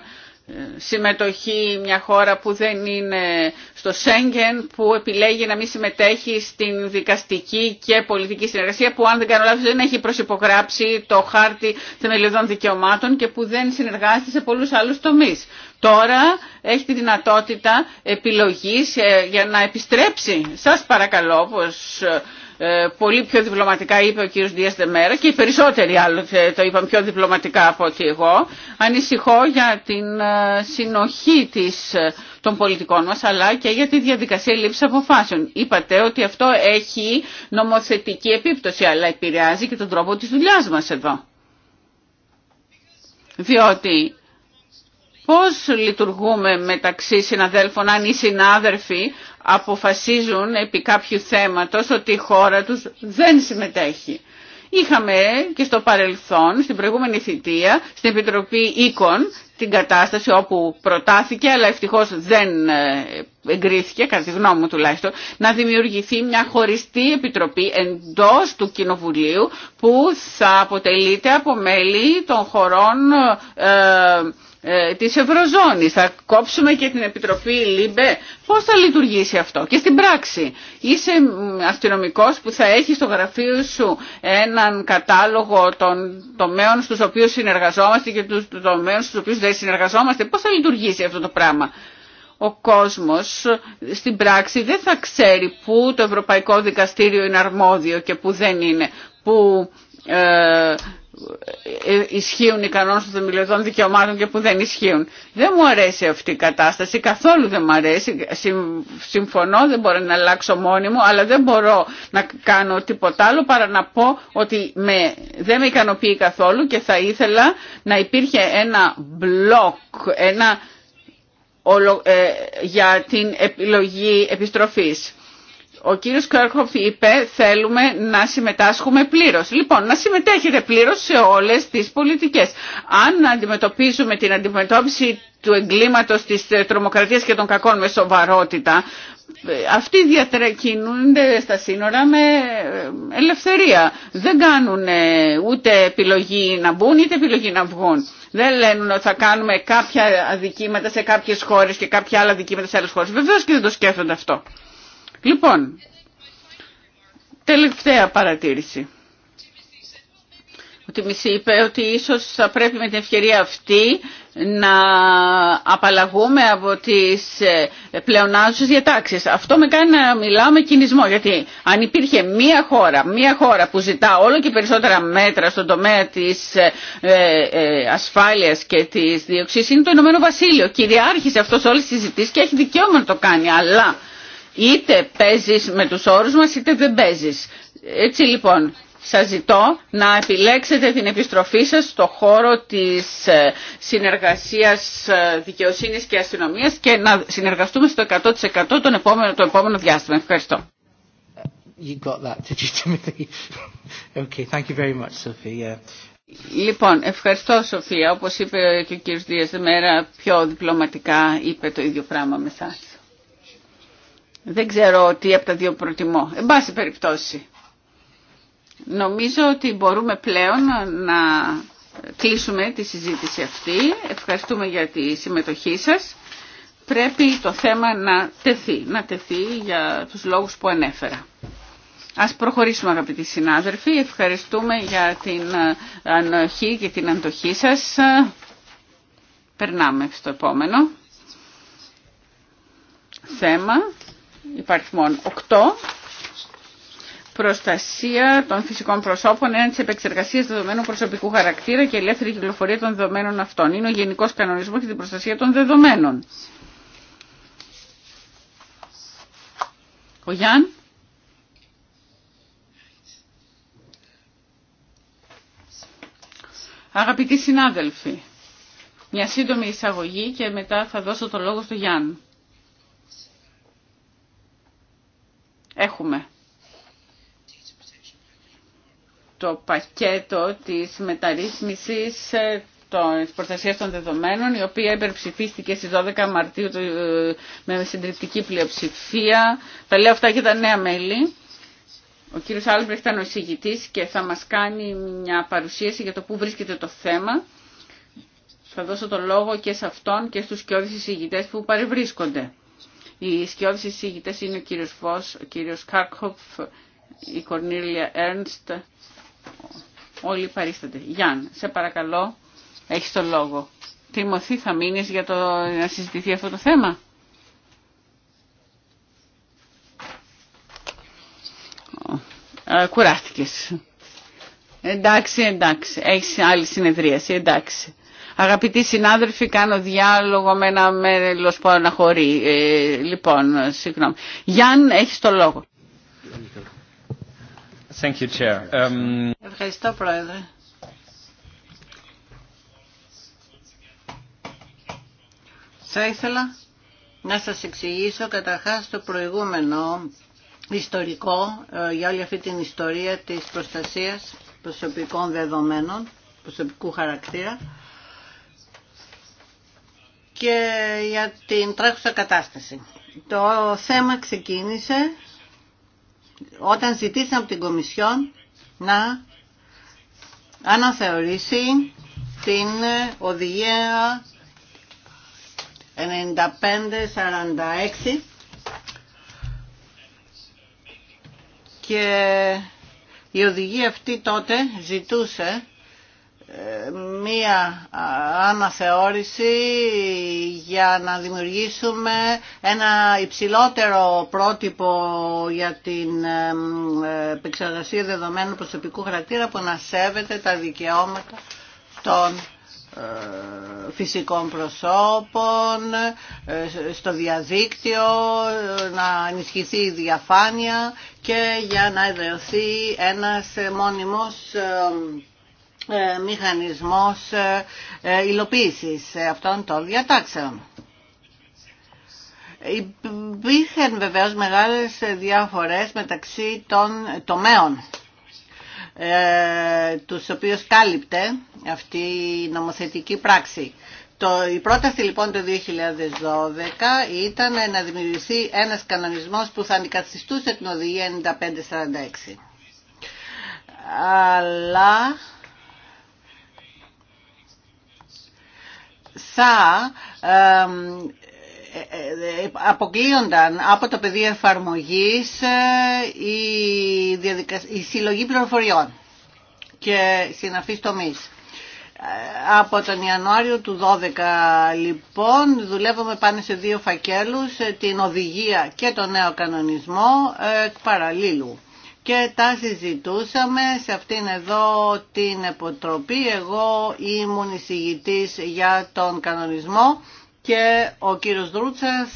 συμμετοχή μια χώρα που δεν είναι στο Σέγγεν, που επιλέγει να μην συμμετέχει στην δικαστική και πολιτική συνεργασία, που αν δεν κάνω λάθος δεν έχει προσυπογράψει το χάρτη θεμελιωδών δικαιωμάτων και που δεν συνεργάζεται σε πολλούς άλλους τομείς. Τώρα έχει τη δυνατότητα επιλογής ε, για να επιστρέψει. Σας παρακαλώ, όπως ε, ε, πολύ πιο διπλωματικά είπε ο κύριος Δίας Δεμέρα και οι περισσότεροι άλλωστε το είπαν πιο διπλωματικά από ότι εγώ. Ανησυχώ για την ε, συνοχή της, ε, των πολιτικών μας αλλά και για τη διαδικασία λήψης αποφάσεων. Είπατε ότι αυτό έχει νομοθετική επίπτωση αλλά επηρεάζει και τον τρόπο της δουλειάς μας εδώ. Διότι πώς λειτουργούμε μεταξύ συναδέλφων αν οι συνάδελφοι αποφασίζουν επί κάποιου θέματος ότι η χώρα τους δεν συμμετέχει. Είχαμε και στο παρελθόν, στην προηγούμενη θητεία, στην Επιτροπή Οίκων, την κατάσταση όπου προτάθηκε, αλλά ευτυχώς δεν ε, εγκρίθηκε, κατά τη γνώμη μου τουλάχιστον, να δημιουργηθεί μια χωριστή επιτροπή εντός του Κοινοβουλίου που θα αποτελείται από μέλη των χωρών ε, ε, της Ευρωζώνης. Θα κόψουμε και την Επιτροπή ΛΥΜΠΕ. Πώς θα λειτουργήσει αυτό. Και στην πράξη είσαι αστυνομικός που θα έχει στο γραφείο σου έναν κατάλογο των τομέων στους οποίους συνεργαζόμαστε και τους τομέων στους οποίους δεν συνεργαζόμαστε. Πώς θα λειτουργήσει αυτό το πράγμα. Ο κόσμος στην πράξη δεν θα ξέρει πού το Ευρωπαϊκό Δικαστήριο είναι αρμόδιο και πού δεν είναι. Που ε, ε, ισχύουν οι κανόνες των δημιουργικών δικαιωμάτων και που δεν ισχύουν. Δεν μου αρέσει αυτή η κατάσταση, καθόλου δεν μου αρέσει. Συμφωνώ, δεν μπορώ να αλλάξω μόνη μου, αλλά δεν μπορώ να κάνω τίποτα άλλο παρά να πω ότι με, δεν με ικανοποιεί καθόλου και θα ήθελα να υπήρχε ένα μπλοκ, ένα ε, για την επιλογή επιστροφής. Ο κύριος Κέρκοφ είπε θέλουμε να συμμετάσχουμε πλήρως. Λοιπόν, να συμμετέχετε πλήρως σε όλες τις πολιτικές. Αν αντιμετωπίζουμε την αντιμετώπιση του εγκλήματος της τρομοκρατίας και των κακών με σοβαρότητα, αυτοί διατρακινούνται στα σύνορα με ελευθερία. Δεν κάνουν ε, ούτε επιλογή να μπουν, ούτε επιλογή να βγουν. Δεν λένε ότι θα κάνουμε κάποια αδικήματα σε κάποιες χώρες και κάποια άλλα αδικήματα σε άλλες χώρες. Βεβαίως και δεν το σκέφτονται αυτό. Λοιπόν, τελευταία παρατήρηση. Ο Τιμισή είπε ότι ίσως θα πρέπει με την ευκαιρία αυτή να απαλλαγούμε από τις ε, πλεονάζουσες διατάξεις. Αυτό με κάνει να μιλάω με κινησμό, γιατί αν υπήρχε μία χώρα, μία χώρα που ζητά όλο και περισσότερα μέτρα στον τομέα της ε, ε, ασφάλειας και της διοξής, είναι το Ηνωμένο Βασίλειο. Κυριάρχησε αυτό όλες τις συζητήσεις και έχει δικαίωμα να το κάνει, αλλά... Είτε παίζεις με τους όρους μας είτε δεν παίζεις. Έτσι λοιπόν, σας ζητώ να επιλέξετε την επιστροφή σας στο χώρο της ε, συνεργασίας ε, δικαιοσύνης και αστυνομίας και να συνεργαστούμε στο 100% τον επόμενο, το επόμενο διάστημα. Ευχαριστώ. Uh, you got that, did you, Timothy? okay, thank you very much, Sophie. Λοιπόν, ευχαριστώ Σοφία. Όπως είπε και ο κύριος Δίας πιο διπλωματικά είπε το ίδιο πράγμα με σας. Δεν ξέρω τι από τα δύο προτιμώ. Εν πάση περιπτώσει. Νομίζω ότι μπορούμε πλέον να κλείσουμε τη συζήτηση αυτή. Ευχαριστούμε για τη συμμετοχή σας. Πρέπει το θέμα να τεθεί, να τεθεί για τους λόγους που ανέφερα. Ας προχωρήσουμε αγαπητοί συνάδελφοι. Ευχαριστούμε για την ανοχή και την αντοχή σας. Περνάμε στο επόμενο θέμα υπαριθμών 8 προστασία των φυσικών προσώπων έναντι τη επεξεργασία δεδομένων προσωπικού χαρακτήρα και ελεύθερη κυκλοφορία των δεδομένων αυτών. Είναι ο Γενικό Κανονισμό για την Προστασία των Δεδομένων. Ο Γιάνν. Αγαπητοί συνάδελφοι, μια σύντομη εισαγωγή και μετά θα δώσω το λόγο στο Γιάννη. Έχουμε το πακέτο της μεταρρύθμισης ε, της προστασίας των δεδομένων, η οποία υπερψηφίστηκε στις 12 Μαρτίου ε, με συντριπτική πλειοψηφία. Τα λέω αυτά για τα νέα μέλη. Ο κύριος Άλμπρεχτ ήταν ο εισηγητής και θα μας κάνει μια παρουσίαση για το πού βρίσκεται το θέμα. Θα δώσω το λόγο και σε αυτόν και στους κοιόδης εισηγητές που παρευρίσκονται. Οι σκιώδεις εισηγητές είναι ο κύριος Βος, ο κύριος Κάρκοφ, η Κορνίλια Έρνστ, όλοι παρίστατες. Γιάν, σε παρακαλώ, έχεις το λόγο. Τιμωθεί θα μείνεις για το, να συζητηθεί αυτό το θέμα. Ε, κουράστηκες. Εντάξει, εντάξει. Έχεις άλλη συνεδρίαση, εντάξει. Αγαπητοί συνάδελφοι, κάνω διάλογο με ένα μέλο που αναχωρεί. Ε, λοιπόν, συγγνώμη. Γιαν έχεις το λόγο. Thank you, Chair. Um... Ευχαριστώ, Πρόεδρε. Θα ήθελα να σας εξηγήσω καταρχάς το προηγούμενο ιστορικό ε, για όλη αυτή την ιστορία της προστασίας προσωπικών δεδομένων, προσωπικού χαρακτήρα και για την τρέχουσα κατάσταση. Το θέμα ξεκίνησε όταν ζητήσαμε από την Κομισιόν να αναθεωρήσει την οδηγία 95-46 και η οδηγία αυτή τότε ζητούσε μία αναθεώρηση για να δημιουργήσουμε ένα υψηλότερο πρότυπο για την ε, επεξεργασία δεδομένων προσωπικού χαρακτήρα που να σέβεται τα δικαιώματα των ε, φυσικών προσώπων, ε, στο διαδίκτυο, να ενισχυθεί η διαφάνεια και για να εδραιωθεί ένας μόνιμος ε, μηχανισμός ε, ε, υλοποίησης αυτών των διατάξεων. Υπήρχαν βεβαίως μεγάλες διαφορές μεταξύ των τομέων τους οποίους κάλυπτε αυτή η νομοθετική πράξη. Το, η πρόταση λοιπόν το 2012 ήταν να δημιουργηθεί ένας κανονισμός που θα αντικαθιστούσε την οδηγία 9546. Αλλά θα ε, ε, αποκλείονταν από το πεδίο εφαρμογής ε, η, η συλλογή πληροφοριών και συναφής τομείς. Από τον Ιανουάριο του 12 λοιπόν δουλεύουμε πάνω σε δύο φακέλους την οδηγία και τον νέο κανονισμό εκ παραλίλου και τα συζητούσαμε σε αυτήν εδώ την Επιτροπή. Εγώ ήμουν εισηγητής για τον κανονισμό και ο κύριος Δρούτσας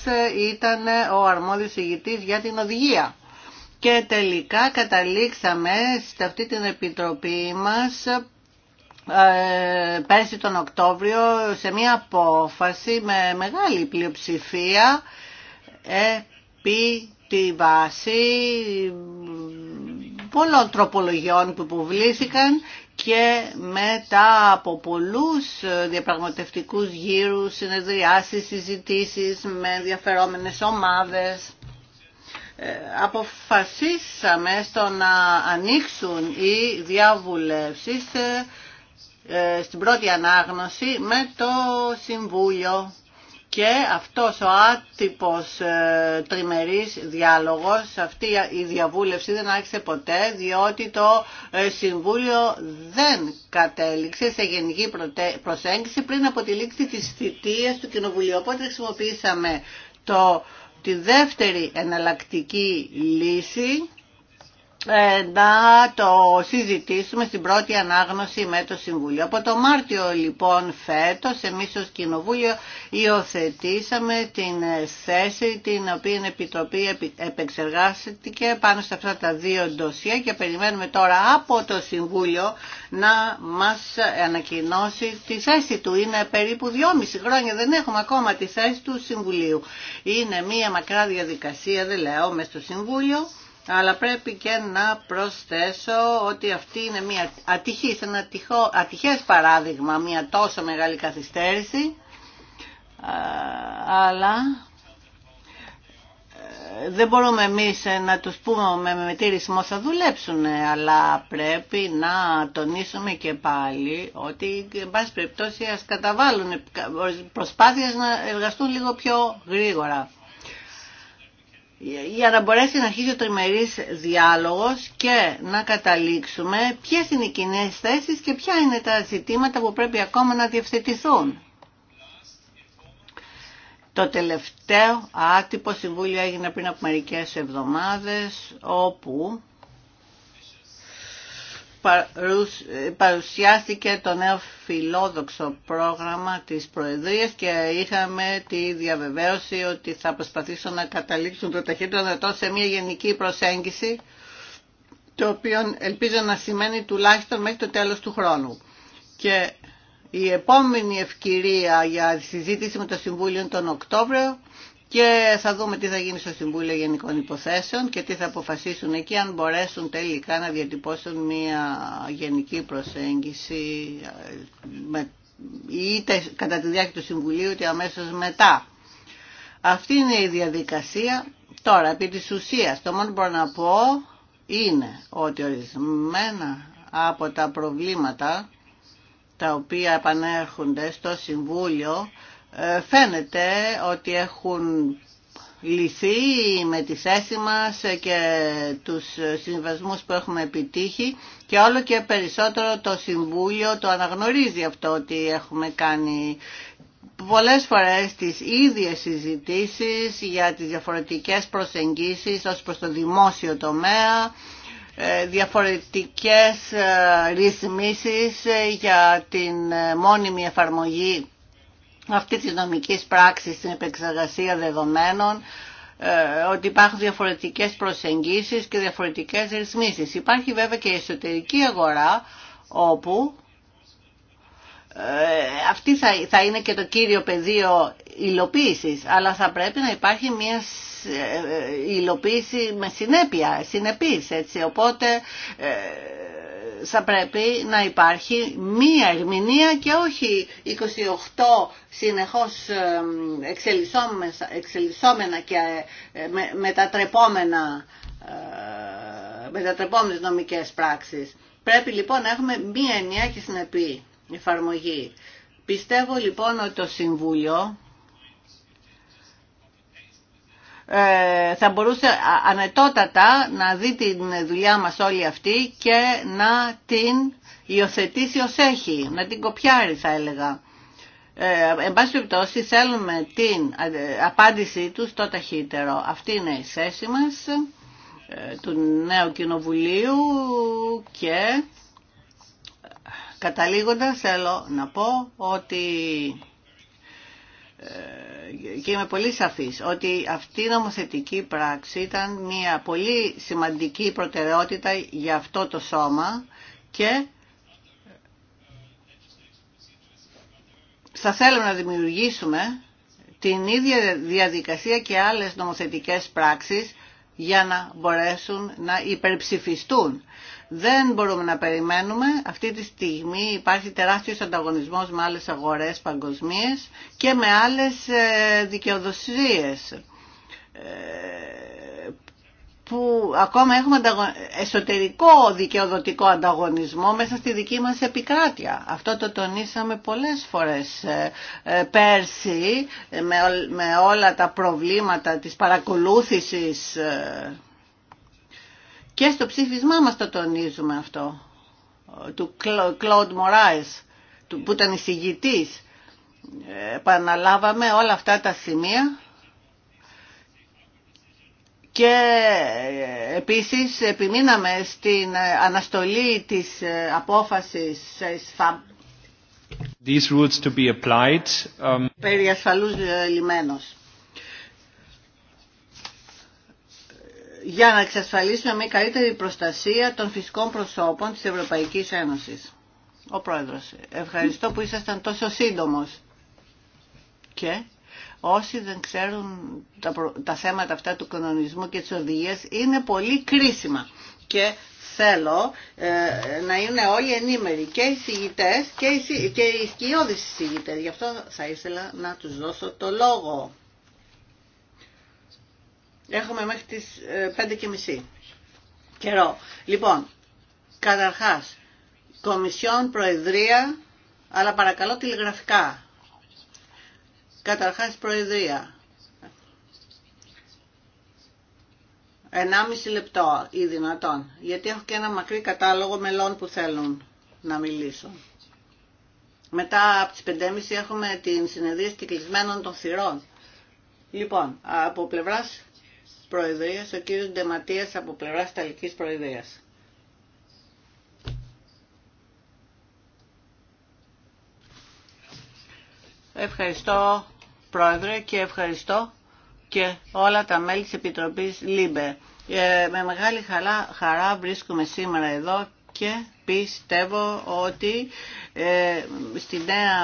ήταν ο αρμόδιος εισηγητής για την οδηγία. Και τελικά καταλήξαμε σε αυτή την Επιτροπή μας ε, πέρσι τον Οκτώβριο σε μια απόφαση με μεγάλη πλειοψηφία επί τη βάση πολλών τροπολογιών που υποβλήθηκαν και μετά από πολλούς ε, διαπραγματευτικούς γύρους, συνεδριάσεις, συζητήσεις με ενδιαφερόμενες ομάδες ε, αποφασίσαμε στο να ανοίξουν οι διαβουλεύσεις ε, στην πρώτη ανάγνωση με το Συμβούλιο και αυτός ο άτυπος ε, τριμερής διάλογος, αυτή η διαβούλευση δεν άρχισε ποτέ διότι το ε, Συμβούλιο δεν κατέληξε σε γενική προσέγγιση πριν από τη λήξη της θητείας του Κοινοβουλίου. Οπότε χρησιμοποιήσαμε το, τη δεύτερη εναλλακτική λύση ε, να το συζητήσουμε στην πρώτη ανάγνωση με το Συμβούλιο. Από το Μάρτιο λοιπόν φέτος εμείς ως Κοινοβούλιο υιοθετήσαμε την θέση την οποία η Επιτροπή επεξεργάστηκε πάνω σε αυτά τα δύο ντοσία και περιμένουμε τώρα από το Συμβούλιο να μας ανακοινώσει τη θέση του. Είναι περίπου δυόμιση χρόνια, δεν έχουμε ακόμα τη θέση του Συμβουλίου. Είναι μία μακρά διαδικασία, δεν λέω, μες στο Συμβούλιο αλλά πρέπει και να προσθέσω ότι αυτή είναι μια ατυχής, ένα ατυχό, ατυχές παράδειγμα, μια τόσο μεγάλη καθυστέρηση, αλλά ε, δεν μπορούμε εμείς ε, να τους πούμε με μετήρησιμο θα δουλέψουν, αλλά πρέπει να τονίσουμε και πάλι ότι, εν πάση περιπτώσει, ας καταβάλουν προσπάθειες να εργαστούν λίγο πιο γρήγορα για να μπορέσει να αρχίσει ο τριμερής διάλογος και να καταλήξουμε ποιες είναι οι κοινέ θέσεις και ποια είναι τα ζητήματα που πρέπει ακόμα να διευθετηθούν. Το τελευταίο άτυπο συμβούλιο έγινε πριν από μερικές εβδομάδες όπου παρουσιάστηκε το νέο φιλόδοξο πρόγραμμα της Προεδρίας και είχαμε τη διαβεβαίωση ότι θα προσπαθήσουν να καταλήξουν το ταχύτερο δυνατό σε μια γενική προσέγγιση το οποίο ελπίζω να σημαίνει τουλάχιστον μέχρι το τέλος του χρόνου. Και η επόμενη ευκαιρία για συζήτηση με το Συμβούλιο τον Οκτώβριο και θα δούμε τι θα γίνει στο Συμβούλιο Γενικών Υποθέσεων και τι θα αποφασίσουν εκεί αν μπορέσουν τελικά να διατυπώσουν μια γενική προσέγγιση ε, είτε κατά τη διάρκεια του Συμβουλίου είτε αμέσως μετά. Αυτή είναι η διαδικασία. Τώρα, επί της ουσίας, το μόνο που μπορώ να πω είναι ότι ορισμένα από τα προβλήματα τα οποία επανέρχονται στο Συμβούλιο ε, φαίνεται ότι έχουν λυθεί με τη θέση και τους συμβασμούς που έχουμε επιτύχει και όλο και περισσότερο το Συμβούλιο το αναγνωρίζει αυτό ότι έχουμε κάνει πολλές φορές τις ίδιες συζητήσεις για τις διαφορετικές προσεγγίσεις ως προς το δημόσιο τομέα, ε, διαφορετικές ε, ρυθμίσεις για την μόνιμη εφαρμογή αυτή της νομικής πράξης στην επεξεργασία δεδομένων ε, ότι υπάρχουν διαφορετικές προσεγγίσεις και διαφορετικές ρυθμίσεις. Υπάρχει βέβαια και η εσωτερική αγορά όπου ε, αυτή θα είναι και το κύριο πεδίο υλοποίησης, αλλά θα πρέπει να υπάρχει μια ε, υλοποίηση με συνέπεια, συνεπής, έτσι. Οπότε θα πρέπει να υπάρχει μία ερμηνεία και όχι 28 συνεχώς ε, εξελισσόμενα και ε, μετατρεπόμενα, ε, μετατρεπόμενες νομικές πράξεις. Πρέπει λοιπόν να έχουμε μία ενιαία και συνεπή εφαρμογή. Πιστεύω λοιπόν ότι το Συμβούλιο ε, θα μπορούσε ανετότατα να δει την δουλειά μας όλη αυτή και να την υιοθετήσει ως έχει, να την κοπιάρει θα έλεγα. Ε, εν πάση περιπτώσει θέλουμε την ε, απάντησή του το ταχύτερο. Αυτή είναι η θέση μας ε, του νέου κοινοβουλίου και καταλήγοντας θέλω να πω ότι ε, και είμαι πολύ σαφής ότι αυτή η νομοθετική πράξη ήταν μια πολύ σημαντική προτεραιότητα για αυτό το σώμα και θα θέλουμε να δημιουργήσουμε την ίδια διαδικασία και άλλες νομοθετικές πράξεις για να μπορέσουν να υπερψηφιστούν δεν μπορούμε να περιμένουμε. Αυτή τη στιγμή υπάρχει τεράστιος ανταγωνισμός με άλλες αγορές παγκοσμίες και με άλλες ε, δικαιοδοσίες ε, που ακόμα έχουμε εσωτερικό δικαιοδοτικό ανταγωνισμό μέσα στη δική μας επικράτεια. Αυτό το τονίσαμε πολλές φορές ε, πέρσι με όλα τα προβλήματα της παρακολούθησης και στο ψήφισμά μας το τονίζουμε αυτό, του Κλόντ του που ήταν εισηγητής. Επαναλάβαμε όλα αυτά τα σημεία και ε, επίσης επιμείναμε στην ε, αναστολή της απόφασης These περί για να εξασφαλίσουμε μια καλύτερη προστασία των φυσικών προσώπων της Ευρωπαϊκής Ένωσης. Ο Πρόεδρος, ευχαριστώ που ήσασταν τόσο σύντομος. Και όσοι δεν ξέρουν τα, θέματα αυτά του κανονισμού και της οδηγίας είναι πολύ κρίσιμα. Και θέλω ε, να είναι όλοι ενήμεροι και οι συγητές και οι, και οι σκιώδεις συγητές. Γι' αυτό θα ήθελα να τους δώσω το λόγο. Έχουμε μέχρι τις ε, μισή καιρό. Λοιπόν, καταρχάς, Κομισιόν, Προεδρία, αλλά παρακαλώ τηλεγραφικά. Καταρχάς, Προεδρία. 1,5 λεπτό ή δυνατόν, γιατί έχω και ένα μακρύ κατάλογο μελών που θέλουν να μιλήσουν. Μετά από τις 5.30 έχουμε την συνεδρία κυκλισμένων των θυρών. Λοιπόν, από πλευράς Προεδρίας, ο κύριος Ντεματίας από πλευράς Ταλικής Προεδρίας. Ευχαριστώ Πρόεδρε και ευχαριστώ και όλα τα μέλη της Επιτροπής ΛΥΜΠΕ. Ε, με μεγάλη χαρά, χαρά βρίσκομαι σήμερα εδώ και πιστεύω ότι ε, στη νέα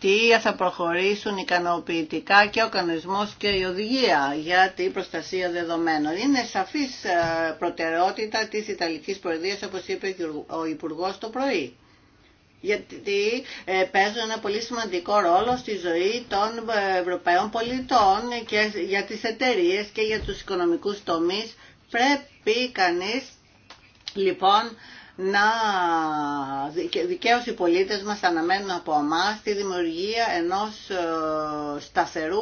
τι θα προχωρήσουν ικανοποιητικά και ο κανονισμός και η οδηγία για την προστασία δεδομένων. Είναι σαφής ε, προτεραιότητα της Ιταλικής Προεδρίας, όπως είπε ο Υπουργό το πρωί γιατί ε, παίζουν ένα πολύ σημαντικό ρόλο στη ζωή των ε, Ευρωπαίων πολιτών και για τις εταιρείε και για τους οικονομικούς τομείς. Πρέπει κανείς λοιπόν να δικαίως οι πολίτες μας αναμένουν από εμά τη δημιουργία ενός ε, σταθερού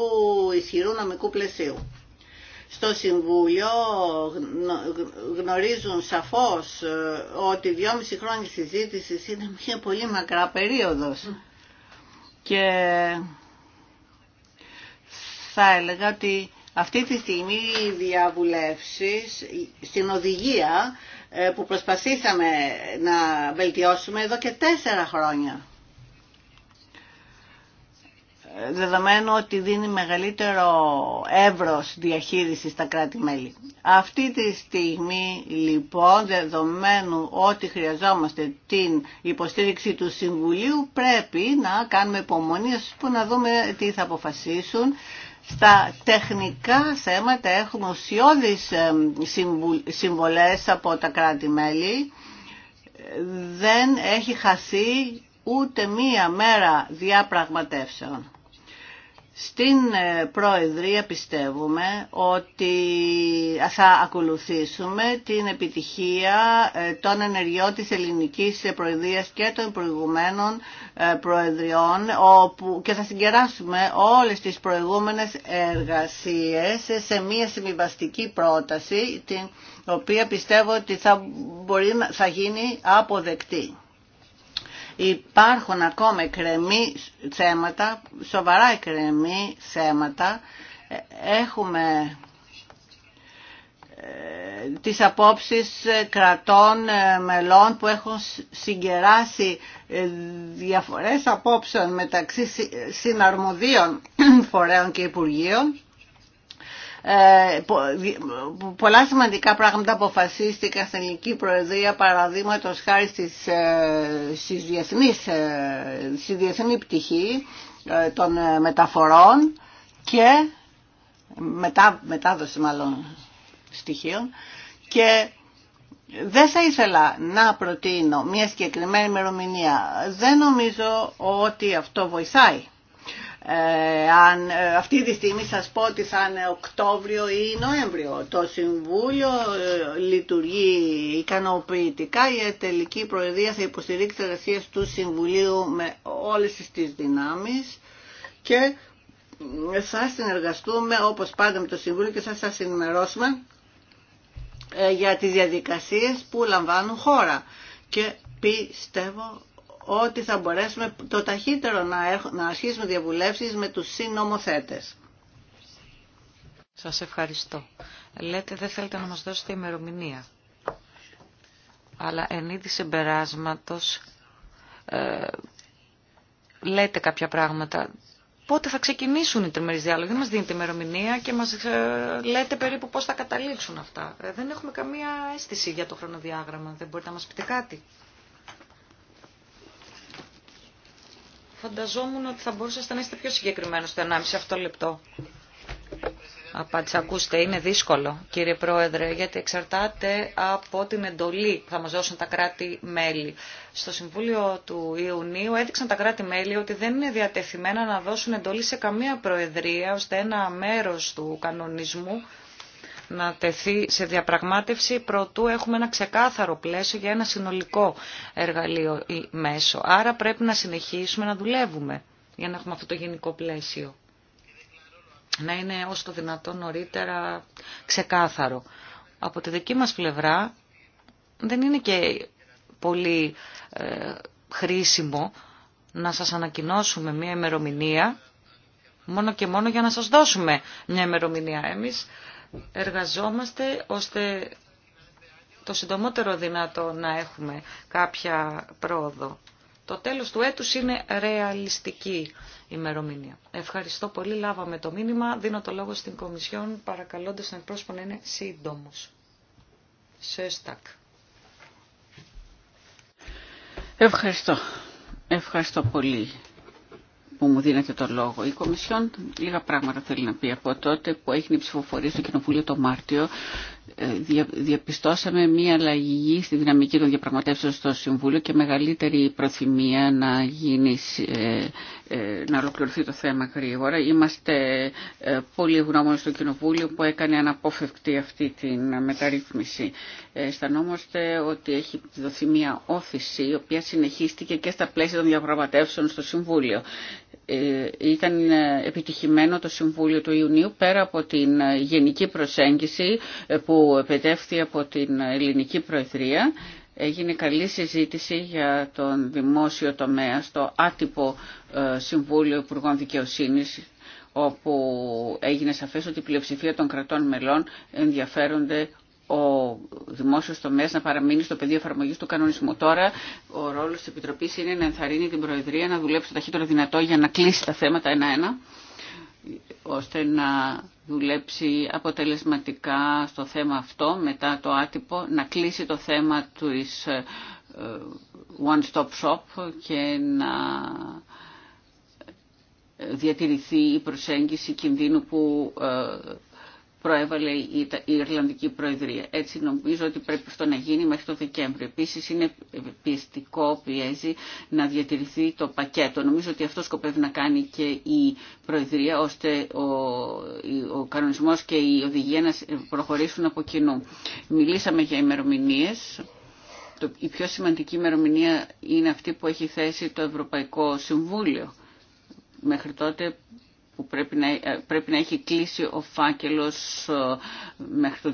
ισχυρού νομικού πλαισίου. Στο Συμβούλιο γνωρίζουν σαφώς ε, ότι δυόμιση χρόνια συζήτηση είναι μια πολύ μακρά περίοδος και θα έλεγα ότι αυτή τη στιγμή οι διαβουλεύσεις στην οδηγία ε, που προσπαθήσαμε να βελτιώσουμε εδώ και τέσσερα χρόνια. Δεδομένου ότι δίνει μεγαλύτερο εύρος διαχείρισης στα κράτη-μέλη. Αυτή τη στιγμή λοιπόν, δεδομένου ότι χρειαζόμαστε την υποστήριξη του Συμβουλίου, πρέπει να κάνουμε υπομονή, που να δούμε τι θα αποφασίσουν στα τεχνικά θέματα έχουμε ουσιώδεις συμβολές από τα κράτη-μέλη. Δεν έχει χαθεί ούτε μία μέρα διαπραγματεύσεων. Στην ε, Προεδρία πιστεύουμε ότι θα ακολουθήσουμε την επιτυχία ε, των ενεργειών της ελληνικής προεδρίας και των προηγουμένων ε, προεδριών και θα συγκεράσουμε όλες τις προηγούμενες εργασίες σε μια συμβιβαστική πρόταση την οποία πιστεύω ότι θα, μπορεί, θα γίνει αποδεκτή υπάρχουν ακόμα εκκρεμή θέματα, σοβαρά κρεμή θέματα. Ε, έχουμε ε, τις απόψεις ε, κρατών μελών που έχουν συγκεράσει διαφορές απόψεων μεταξύ συναρμοδίων φορέων και υπουργείων ε, πολλά σημαντικά πράγματα αποφασίστηκαν στην ελληνική προεδρία παραδείγματο χάρη στις, ε, στις διεθνείς, ε, στη διεθνή πτυχή των μεταφορών και μετά, μετάδοση μάλλον στοιχείων και δεν θα ήθελα να προτείνω μια συγκεκριμένη ημερομηνία. Δεν νομίζω ότι αυτό βοηθάει. Ε, αν, ε, αυτή τη στιγμή σας πω ότι θα είναι Οκτώβριο ή Νοέμβριο. Το Συμβούλιο ε, λειτουργεί ικανοποιητικά. Η τελική Προεδρία θα υποστηρίξει τι του Συμβουλίου με όλες τις δυνάμεις και θα συνεργαστούμε όπως πάντα με το Συμβούλιο και θα σας ενημερώσουμε για τις διαδικασίες που λαμβάνουν χώρα. Και πιστεύω ότι θα μπορέσουμε το ταχύτερο να αρχίσουμε διαβουλεύσεις με τους συνομοθέτες. Σας ευχαριστώ. Λέτε δεν θέλετε να μας δώσετε ημερομηνία. Αλλά εν είδη συμπεράσματος ε, λέτε κάποια πράγματα. Πότε θα ξεκινήσουν οι τριμερείς διάλογοι. Δεν μας δίνετε ημερομηνία και μας ε, λέτε περίπου πώς θα καταλήξουν αυτά. Ε, δεν έχουμε καμία αίσθηση για το χρονοδιάγραμμα. Δεν μπορείτε να μας πείτε κάτι. Φανταζόμουν ότι θα μπορούσατε να είστε πιο συγκεκριμένος στο 1,5 αυτό λεπτό. Απάντησα, ακούστε, είναι δύσκολο κύριε Πρόεδρε, γιατί εξαρτάται από την εντολή που θα μας δώσουν τα κράτη-μέλη. Στο Συμβούλιο του Ιουνίου έδειξαν τα κράτη-μέλη ότι δεν είναι διατεθειμένα να δώσουν εντολή σε καμία Προεδρία, ώστε ένα μέρος του κανονισμού να τεθεί σε διαπραγμάτευση προτού έχουμε ένα ξεκάθαρο πλαίσιο για ένα συνολικό εργαλείο ή μέσο. Άρα πρέπει να συνεχίσουμε να δουλεύουμε για να έχουμε αυτό το γενικό πλαίσιο. Να είναι όσο το δυνατόν νωρίτερα ξεκάθαρο. Από τη δική μας πλευρά δεν είναι και πολύ ε, χρήσιμο να σας ανακοινώσουμε μια ημερομηνία μόνο και μόνο για να σας δώσουμε μια ημερομηνία. Εμείς εργαζόμαστε ώστε το συντομότερο δυνατό να έχουμε κάποια πρόοδο. Το τέλος του έτους είναι ρεαλιστική ημερομηνία. Ευχαριστώ πολύ, λάβαμε το μήνυμα. Δίνω το λόγο στην Κομισιόν, παρακαλώντας τον εκπρόσωπο να είναι σύντομος. Σεστακ. Ευχαριστώ. Ευχαριστώ πολύ που μου δίνετε το λόγο. Η Κομισιόν λίγα πράγματα θέλει να πει από τότε που έγινε η ψηφοφορία στο Κοινοβούλιο το Μάρτιο ε, διαπιστώσαμε μία αλλαγή στη δυναμική των διαπραγματεύσεων στο Συμβούλιο και μεγαλύτερη προθυμία να, γίνει, ε, ε, να ολοκληρωθεί το θέμα γρήγορα. Είμαστε πολύ ευγνώμονες στο Κοινοβούλιο που έκανε αναπόφευκτη αυτή την μεταρρύθμιση. Αισθανόμαστε ότι έχει δοθεί μία όθηση η οποία συνεχίστηκε και στα πλαίσια των διαπραγματεύσεων στο Συμβούλιο. Ε, ήταν ε, επιτυχημένο το Συμβούλιο του Ιουνίου πέρα από την ε, γενική προσέγγιση που επετεύχθη από την ελληνική προεδρία. Έγινε καλή συζήτηση για τον δημόσιο τομέα στο άτυπο Συμβούλιο Υπουργών Δικαιοσύνης όπου έγινε σαφές ότι η πλειοψηφία των κρατών μελών ενδιαφέρονται ο δημόσιος τομέας να παραμείνει στο πεδίο εφαρμογής του κανονισμού. Τώρα ο ρόλος της Επιτροπής είναι να ενθαρρύνει την Προεδρία να δουλέψει το ταχύτερο δυνατό για να κλείσει τα θέματα ένα-ένα ώστε να δουλέψει αποτελεσματικά στο θέμα αυτό μετά το άτυπο, να κλείσει το θέμα του ε, one-stop shop και να διατηρηθεί η προσέγγιση κινδύνου που ε, προέβαλε η Ιρλανδική Προεδρία. Έτσι νομίζω ότι πρέπει αυτό να γίνει μέχρι το Δεκέμβριο. Επίσης είναι πιεστικό, πιέζει να διατηρηθεί το πακέτο. Νομίζω ότι αυτό σκοπεύει να κάνει και η Προεδρία ώστε ο, ο κανονισμός και η οδηγία να προχωρήσουν από κοινού. Μιλήσαμε για ημερομηνίε. Η πιο σημαντική ημερομηνία είναι αυτή που έχει θέσει το Ευρωπαϊκό Συμβούλιο. Μέχρι τότε που πρέπει να, ε, πρέπει έχει κλείσει ο φάκελος ε, μέχρι το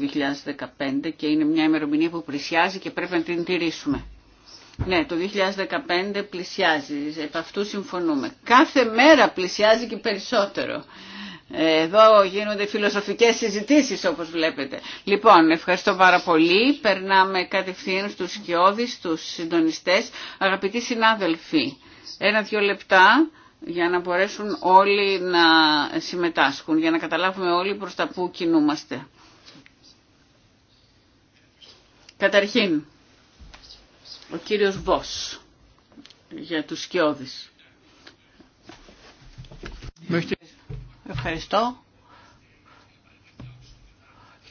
2015 και είναι μια ημερομηνία που πλησιάζει και πρέπει να την τηρήσουμε. Ναι, το 2015 πλησιάζει, επ' αυτού συμφωνούμε. Κάθε μέρα πλησιάζει και περισσότερο. Ε, εδώ γίνονται φιλοσοφικές συζητήσεις όπως βλέπετε. Λοιπόν, ευχαριστώ πάρα πολύ. Περνάμε κατευθείαν στους σκιώδεις, στους συντονιστές. Αγαπητοί συνάδελφοι, ένα-δυο λεπτά για να μπορέσουν όλοι να συμμετάσχουν, για να καταλάβουμε όλοι προς τα που κινούμαστε. Καταρχήν, ο κύριος Βος για τους Σκιώδης. Ευχαριστώ.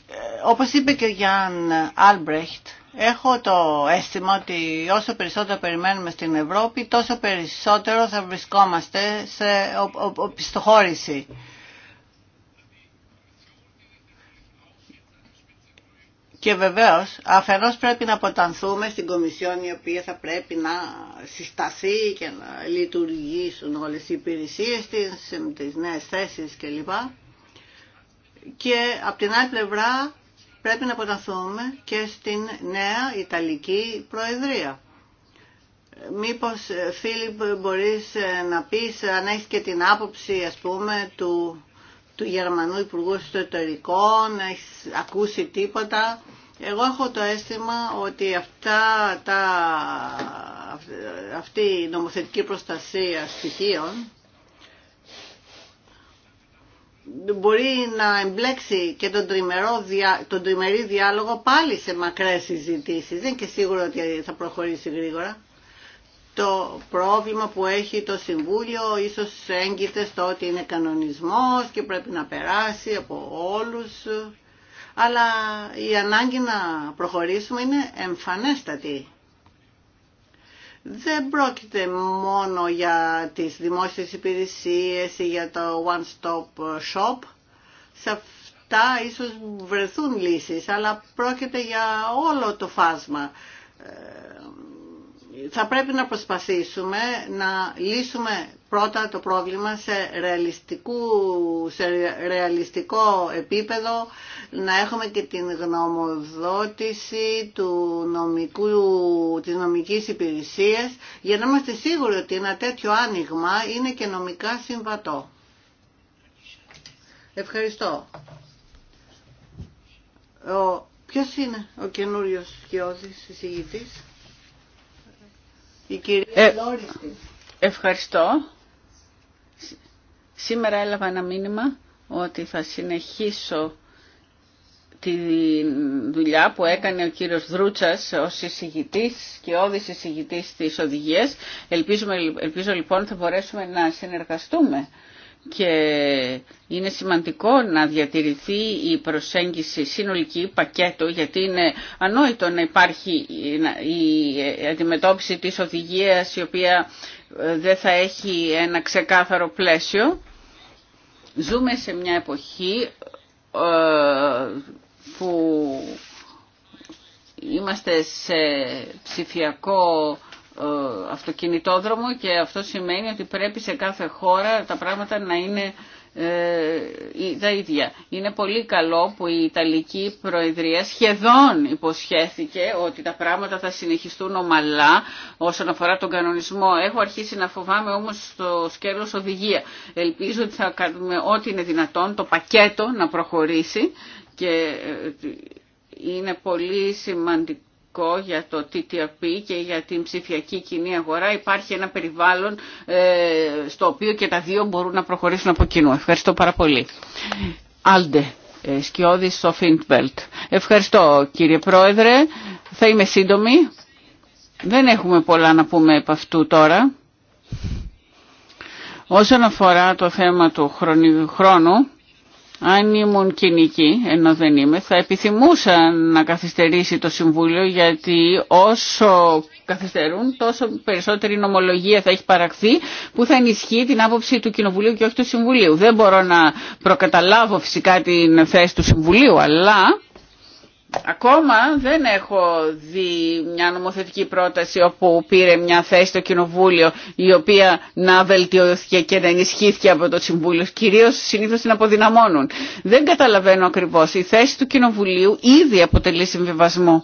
Ε, όπως είπε και ο Γιάνν Άλμπρεχτ, Έχω το αίσθημα ότι όσο περισσότερο περιμένουμε στην Ευρώπη, τόσο περισσότερο θα βρισκόμαστε σε οπισθοχώρηση. Και βεβαίως, αφενός πρέπει να αποτανθούμε στην Κομισιόν η οποία θα πρέπει να συσταθεί και να λειτουργήσουν όλες οι υπηρεσίες της, τις νέες θέσεις κλπ. Και από την άλλη πλευρά πρέπει να αποταθούμε και στην νέα Ιταλική Προεδρία. Μήπως ε, Φίλιπ μπορείς ε, να πεις αν έχεις και την άποψη ας πούμε του, του Γερμανού Υπουργού Εσωτερικών, έχεις ακούσει τίποτα. Εγώ έχω το αίσθημα ότι αυτά τα, ε, αυτή η νομοθετική προστασία στοιχείων μπορεί να εμπλέξει και τον, τριμερό, τον τριμερή διάλογο πάλι σε μακρές συζητήσει. Δεν είναι και σίγουρο ότι θα προχωρήσει γρήγορα. Το πρόβλημα που έχει το Συμβούλιο ίσως έγκυται στο ότι είναι κανονισμός και πρέπει να περάσει από όλους. Αλλά η ανάγκη να προχωρήσουμε είναι εμφανέστατη δεν πρόκειται μόνο για τις δημόσιες υπηρεσίες ή για το one-stop shop. Σε αυτά ίσως βρεθούν λύσεις, αλλά πρόκειται για όλο το φάσμα. Ε, θα πρέπει να προσπαθήσουμε να λύσουμε πρώτα το πρόβλημα σε, ρεαλιστικό επίπεδο να έχουμε και την γνωμοδότηση του νομικού, της νομικής υπηρεσίας για να είμαστε σίγουροι ότι ένα τέτοιο άνοιγμα είναι και νομικά συμβατό. Ευχαριστώ. Ο, ποιος είναι ο καινούριος σκιώδης εισηγητής? Ε, ευχαριστώ. Σήμερα έλαβα ένα μήνυμα ότι θα συνεχίσω τη δουλειά που έκανε ο κύριος Δρούτσας ως εισηγητής και όδης εισηγητής της οδηγίας. Ελπίζουμε, ελπίζω λοιπόν θα μπορέσουμε να συνεργαστούμε και είναι σημαντικό να διατηρηθεί η προσέγγιση συνολική πακέτο γιατί είναι ανόητο να υπάρχει η αντιμετώπιση της οδηγίας η οποία δεν θα έχει ένα ξεκάθαρο πλαίσιο ζούμε σε μια εποχή ε, που είμαστε σε ψηφιακό ε, αυτοκινητόδρομο και αυτό σημαίνει ότι πρέπει σε κάθε χώρα τα πράγματα να είναι ε, τα ίδια. Είναι πολύ καλό που η Ιταλική Προεδρία σχεδόν υποσχέθηκε ότι τα πράγματα θα συνεχιστούν ομαλά όσον αφορά τον κανονισμό. Έχω αρχίσει να φοβάμαι όμως το σκέλος οδηγία. Ελπίζω ότι θα κάνουμε ό,τι είναι δυνατόν το πακέτο να προχωρήσει και ε, είναι πολύ σημαντικό για το TTIP και για την ψηφιακή κοινή αγορά υπάρχει ένα περιβάλλον ε, στο οποίο και τα δύο μπορούν να προχωρήσουν από κοινού. Ευχαριστώ πάρα πολύ. Άλντε, ε, Σκιώδη Ευχαριστώ κύριε Πρόεδρε. Θα είμαι σύντομη. Δεν έχουμε πολλά να πούμε από αυτού τώρα. Όσον αφορά το θέμα του χρόνου, αν ήμουν κοινική, ενώ δεν είμαι, θα επιθυμούσα να καθυστερήσει το Συμβούλιο γιατί όσο καθυστερούν τόσο περισσότερη νομολογία θα έχει παραχθεί που θα ενισχύει την άποψη του Κοινοβουλίου και όχι του Συμβουλίου. Δεν μπορώ να προκαταλάβω φυσικά την θέση του Συμβουλίου, αλλά Ακόμα δεν έχω δει μια νομοθετική πρόταση όπου πήρε μια θέση το Κοινοβούλιο η οποία να βελτιώθηκε και να ενισχύθηκε από το Συμβούλιο. Κυρίως συνήθως την αποδυναμώνουν. Δεν καταλαβαίνω ακριβώς. Η θέση του Κοινοβουλίου ήδη αποτελεί συμβιβασμό.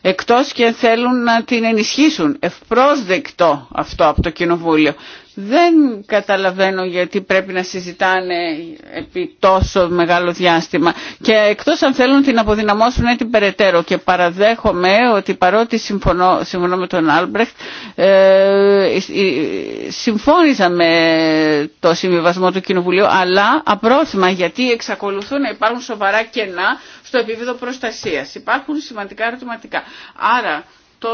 Εκτός και θέλουν να την ενισχύσουν. Ευπρόσδεκτο αυτό από το Κοινοβούλιο. Δεν καταλαβαίνω γιατί πρέπει να συζητάνε επί τόσο μεγάλο διάστημα. Και εκτός αν θέλουν την αποδυναμώσουν την περαιτέρω. Και παραδέχομαι ότι παρότι συμφωνώ, συμφωνώ με τον Άλμπρεχτ, ε, ε, συμφώνησα με το συμβιβασμό του Κοινοβουλίου, αλλά απρόθυμα γιατί εξακολουθούν να υπάρχουν σοβαρά κενά στο επίπεδο προστασίας. Υπάρχουν σημαντικά ερωτηματικά. Άρα το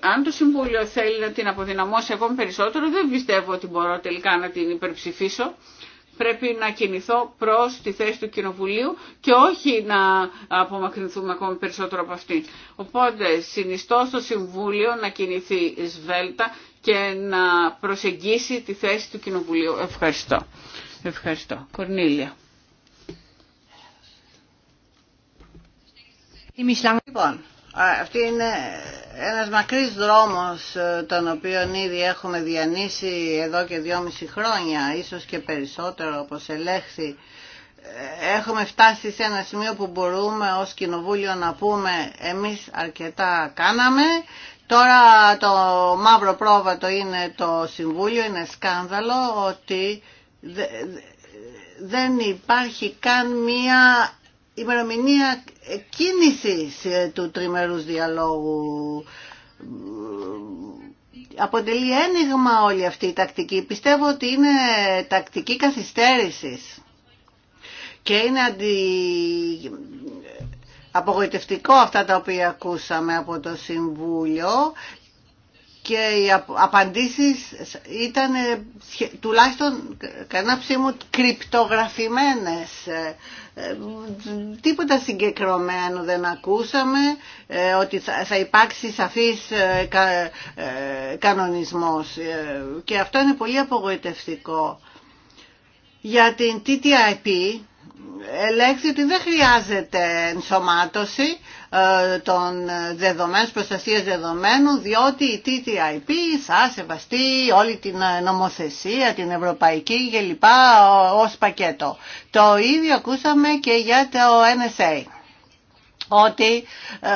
αν το Συμβούλιο θέλει να την αποδυναμώσει ακόμη περισσότερο, δεν πιστεύω ότι μπορώ τελικά να την υπερψηφίσω. Πρέπει να κινηθώ προς τη θέση του Κοινοβουλίου και όχι να απομακρυνθούμε ακόμη περισσότερο από αυτή. Οπότε συνιστώ στο Συμβούλιο να κινηθεί σβέλτα και να προσεγγίσει τη θέση του Κοινοβουλίου. Ευχαριστώ. Ευχαριστώ. Κορνίλια. Λοιπόν, αυτή είναι ένας μακρύς δρόμος ε, τον οποίο ήδη έχουμε διανύσει εδώ και δυόμιση χρόνια, ίσως και περισσότερο όπως ελέγχθη. Ε, έχουμε φτάσει σε ένα σημείο που μπορούμε ως κοινοβούλιο να πούμε εμείς αρκετά κάναμε. Τώρα το μαύρο πρόβατο είναι το Συμβούλιο, είναι σκάνδαλο ότι δεν υπάρχει καν μία ημερομηνία κίνησης ε, του τριμερούς διαλόγου αποτελεί ένιγμα όλη αυτή η τακτική. Πιστεύω ότι είναι τακτική καθυστέρησης και είναι αντι... απογοητευτικό αυτά τα οποία ακούσαμε από το Συμβούλιο και οι απαντήσεις ήταν ε, τουλάχιστον κανένα ψήμου, κρυπτογραφημένες. Ε, ε, τίποτα συγκεκριμένο δεν ακούσαμε ότι θα υπάρξει σαφής κανονισμός και αυτό είναι πολύ απογοητευτικό. Για την TTIP ελέγξει ότι δεν χρειάζεται ενσωμάτωση ε, των δεδομένων, προστασίας δεδομένων, διότι η TTIP θα σεβαστεί όλη την ε, νομοθεσία, την ευρωπαϊκή κλπ. ως πακέτο. Το ίδιο ακούσαμε και για το NSA, ότι ε,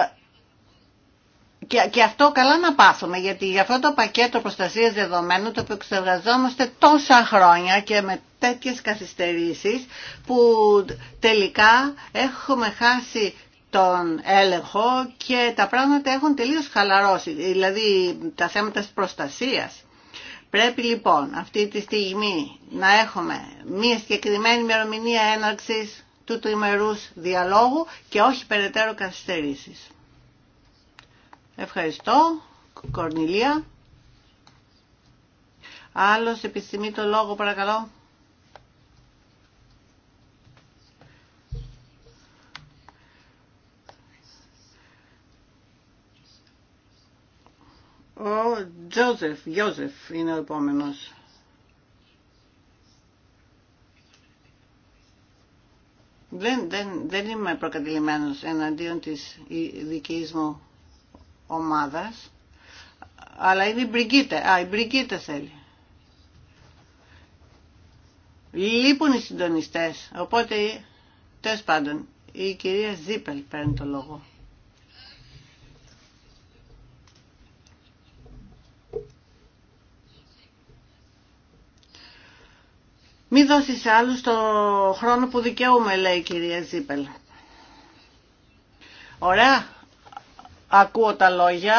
και, αυτό καλά να πάθουμε, γιατί για αυτό το πακέτο προστασίας δεδομένων το οποίο εξεργαζόμαστε τόσα χρόνια και με τέτοιες καθυστερήσεις που τελικά έχουμε χάσει τον έλεγχο και τα πράγματα έχουν τελείως χαλαρώσει, δηλαδή τα θέματα της προστασίας. Πρέπει λοιπόν αυτή τη στιγμή να έχουμε μία συγκεκριμένη ημερομηνία έναρξης του τριμερού διαλόγου και όχι περαιτέρω καθυστερήσεις. Ευχαριστώ. Κορνηλία. Άλλος επιθυμεί το λόγο παρακαλώ. Ο Τζόζεφ, Γιώζεφ είναι ο επόμενος. Δεν, δεν, δεν είμαι προκατηλημένος εναντίον της δική μου ομάδας, αλλά είναι η Μπριγκίτα Α, η θέλει. Λείπουν οι συντονιστές, οπότε τέλος πάντων η κυρία Ζίπελ παίρνει το λόγο. Μη δώσει σε άλλου το χρόνο που δικαιούμαι, λέει η κυρία Ζίπελ. Ωραία, ακούω τα λόγια,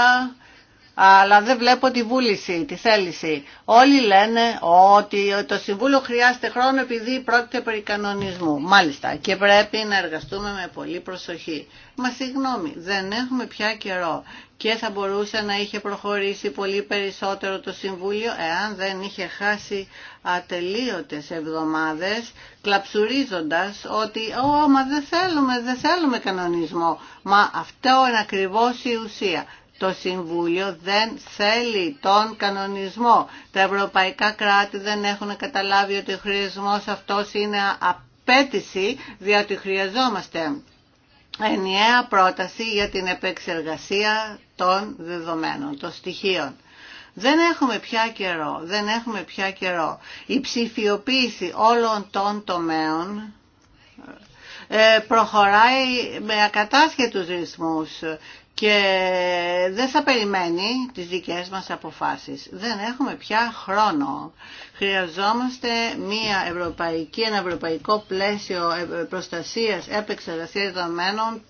αλλά δεν βλέπω τη βούληση, τη θέληση. Όλοι λένε ότι το Συμβούλιο χρειάζεται χρόνο επειδή πρόκειται περί κανονισμού. Μάλιστα, και πρέπει να εργαστούμε με πολύ προσοχή. Μα συγγνώμη, δεν έχουμε πια καιρό και θα μπορούσε να είχε προχωρήσει πολύ περισσότερο το Συμβούλιο εάν δεν είχε χάσει ατελείωτες εβδομάδες κλαψουρίζοντας ότι «Ω, μα δεν θέλουμε, δεν θέλουμε κανονισμό». Μα αυτό είναι ακριβώς η ουσία. Το Συμβούλιο δεν θέλει τον κανονισμό. Τα ευρωπαϊκά κράτη δεν έχουν καταλάβει ότι ο χρησμός αυτός είναι απέτηση, διότι χρειαζόμαστε ενιαία πρόταση για την επεξεργασία των δεδομένων, των στοιχείων. Δεν έχουμε πια καιρό, δεν έχουμε πια καιρό. Η ψηφιοποίηση όλων των τομέων ε, προχωράει με ακατάσχετους ρυθμούς και δεν θα περιμένει τις δικές μας αποφάσεις. Δεν έχουμε πια χρόνο. Χρειαζόμαστε μια ευρωπαϊκή, ένα ευρωπαϊκό πλαίσιο ε, προστασίας, επεξεργασίας δεδομένων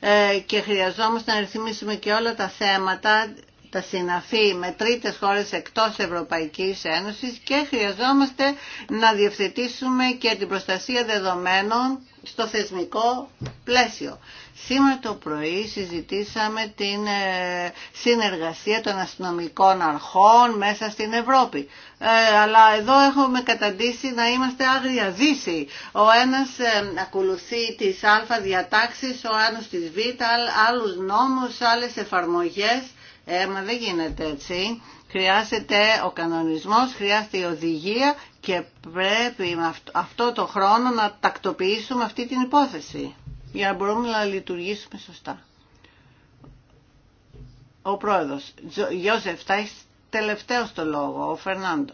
ε, και χρειαζόμαστε να ρυθμίσουμε και όλα τα θέματα τα συναφή με τρίτες χώρες εκτός Ευρωπαϊκής Ένωσης και χρειαζόμαστε να διευθετήσουμε και την προστασία δεδομένων στο θεσμικό πλαίσιο. Σήμερα το πρωί συζητήσαμε την ε, συνεργασία των αστυνομικών αρχών μέσα στην Ευρώπη. Ε, αλλά εδώ έχουμε καταντήσει να είμαστε άγρια δύση. Ο ένας ε, ακολουθεί τις α διατάξεις, ο άλλος τις β, άλλους νόμους, άλλες εφαρμογές ε, μα δεν γίνεται έτσι. Χρειάζεται ο κανονισμός, χρειάζεται η οδηγία και πρέπει με αυτό το χρόνο να τακτοποιήσουμε αυτή την υπόθεση για να μπορούμε να λειτουργήσουμε σωστά. Ο πρόεδρος, Γιώσεφ, θα έχει τελευταίο το λόγο, ο Φερνάντο.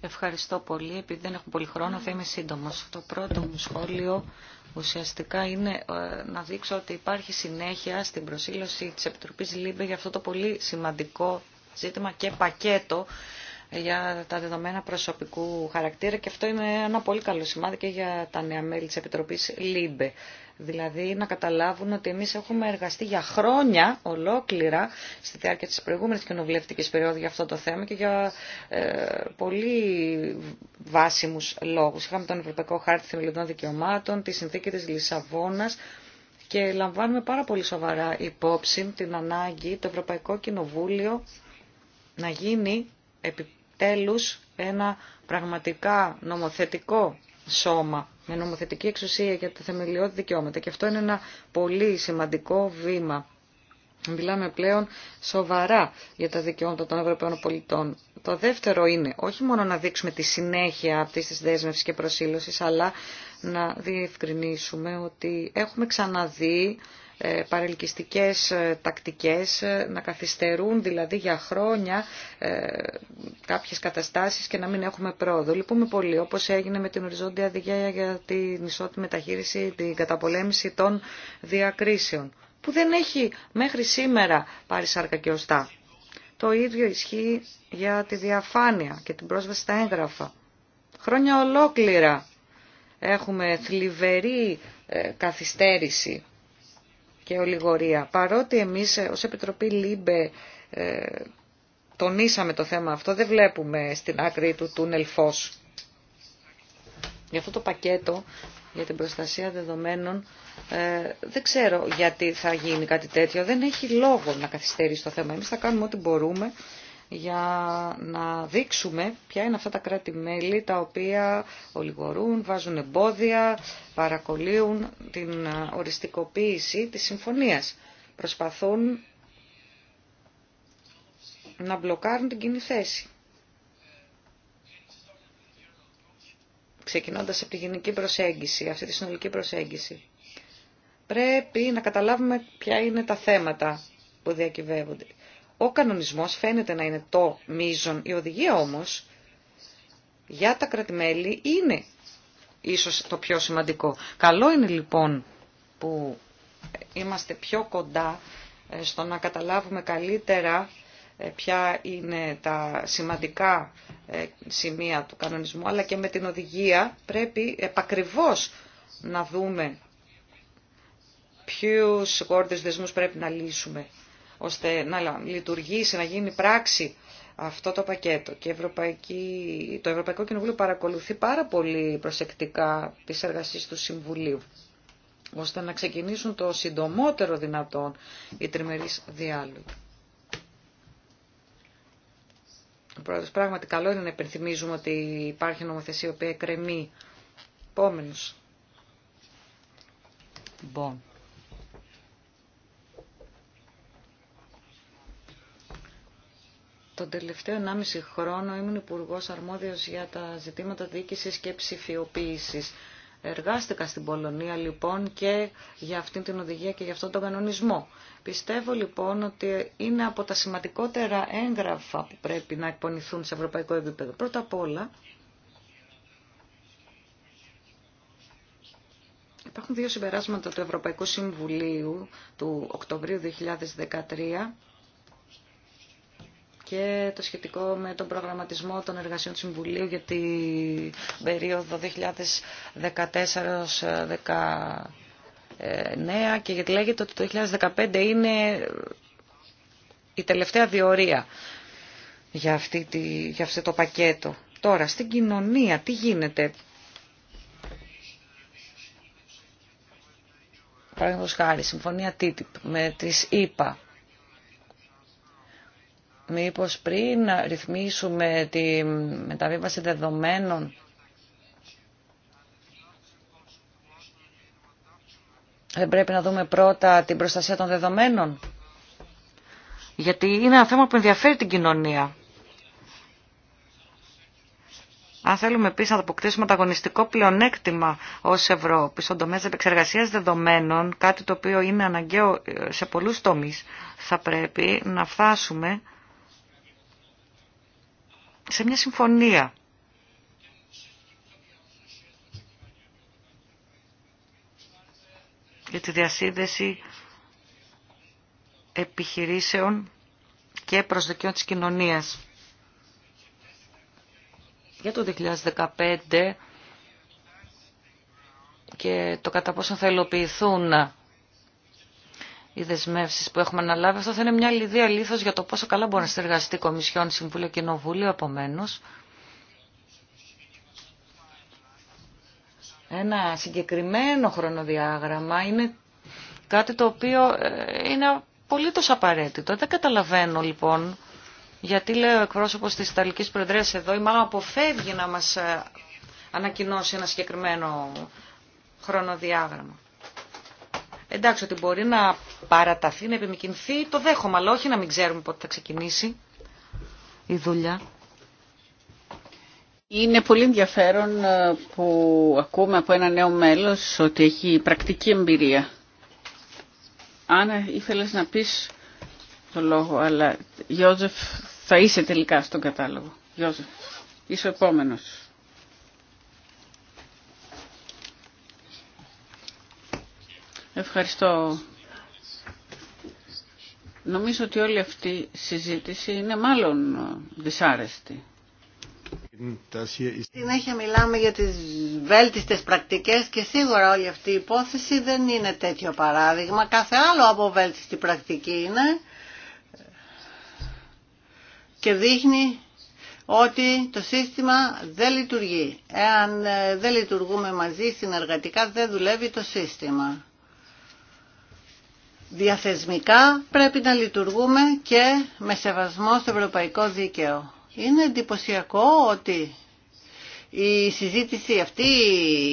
Ευχαριστώ πολύ. Επειδή δεν έχω πολύ χρόνο θα είμαι σύντομος. Το πρώτο μου σχόλιο ουσιαστικά είναι ε, να δείξω ότι υπάρχει συνέχεια στην προσήλωση της Επιτροπής ΛΥΜΠΕ για αυτό το πολύ σημαντικό ζήτημα και πακέτο για τα δεδομένα προσωπικού χαρακτήρα και αυτό είναι ένα πολύ καλό σημάδι και για τα νέα μέλη της Επιτροπής ΛΥΜΠΕ. Δηλαδή να καταλάβουν ότι εμείς έχουμε εργαστεί για χρόνια ολόκληρα στη διάρκεια της προηγούμενης κοινοβουλευτικής περίοδου για αυτό το θέμα και για ε, πολύ βάσιμους λόγους. Είχαμε τον Ευρωπαϊκό Χάρτη Θεμελιωδών Δικαιωμάτων, τη Συνθήκη της Λισαβόνας και λαμβάνουμε πάρα πολύ σοβαρά υπόψη την ανάγκη το Ευρωπαϊκό Κοινοβούλιο να γίνει επιτέλους ένα πραγματικά νομοθετικό σώμα με νομοθετική εξουσία για τα θεμελιώδη δικαιώματα. Και αυτό είναι ένα πολύ σημαντικό βήμα. Μιλάμε πλέον σοβαρά για τα δικαιώματα των Ευρωπαίων πολιτών. Το δεύτερο είναι όχι μόνο να δείξουμε τη συνέχεια αυτή τη δέσμευση και προσήλωση, αλλά να διευκρινίσουμε ότι έχουμε ξαναδεί ε, παρελκυστικές ε, τακτικές, ε, να καθυστερούν δηλαδή για χρόνια κάποιες καταστάσεις και να μην έχουμε πρόοδο. Λυπούμε πολύ, όπως έγινε με την οριζόντια διγέα για την ισότιμη μεταχείριση, την καταπολέμηση των διακρίσεων, που δεν έχει μέχρι σήμερα πάρει σάρκα και οστά. Το ίδιο ισχύει για τη διαφάνεια και την πρόσβαση στα έγγραφα. Χρόνια ολόκληρα έχουμε θλιβερή καθυστέρηση και ολιγορία. Παρότι εμείς ε, ως Επιτροπή ΛΥΜΠΕ ε, τονίσαμε το θέμα αυτό, δεν βλέπουμε στην άκρη του τούνελ φως. Για αυτό το πακέτο για την προστασία δεδομένων ε, δεν ξέρω γιατί θα γίνει κάτι τέτοιο. Δεν έχει λόγο να καθυστερήσει το θέμα. Εμείς θα κάνουμε ό,τι μπορούμε για να δείξουμε ποια είναι αυτά τα κράτη-μέλη τα οποία ολιγορούν, βάζουν εμπόδια, παρακολύουν την οριστικοποίηση της συμφωνίας. Προσπαθούν να μπλοκάρουν την κοινή θέση. Ξεκινώντας από τη γενική προσέγγιση, αυτή τη συνολική προσέγγιση. Πρέπει να καταλάβουμε ποια είναι τα θέματα που διακυβεύονται. Ο κανονισμός φαίνεται να είναι το μείζον. Η οδηγία όμως για τα κρατημέλη είναι ίσως το πιο σημαντικό. Καλό είναι λοιπόν που είμαστε πιο κοντά ε, στο να καταλάβουμε καλύτερα ε, ποια είναι τα σημαντικά ε, σημεία του κανονισμού, αλλά και με την οδηγία πρέπει επακριβώς να δούμε ποιους κόρτες δεσμούς πρέπει να λύσουμε ώστε να λειτουργήσει, να γίνει πράξη αυτό το πακέτο. Και Ευρωπαϊκή, το Ευρωπαϊκό Κοινοβούλιο παρακολουθεί πάρα πολύ προσεκτικά τις εργασίες του Συμβουλίου ώστε να ξεκινήσουν το συντομότερο δυνατόν οι τριμερείς διάλογοι. Πρώτος πράγματι καλό είναι να υπενθυμίζουμε ότι υπάρχει νομοθεσία η οποία κρεμεί. Επόμενος. Τον τελευταίο 1,5 χρόνο ήμουν υπουργό αρμόδιος για τα ζητήματα διοίκηση και ψηφιοποίηση. Εργάστηκα στην Πολωνία λοιπόν και για αυτήν την οδηγία και για αυτόν τον κανονισμό. Πιστεύω λοιπόν ότι είναι από τα σημαντικότερα έγγραφα που πρέπει να εκπονηθούν σε ευρωπαϊκό επίπεδο. Πρώτα απ' όλα υπάρχουν δύο συμπεράσματα του Ευρωπαϊκού Συμβουλίου του Οκτωβρίου 2013 και το σχετικό με τον προγραμματισμό των εργασιών του Συμβουλίου για την περίοδο 2014-2019 και γιατί λέγεται ότι το 2015 είναι η τελευταία διορία για, αυτή τη, για αυτό το πακέτο. Τώρα, στην κοινωνία τι γίνεται. Παραδείγματος χάρη, συμφωνία TTIP με τις ΗΠΑ μήπως πριν ρυθμίσουμε τη μεταβίβαση δεδομένων δεν πρέπει να δούμε πρώτα την προστασία των δεδομένων. Γιατί είναι ένα θέμα που ενδιαφέρει την κοινωνία. Αν θέλουμε επίση να αποκτήσουμε ανταγωνιστικό πλεονέκτημα ω Ευρώπη στον τομέα τη επεξεργασία δεδομένων, κάτι το οποίο είναι αναγκαίο σε πολλού τομεί, θα πρέπει να φτάσουμε σε μια συμφωνία. για τη διασύνδεση επιχειρήσεων και προσδοκιών της κοινωνίας. Για το 2015 και το κατά πόσο θα υλοποιηθούν οι δεσμεύσει που έχουμε αναλάβει. Αυτό θα είναι μια λιδία λίθο για το πόσο καλά μπορεί να συνεργαστεί Κομισιόν, Συμβούλιο, Κοινοβούλιο. Επομένω, ένα συγκεκριμένο χρονοδιάγραμμα είναι κάτι το οποίο ε, είναι απολύτω απαραίτητο. Δεν καταλαβαίνω λοιπόν γιατί λέει ο εκπρόσωπος της Ιταλικής Προεδρίας εδώ ή μάλλον αποφεύγει να μας ε, ανακοινώσει ένα συγκεκριμένο χρονοδιάγραμμα. Εντάξει, ότι μπορεί να παραταθεί, να επιμηκυνθεί, το δέχομαι, αλλά όχι να μην ξέρουμε πότε θα ξεκινήσει η δουλειά. Είναι πολύ ενδιαφέρον ε, που ακούμε από ένα νέο μέλος ότι έχει πρακτική εμπειρία. Άννα, ήθελες να πεις το λόγο, αλλά Γιώζεφ θα είσαι τελικά στον κατάλογο. Γιώζεφ, είσαι ο επόμενος. Ευχαριστώ. Νομίζω ότι όλη αυτή η συζήτηση είναι μάλλον δυσάρεστη. Συνέχεια μιλάμε για τις βέλτιστες πρακτικές και σίγουρα όλη αυτή η υπόθεση δεν είναι τέτοιο παράδειγμα. Κάθε άλλο από βέλτιστη πρακτική είναι και δείχνει ότι το σύστημα δεν λειτουργεί. Εάν ε, δεν λειτουργούμε μαζί συνεργατικά δεν δουλεύει το σύστημα διαθεσμικά πρέπει να λειτουργούμε και με σεβασμό στο ευρωπαϊκό δίκαιο. Είναι εντυπωσιακό ότι η συζήτηση αυτή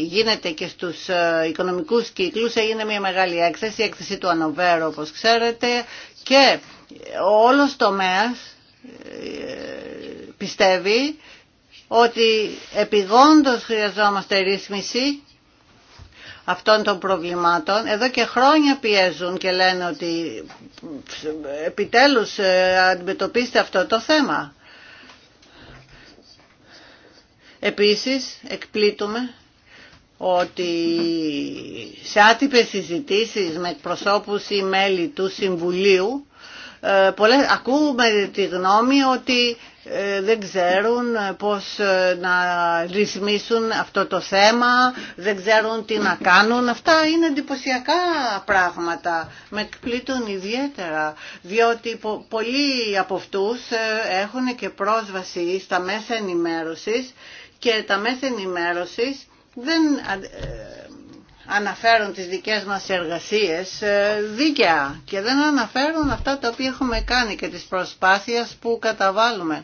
γίνεται και στους ε, οικονομικούς κύκλους. Έγινε μια μεγάλη έκθεση, η έκθεση του Ανοβέρου όπως ξέρετε και όλος τομέας ε, πιστεύει ότι επιγόντως χρειαζόμαστε ρύθμιση αυτών των προβλημάτων εδώ και χρόνια πιέζουν και λένε ότι επιτέλους ε, αντιμετωπίστε αυτό το θέμα. Επίσης εκπλήττουμε ότι σε άτυπες συζητήσεις με εκπροσώπους ή μέλη του Συμβουλίου ε, πολλές, ακούμε τη γνώμη ότι ε, δεν ξέρουν ε, πώς ε, να ρυθμίσουν αυτό το θέμα, δεν ξέρουν τι να κάνουν. Αυτά είναι εντυπωσιακά πράγματα. Με εκπλήττουν ιδιαίτερα, διότι πολλοί από αυτούς έχουν και πρόσβαση στα μέσα ενημέρωσης και τα μέσα ενημέρωσης δεν αναφέρουν τις δικές μας εργασίες ε, δίκαια και δεν αναφέρουν αυτά τα οποία έχουμε κάνει και τις προσπάθειες που καταβάλουμε.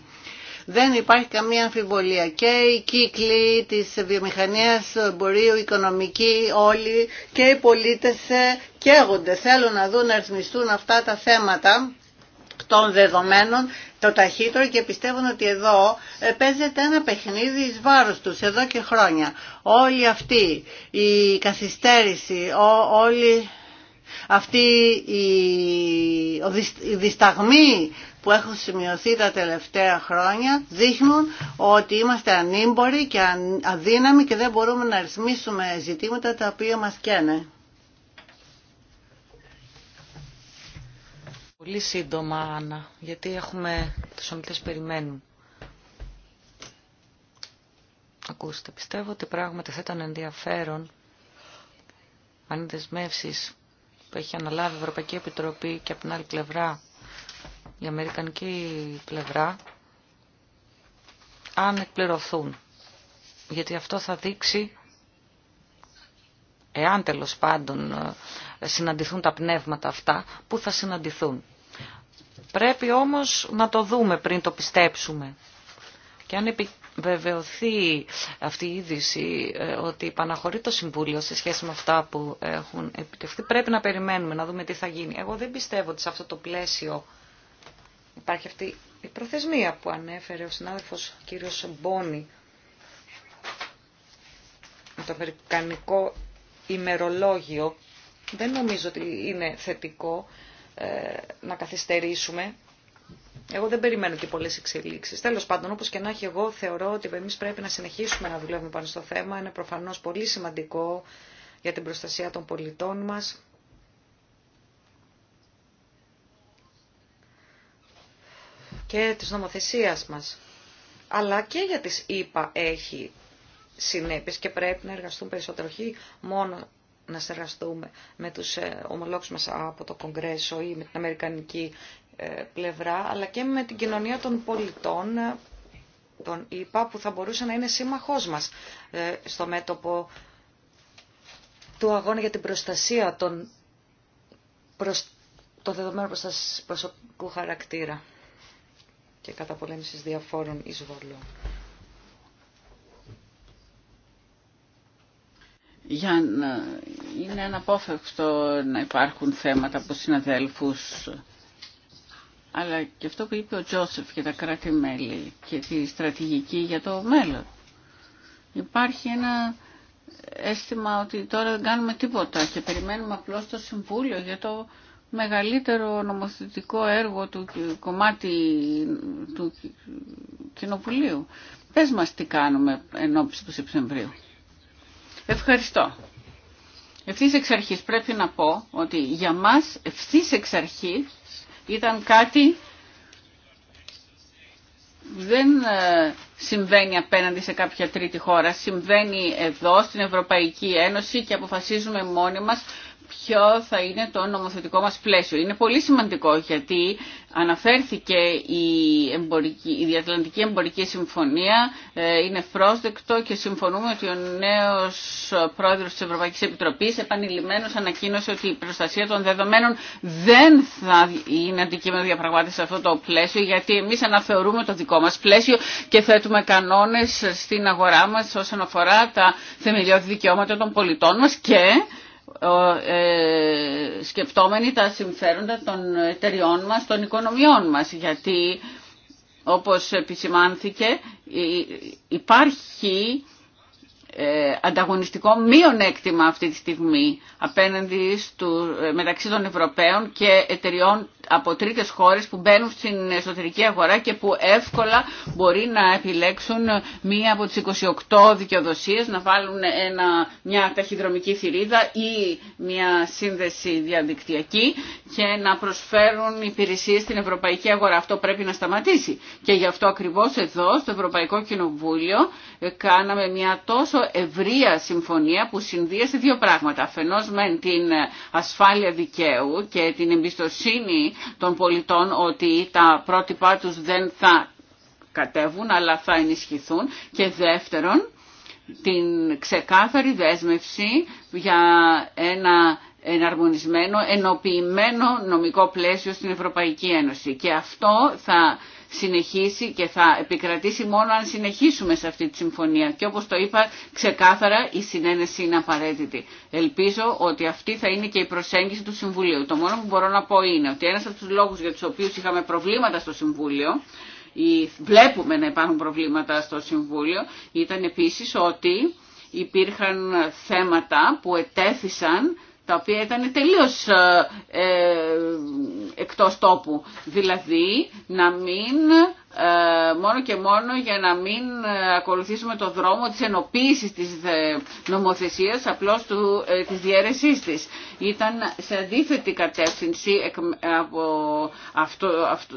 Δεν υπάρχει καμία αμφιβολία και οι κύκλοι της βιομηχανίας, εμπορίου, οικονομική, όλοι και οι πολίτες ε, καίγονται, θέλουν να δουν να αυτά τα θέματα των δεδομένων το ταχύτερο και πιστεύουν ότι εδώ ε, παίζεται ένα παιχνίδι εις βάρος τους εδώ και χρόνια. Όλη αυτή η καθυστέρηση, ό, όλη αυτή η δισταγμή που έχουν σημειωθεί τα τελευταία χρόνια δείχνουν ότι είμαστε ανήμποροι και αδύναμοι και δεν μπορούμε να ρυθμίσουμε ζητήματα τα οποία μας καίνε. πολύ σύντομα, Άννα, γιατί έχουμε τους ομιλητές περιμένουν. Ακούστε, πιστεύω ότι πράγματι θα ήταν ενδιαφέρον αν οι δεσμεύσει που έχει αναλάβει η Ευρωπαϊκή Επιτροπή και από την άλλη πλευρά η Αμερικανική πλευρά αν εκπληρωθούν. Γιατί αυτό θα δείξει εάν τέλο πάντων ε, συναντηθούν τα πνεύματα αυτά, που θα συναντηθούν. Πρέπει όμως να το δούμε πριν το πιστέψουμε. Και αν επιβεβαιωθεί αυτή η είδηση ε, ότι παναχωρεί το Συμβούλιο σε σχέση με αυτά που έχουν επιτευχθεί, πρέπει να περιμένουμε να δούμε τι θα γίνει. Εγώ δεν πιστεύω ότι σε αυτό το πλαίσιο υπάρχει αυτή η προθεσμία που ανέφερε ο συνάδελφος κύριος Μπόνι με το αμερικανικό ημερολόγιο. Δεν νομίζω ότι είναι θετικό ε, να καθυστερήσουμε. Εγώ δεν περιμένω και πολλές εξελίξεις. Τέλος πάντων, όπως και να έχει, εγώ θεωρώ ότι εμείς πρέπει να συνεχίσουμε να δουλεύουμε πάνω στο θέμα. Είναι προφανώς πολύ σημαντικό για την προστασία των πολιτών μας. και της νομοθεσίας μας. Αλλά και για τις ΕΠΑ έχει συνέπειες και πρέπει να εργαστούν περισσότερο, μόνο να συνεργαστούμε με τους ε, ομολόγους μας από το Κογκρέσο ή με την Αμερικανική ε, πλευρά, αλλά και με την κοινωνία των πολιτών, ε, τον ΙΠΑ, που θα μπορούσε να είναι σύμμαχός μας στο μέτωπο του αγώνα για την προστασία των, προσ... δεδομένων προσωπικού χαρακτήρα και καταπολέμησης διαφόρων εισβολών. για να είναι αναπόφευκτο να υπάρχουν θέματα από συναδέλφους αλλά και αυτό που είπε ο Τζόσεφ για τα κράτη-μέλη και τη στρατηγική για το μέλλον. Υπάρχει ένα αίσθημα ότι τώρα δεν κάνουμε τίποτα και περιμένουμε απλώς το Συμβούλιο για το μεγαλύτερο νομοθετικό έργο του κομμάτι του Κοινοβουλίου. Πες μας τι κάνουμε ενώπιση του Σεπτεμβρίου. Ευχαριστώ. Ευθύ εξ αρχή πρέπει να πω ότι για μας ευθύ εξ αρχή ήταν κάτι δεν ε, συμβαίνει απέναντι σε κάποια τρίτη χώρα. Συμβαίνει εδώ στην Ευρωπαϊκή Ένωση και αποφασίζουμε μόνοι μας ποιο θα είναι το νομοθετικό μας πλαίσιο. Είναι πολύ σημαντικό γιατί αναφέρθηκε η, εμπορική, η Διατλαντική Εμπορική Συμφωνία, ε, είναι πρόσδεκτο και συμφωνούμε ότι ο νέος πρόεδρος της Ευρωπαϊκής Επιτροπής επανειλημμένως ανακοίνωσε ότι η προστασία των δεδομένων δεν θα είναι αντικείμενο διαπραγμάτευση σε αυτό το πλαίσιο γιατί εμείς αναθεωρούμε το δικό μας πλαίσιο και θέτουμε κανόνες στην αγορά μας όσον αφορά τα θεμελιώδη δικαιώματα των πολιτών μας και ε, σκεφτόμενοι τα συμφέροντα των εταιριών μας, των οικονομιών μας, γιατί όπως επισημάνθηκε υπάρχει ε, ανταγωνιστικό μειονέκτημα αυτή τη στιγμή απέναντι ε, μεταξύ των Ευρωπαίων και εταιριών από τρίτες χώρες που μπαίνουν στην εσωτερική αγορά και που εύκολα μπορεί να επιλέξουν μία από τις 28 δικαιοδοσίες, να βάλουν ένα, μια ταχυδρομική θηρίδα ή μια σύνδεση διαδικτυακή και να προσφέρουν υπηρεσίες στην ευρωπαϊκή αγορά. Αυτό πρέπει να σταματήσει. Και γι' αυτό ακριβώς εδώ στο Ευρωπαϊκό Κοινοβούλιο ε, κάναμε μια τόσο τόσο ευρεία συμφωνία που συνδύασε δύο πράγματα. Αφενό με την ασφάλεια δικαίου και την εμπιστοσύνη των πολιτών ότι τα πρότυπά τους δεν θα κατέβουν αλλά θα ενισχυθούν και δεύτερον την ξεκάθαρη δέσμευση για ένα εναρμονισμένο, ενοποιημένο νομικό πλαίσιο στην Ευρωπαϊκή Ένωση. Και αυτό θα συνεχίσει και θα επικρατήσει μόνο αν συνεχίσουμε σε αυτή τη συμφωνία. Και όπως το είπα ξεκάθαρα η συνένεση είναι απαραίτητη. Ελπίζω ότι αυτή θα είναι και η προσέγγιση του Συμβουλίου. Το μόνο που μπορώ να πω είναι ότι ένας από τους λόγους για τους οποίους είχαμε προβλήματα στο Συμβούλιο ή βλέπουμε να υπάρχουν προβλήματα στο Συμβούλιο ήταν επίσης ότι υπήρχαν θέματα που ετέθησαν τα οποία ήταν τελείως ε, ε, εκτός τόπου. Δηλαδή να μην ε, μόνο και μόνο για να μην ε, ακολουθήσουμε το δρόμο της ενοποίησης της ε, νομοθεσίας απλώς του, της διαίρεσής της. Ήταν σε αντίθετη κατεύθυνση από αυτό, αυτό,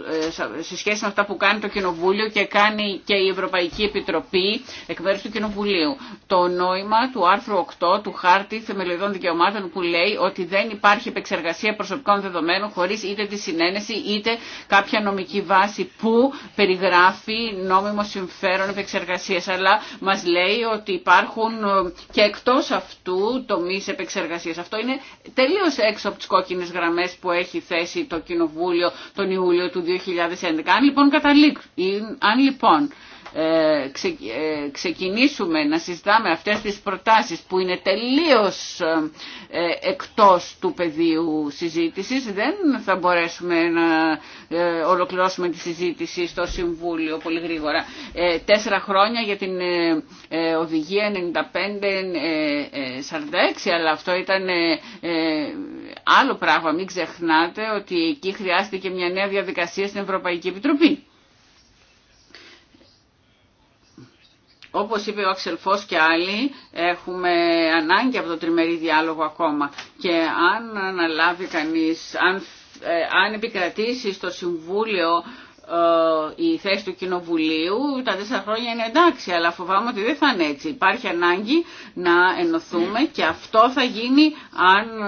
σε σχέση με αυτά που κάνει το Κοινοβούλιο και κάνει και η Ευρωπαϊκή Επιτροπή εκ μέρους του Κοινοβουλίου. Το νόημα του άρθρου 8 του Χάρτη Θεμελιωδών Δικαιωμάτων που λέει ότι δεν υπάρχει επεξεργασία προσωπικών δεδομένων χωρίς είτε τη συνένεση είτε κάποια νομική βάση που περιγράφει νόμιμο συμφέρον επεξεργασία, αλλά μας λέει ότι υπάρχουν ε, και εκτό αυτού τομεί επεξεργασία. Αυτό είναι τελείως έξω από τι κόκκινε γραμμές που έχει θέσει το Κοινοβούλιο τον Ιούλιο του 2011. Αν λοιπόν, καταλήξουμε, αν λοιπόν ε, ε, ξεκινήσουμε να συζητάμε αυτές τις προτάσεις που είναι τελείως ε, εκτός του πεδίου συζήτησης δεν θα μπορέσουμε να ολοκληρώσουμε τη συζήτηση στο Συμβούλιο πολύ γρήγορα. Τέσσερα χρόνια για την οδηγία 95-46 αλλά αυτό ήταν άλλο πράγμα. Μην ξεχνάτε ότι εκεί χρειάστηκε μια νέα διαδικασία στην Ευρωπαϊκή Επιτροπή. Όπως είπε ο Αξελφός και άλλοι, έχουμε ανάγκη από το τριμερή διάλογο ακόμα. Και αν αναλάβει κανείς, αν, ε, αν επικρατήσει στο Συμβούλιο ε, η θέση του Κοινοβουλίου τα τέσσερα χρόνια είναι εντάξει, αλλά φοβάμαι ότι δεν θα είναι έτσι. Υπάρχει ανάγκη να ενωθούμε ναι. και αυτό θα γίνει αν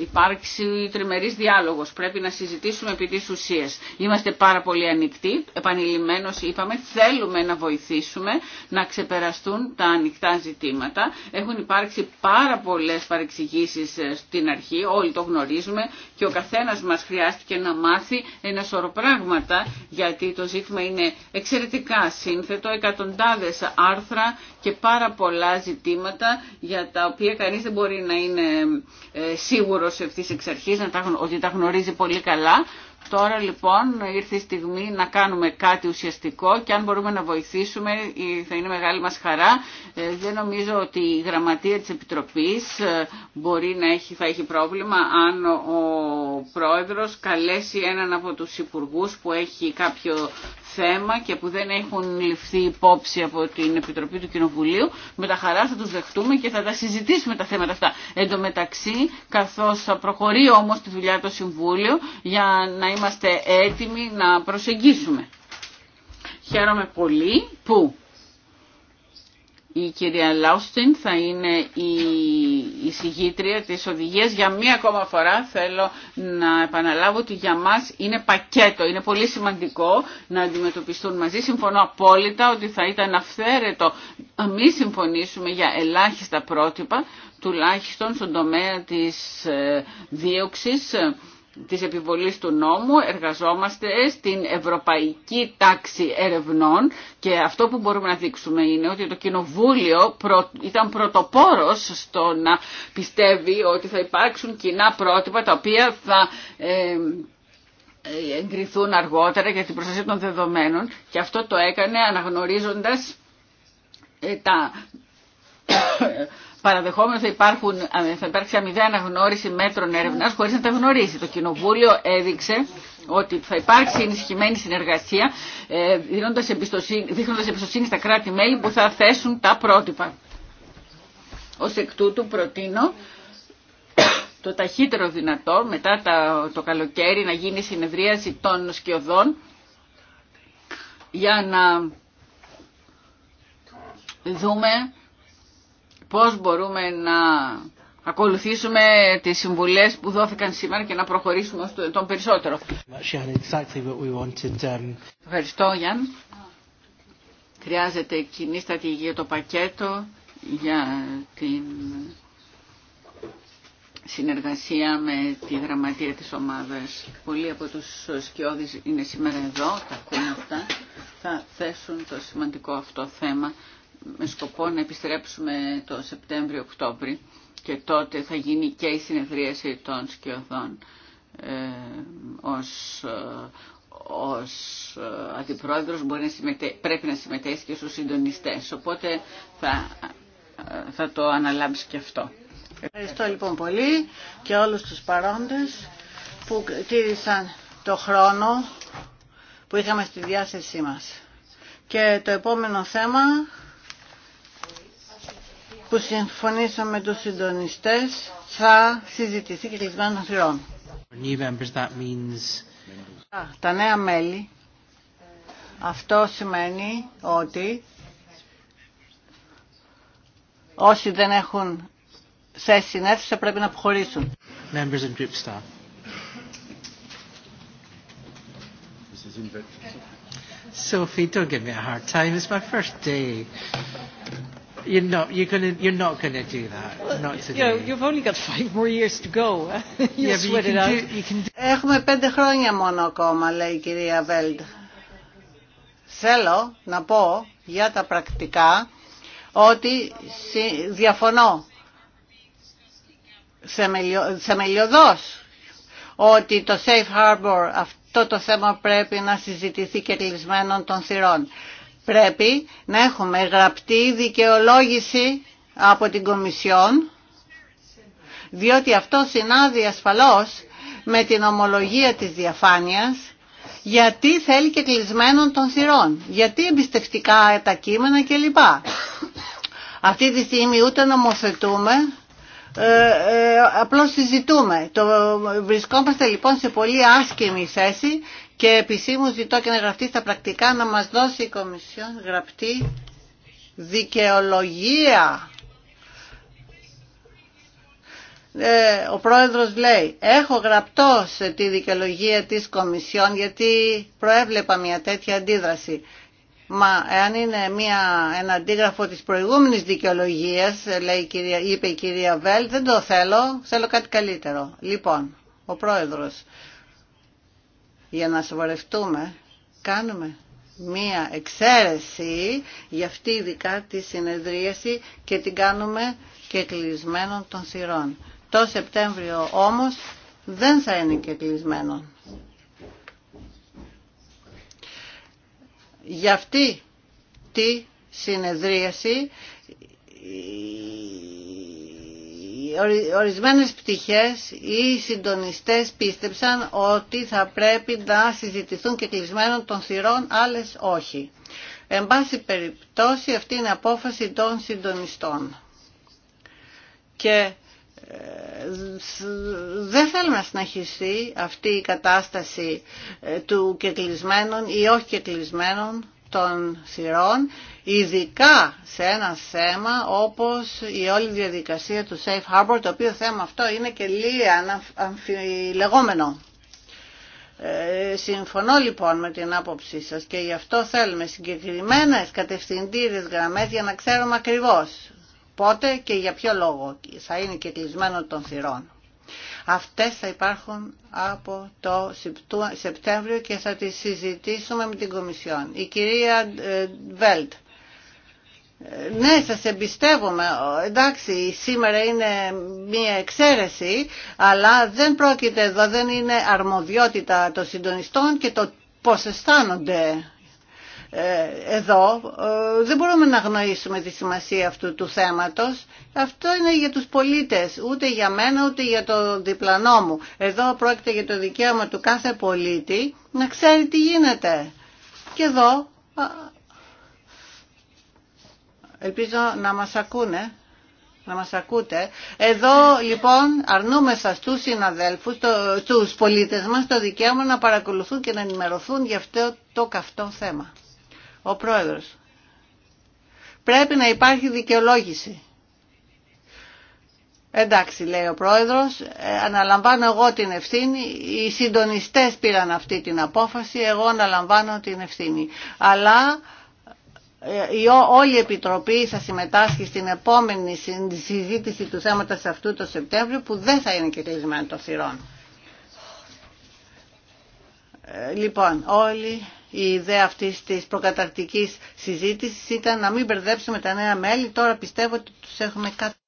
ε, υπάρξει τριμερής διάλογος. Πρέπει να συζητήσουμε επί της ουσίας. Είμαστε πάρα πολύ ανοιχτοί, επανειλημμένως είπαμε, θέλουμε να βοηθήσουμε να ξεπεραστούν τα ανοιχτά ζητήματα. Έχουν υπάρξει πάρα πολλές παρεξηγήσεις ε, στην αρχή, όλοι το γνωρίζουμε και ο καθένας μας χρειάστηκε να μάθει ένα σωρό πράγματα γιατί το ζήτημα είναι εξαιρετικά σύνθετο, εκατοντάδες άρθρα και πάρα πολλά ζητήματα για τα οποία κανείς δεν μπορεί να είναι ε, σίγουρος ευθύς εξ αρχής, ότι τα γνωρίζει πολύ καλά. Τώρα λοιπόν ήρθε η στιγμή να κάνουμε κάτι ουσιαστικό και αν μπορούμε να βοηθήσουμε θα είναι μεγάλη μας χαρά. Ε, δεν νομίζω ότι η γραμματεία της Επιτροπής ε, μπορεί να έχει, θα έχει πρόβλημα αν ο πρόεδρος καλέσει έναν από τους υπουργούς που έχει κάποιο θέμα και που δεν έχουν ληφθεί υπόψη από την Επιτροπή του Κοινοβουλίου, με τα χαρά θα τους δεχτούμε και θα τα συζητήσουμε τα θέματα αυτά. Εν τω μεταξύ, καθώς θα προχωρεί όμως τη δουλειά το Συμβούλιο, για να είμαστε έτοιμοι να προσεγγίσουμε. Χαίρομαι πολύ που η κυρία Λάουστιν θα είναι η εισηγήτρια της οδηγίας. Για μία ακόμα φορά θέλω να επαναλάβω ότι για μας είναι πακέτο. Είναι πολύ σημαντικό να αντιμετωπιστούν μαζί. Συμφωνώ απόλυτα ότι θα ήταν αυθαίρετο να μη συμφωνήσουμε για ελάχιστα πρότυπα, τουλάχιστον στον τομέα της ε, δίωξης της επιβολής του νόμου εργαζόμαστε στην Ευρωπαϊκή Τάξη Ερευνών και αυτό που μπορούμε να δείξουμε είναι ότι το Κοινοβούλιο ήταν πρωτοπόρος στο να πιστεύει ότι θα υπάρξουν κοινά πρότυπα τα οποία θα ε, ε, εγκριθούν αργότερα για την προστασία των δεδομένων και αυτό το έκανε αναγνωρίζοντας ε, τα παραδεχόμενο θα, υπάρχουν, ε, θα υπάρξει αμοιβαία αναγνώριση μέτρων έρευνα χωρί να τα γνωρίζει. Το Κοινοβούλιο έδειξε ότι θα υπάρξει ενισχυμένη συνεργασία, ε, δείχνοντα εμπιστοσύνη, εμπιστοσύνη στα κράτη-μέλη που θα θέσουν τα πρότυπα. Ω εκ τούτου προτείνω το ταχύτερο δυνατό μετά το καλοκαίρι να γίνει συνεδρίαση των σκιωδών για να δούμε πώς μπορούμε να ακολουθήσουμε τις συμβουλές που δόθηκαν σήμερα και να προχωρήσουμε τον περισσότερο. Um, Ευχαριστώ Γιάν. Χρειάζεται κοινή στρατηγική για το πακέτο για την συνεργασία με τη γραμματεία της ομάδας. Πολλοί από τους σκιώδεις είναι σήμερα εδώ, τα ακούν αυτά, θα θέσουν το σημαντικό αυτό θέμα με σκοπό να επιστρέψουμε το σεπτεμβριο οκτωβριο και τότε θα γίνει και η συνεδρίαση των σκιωδών ε, ως, ε, ως ε, αντιπρόεδρος μπορεί να συμμετέ, πρέπει να συμμετέχει και στους συντονιστές. Οπότε θα, ε, το αναλάβεις και αυτό. Ευχαριστώ λοιπόν πολύ και όλους τους παρόντες που τήρησαν το χρόνο που είχαμε στη διάθεσή μας. Και το επόμενο θέμα που συμφωνήσαμε με τους συντονιστές θα συζητηθεί και κλεισμένων θυρών. Τα νέα μέλη, αυτό σημαίνει ότι όσοι δεν έχουν θέση συνέθεση πρέπει να αποχωρήσουν. Members and group staff. Sophie, don't give me a hard time. It's my first day. Έχουμε πέντε χρόνια μόνο ακόμα, λέει η κυρία Βέλτ. Θέλω να πω για τα πρακτικά ότι διαφωνώ θεμελιωδώς ότι το safe harbor αυτό το θέμα πρέπει να συζητηθεί και κλεισμένων των θυρών πρέπει να έχουμε γραπτή δικαιολόγηση από την Κομισιόν, διότι αυτό συνάδει ασφαλώς με την ομολογία της διαφάνειας, γιατί θέλει και κλεισμένων των θυρών, γιατί εμπιστευτικά τα κείμενα κλπ. Αυτή τη στιγμή ούτε νομοθετούμε, ε, ε, απλώς συζητούμε. Το, ε, βρισκόμαστε λοιπόν σε πολύ άσκημη θέση και επισήμως ζητώ και να γραφτεί στα πρακτικά να μας δώσει η Κομισιόν γραπτή δικαιολογία. Ε, ο πρόεδρος λέει, έχω γραπτό σε τη δικαιολογία της Κομισιόν γιατί προέβλεπα μια τέτοια αντίδραση. Μα εάν είναι μια, ένα αντίγραφο της προηγούμενης δικαιολογίας, λέει είπε η κυρία Βέλ, δεν το θέλω, θέλω κάτι καλύτερο. Λοιπόν, ο πρόεδρος, για να σοβαρευτούμε, κάνουμε μία εξαίρεση για αυτή ειδικά τη συνεδρίαση και την κάνουμε και κλεισμένων των θυρών. Το Σεπτέμβριο όμως δεν θα είναι και κλεισμένο. Για αυτή τη συνεδρίαση ορισμένες πτυχές οι συντονιστές πίστεψαν ότι θα πρέπει να συζητηθούν και κλεισμένων των θυρών, άλλες όχι. Εν πάση περιπτώσει αυτή είναι απόφαση των συντονιστών. Και ε, δεν θέλουμε να συνεχιστεί αυτή η κατάσταση ε, του κεκλεισμένων ή όχι κεκλεισμένων των σειρών, ειδικά σε ένα θέμα όπως η όλη διαδικασία του Safe Harbor, το οποίο θέμα αυτό είναι και λίγο αμφιλεγόμενο. Ε, συμφωνώ λοιπόν με την άποψή σας και γι' αυτό θέλουμε συγκεκριμένες κατευθυντήριες γραμμές για να ξέρουμε ακριβώς πότε και για ποιο λόγο θα είναι και κλεισμένο των θυρών. Αυτές θα υπάρχουν από το Σεπτέμβριο και θα τις συζητήσουμε με την Κομισιόν. Η κυρία ε, Βέλτ. Ε, ναι, σας εμπιστεύομαι. Εντάξει, σήμερα είναι μία εξαίρεση, αλλά δεν πρόκειται εδώ, δεν είναι αρμοδιότητα των συντονιστών και το πώς αισθάνονται ε, εδώ ε, δεν μπορούμε να γνωρίσουμε τη σημασία αυτού του θέματος. Αυτό είναι για τους πολίτες, ούτε για μένα ούτε για τον διπλανό μου. Εδώ πρόκειται για το δικαίωμα του κάθε πολίτη να ξέρει τι γίνεται. Και εδώ ελπίζω να μας ακούνε. Να μας ακούτε. Εδώ λοιπόν αρνούμε στους συναδέλφους, το, τους πολίτες μας το δικαίωμα να παρακολουθούν και να ενημερωθούν για αυτό το καυτό θέμα ο πρόεδρος. Πρέπει να υπάρχει δικαιολόγηση. Εντάξει, λέει ο πρόεδρος, ε, αναλαμβάνω εγώ την ευθύνη, οι συντονιστές πήραν αυτή την απόφαση, εγώ αναλαμβάνω την ευθύνη. Αλλά ε, η, όλη η Επιτροπή θα συμμετάσχει στην επόμενη συζήτηση του θέματος αυτού το Σεπτέμβριο, που δεν θα είναι και κλεισμένο των θυρών. Ε, λοιπόν, όλοι η ιδέα αυτή τη προκαταρκτική συζήτηση ήταν να μην μπερδέψουμε τα νέα μέλη. Τώρα πιστεύω ότι του έχουμε κάτι.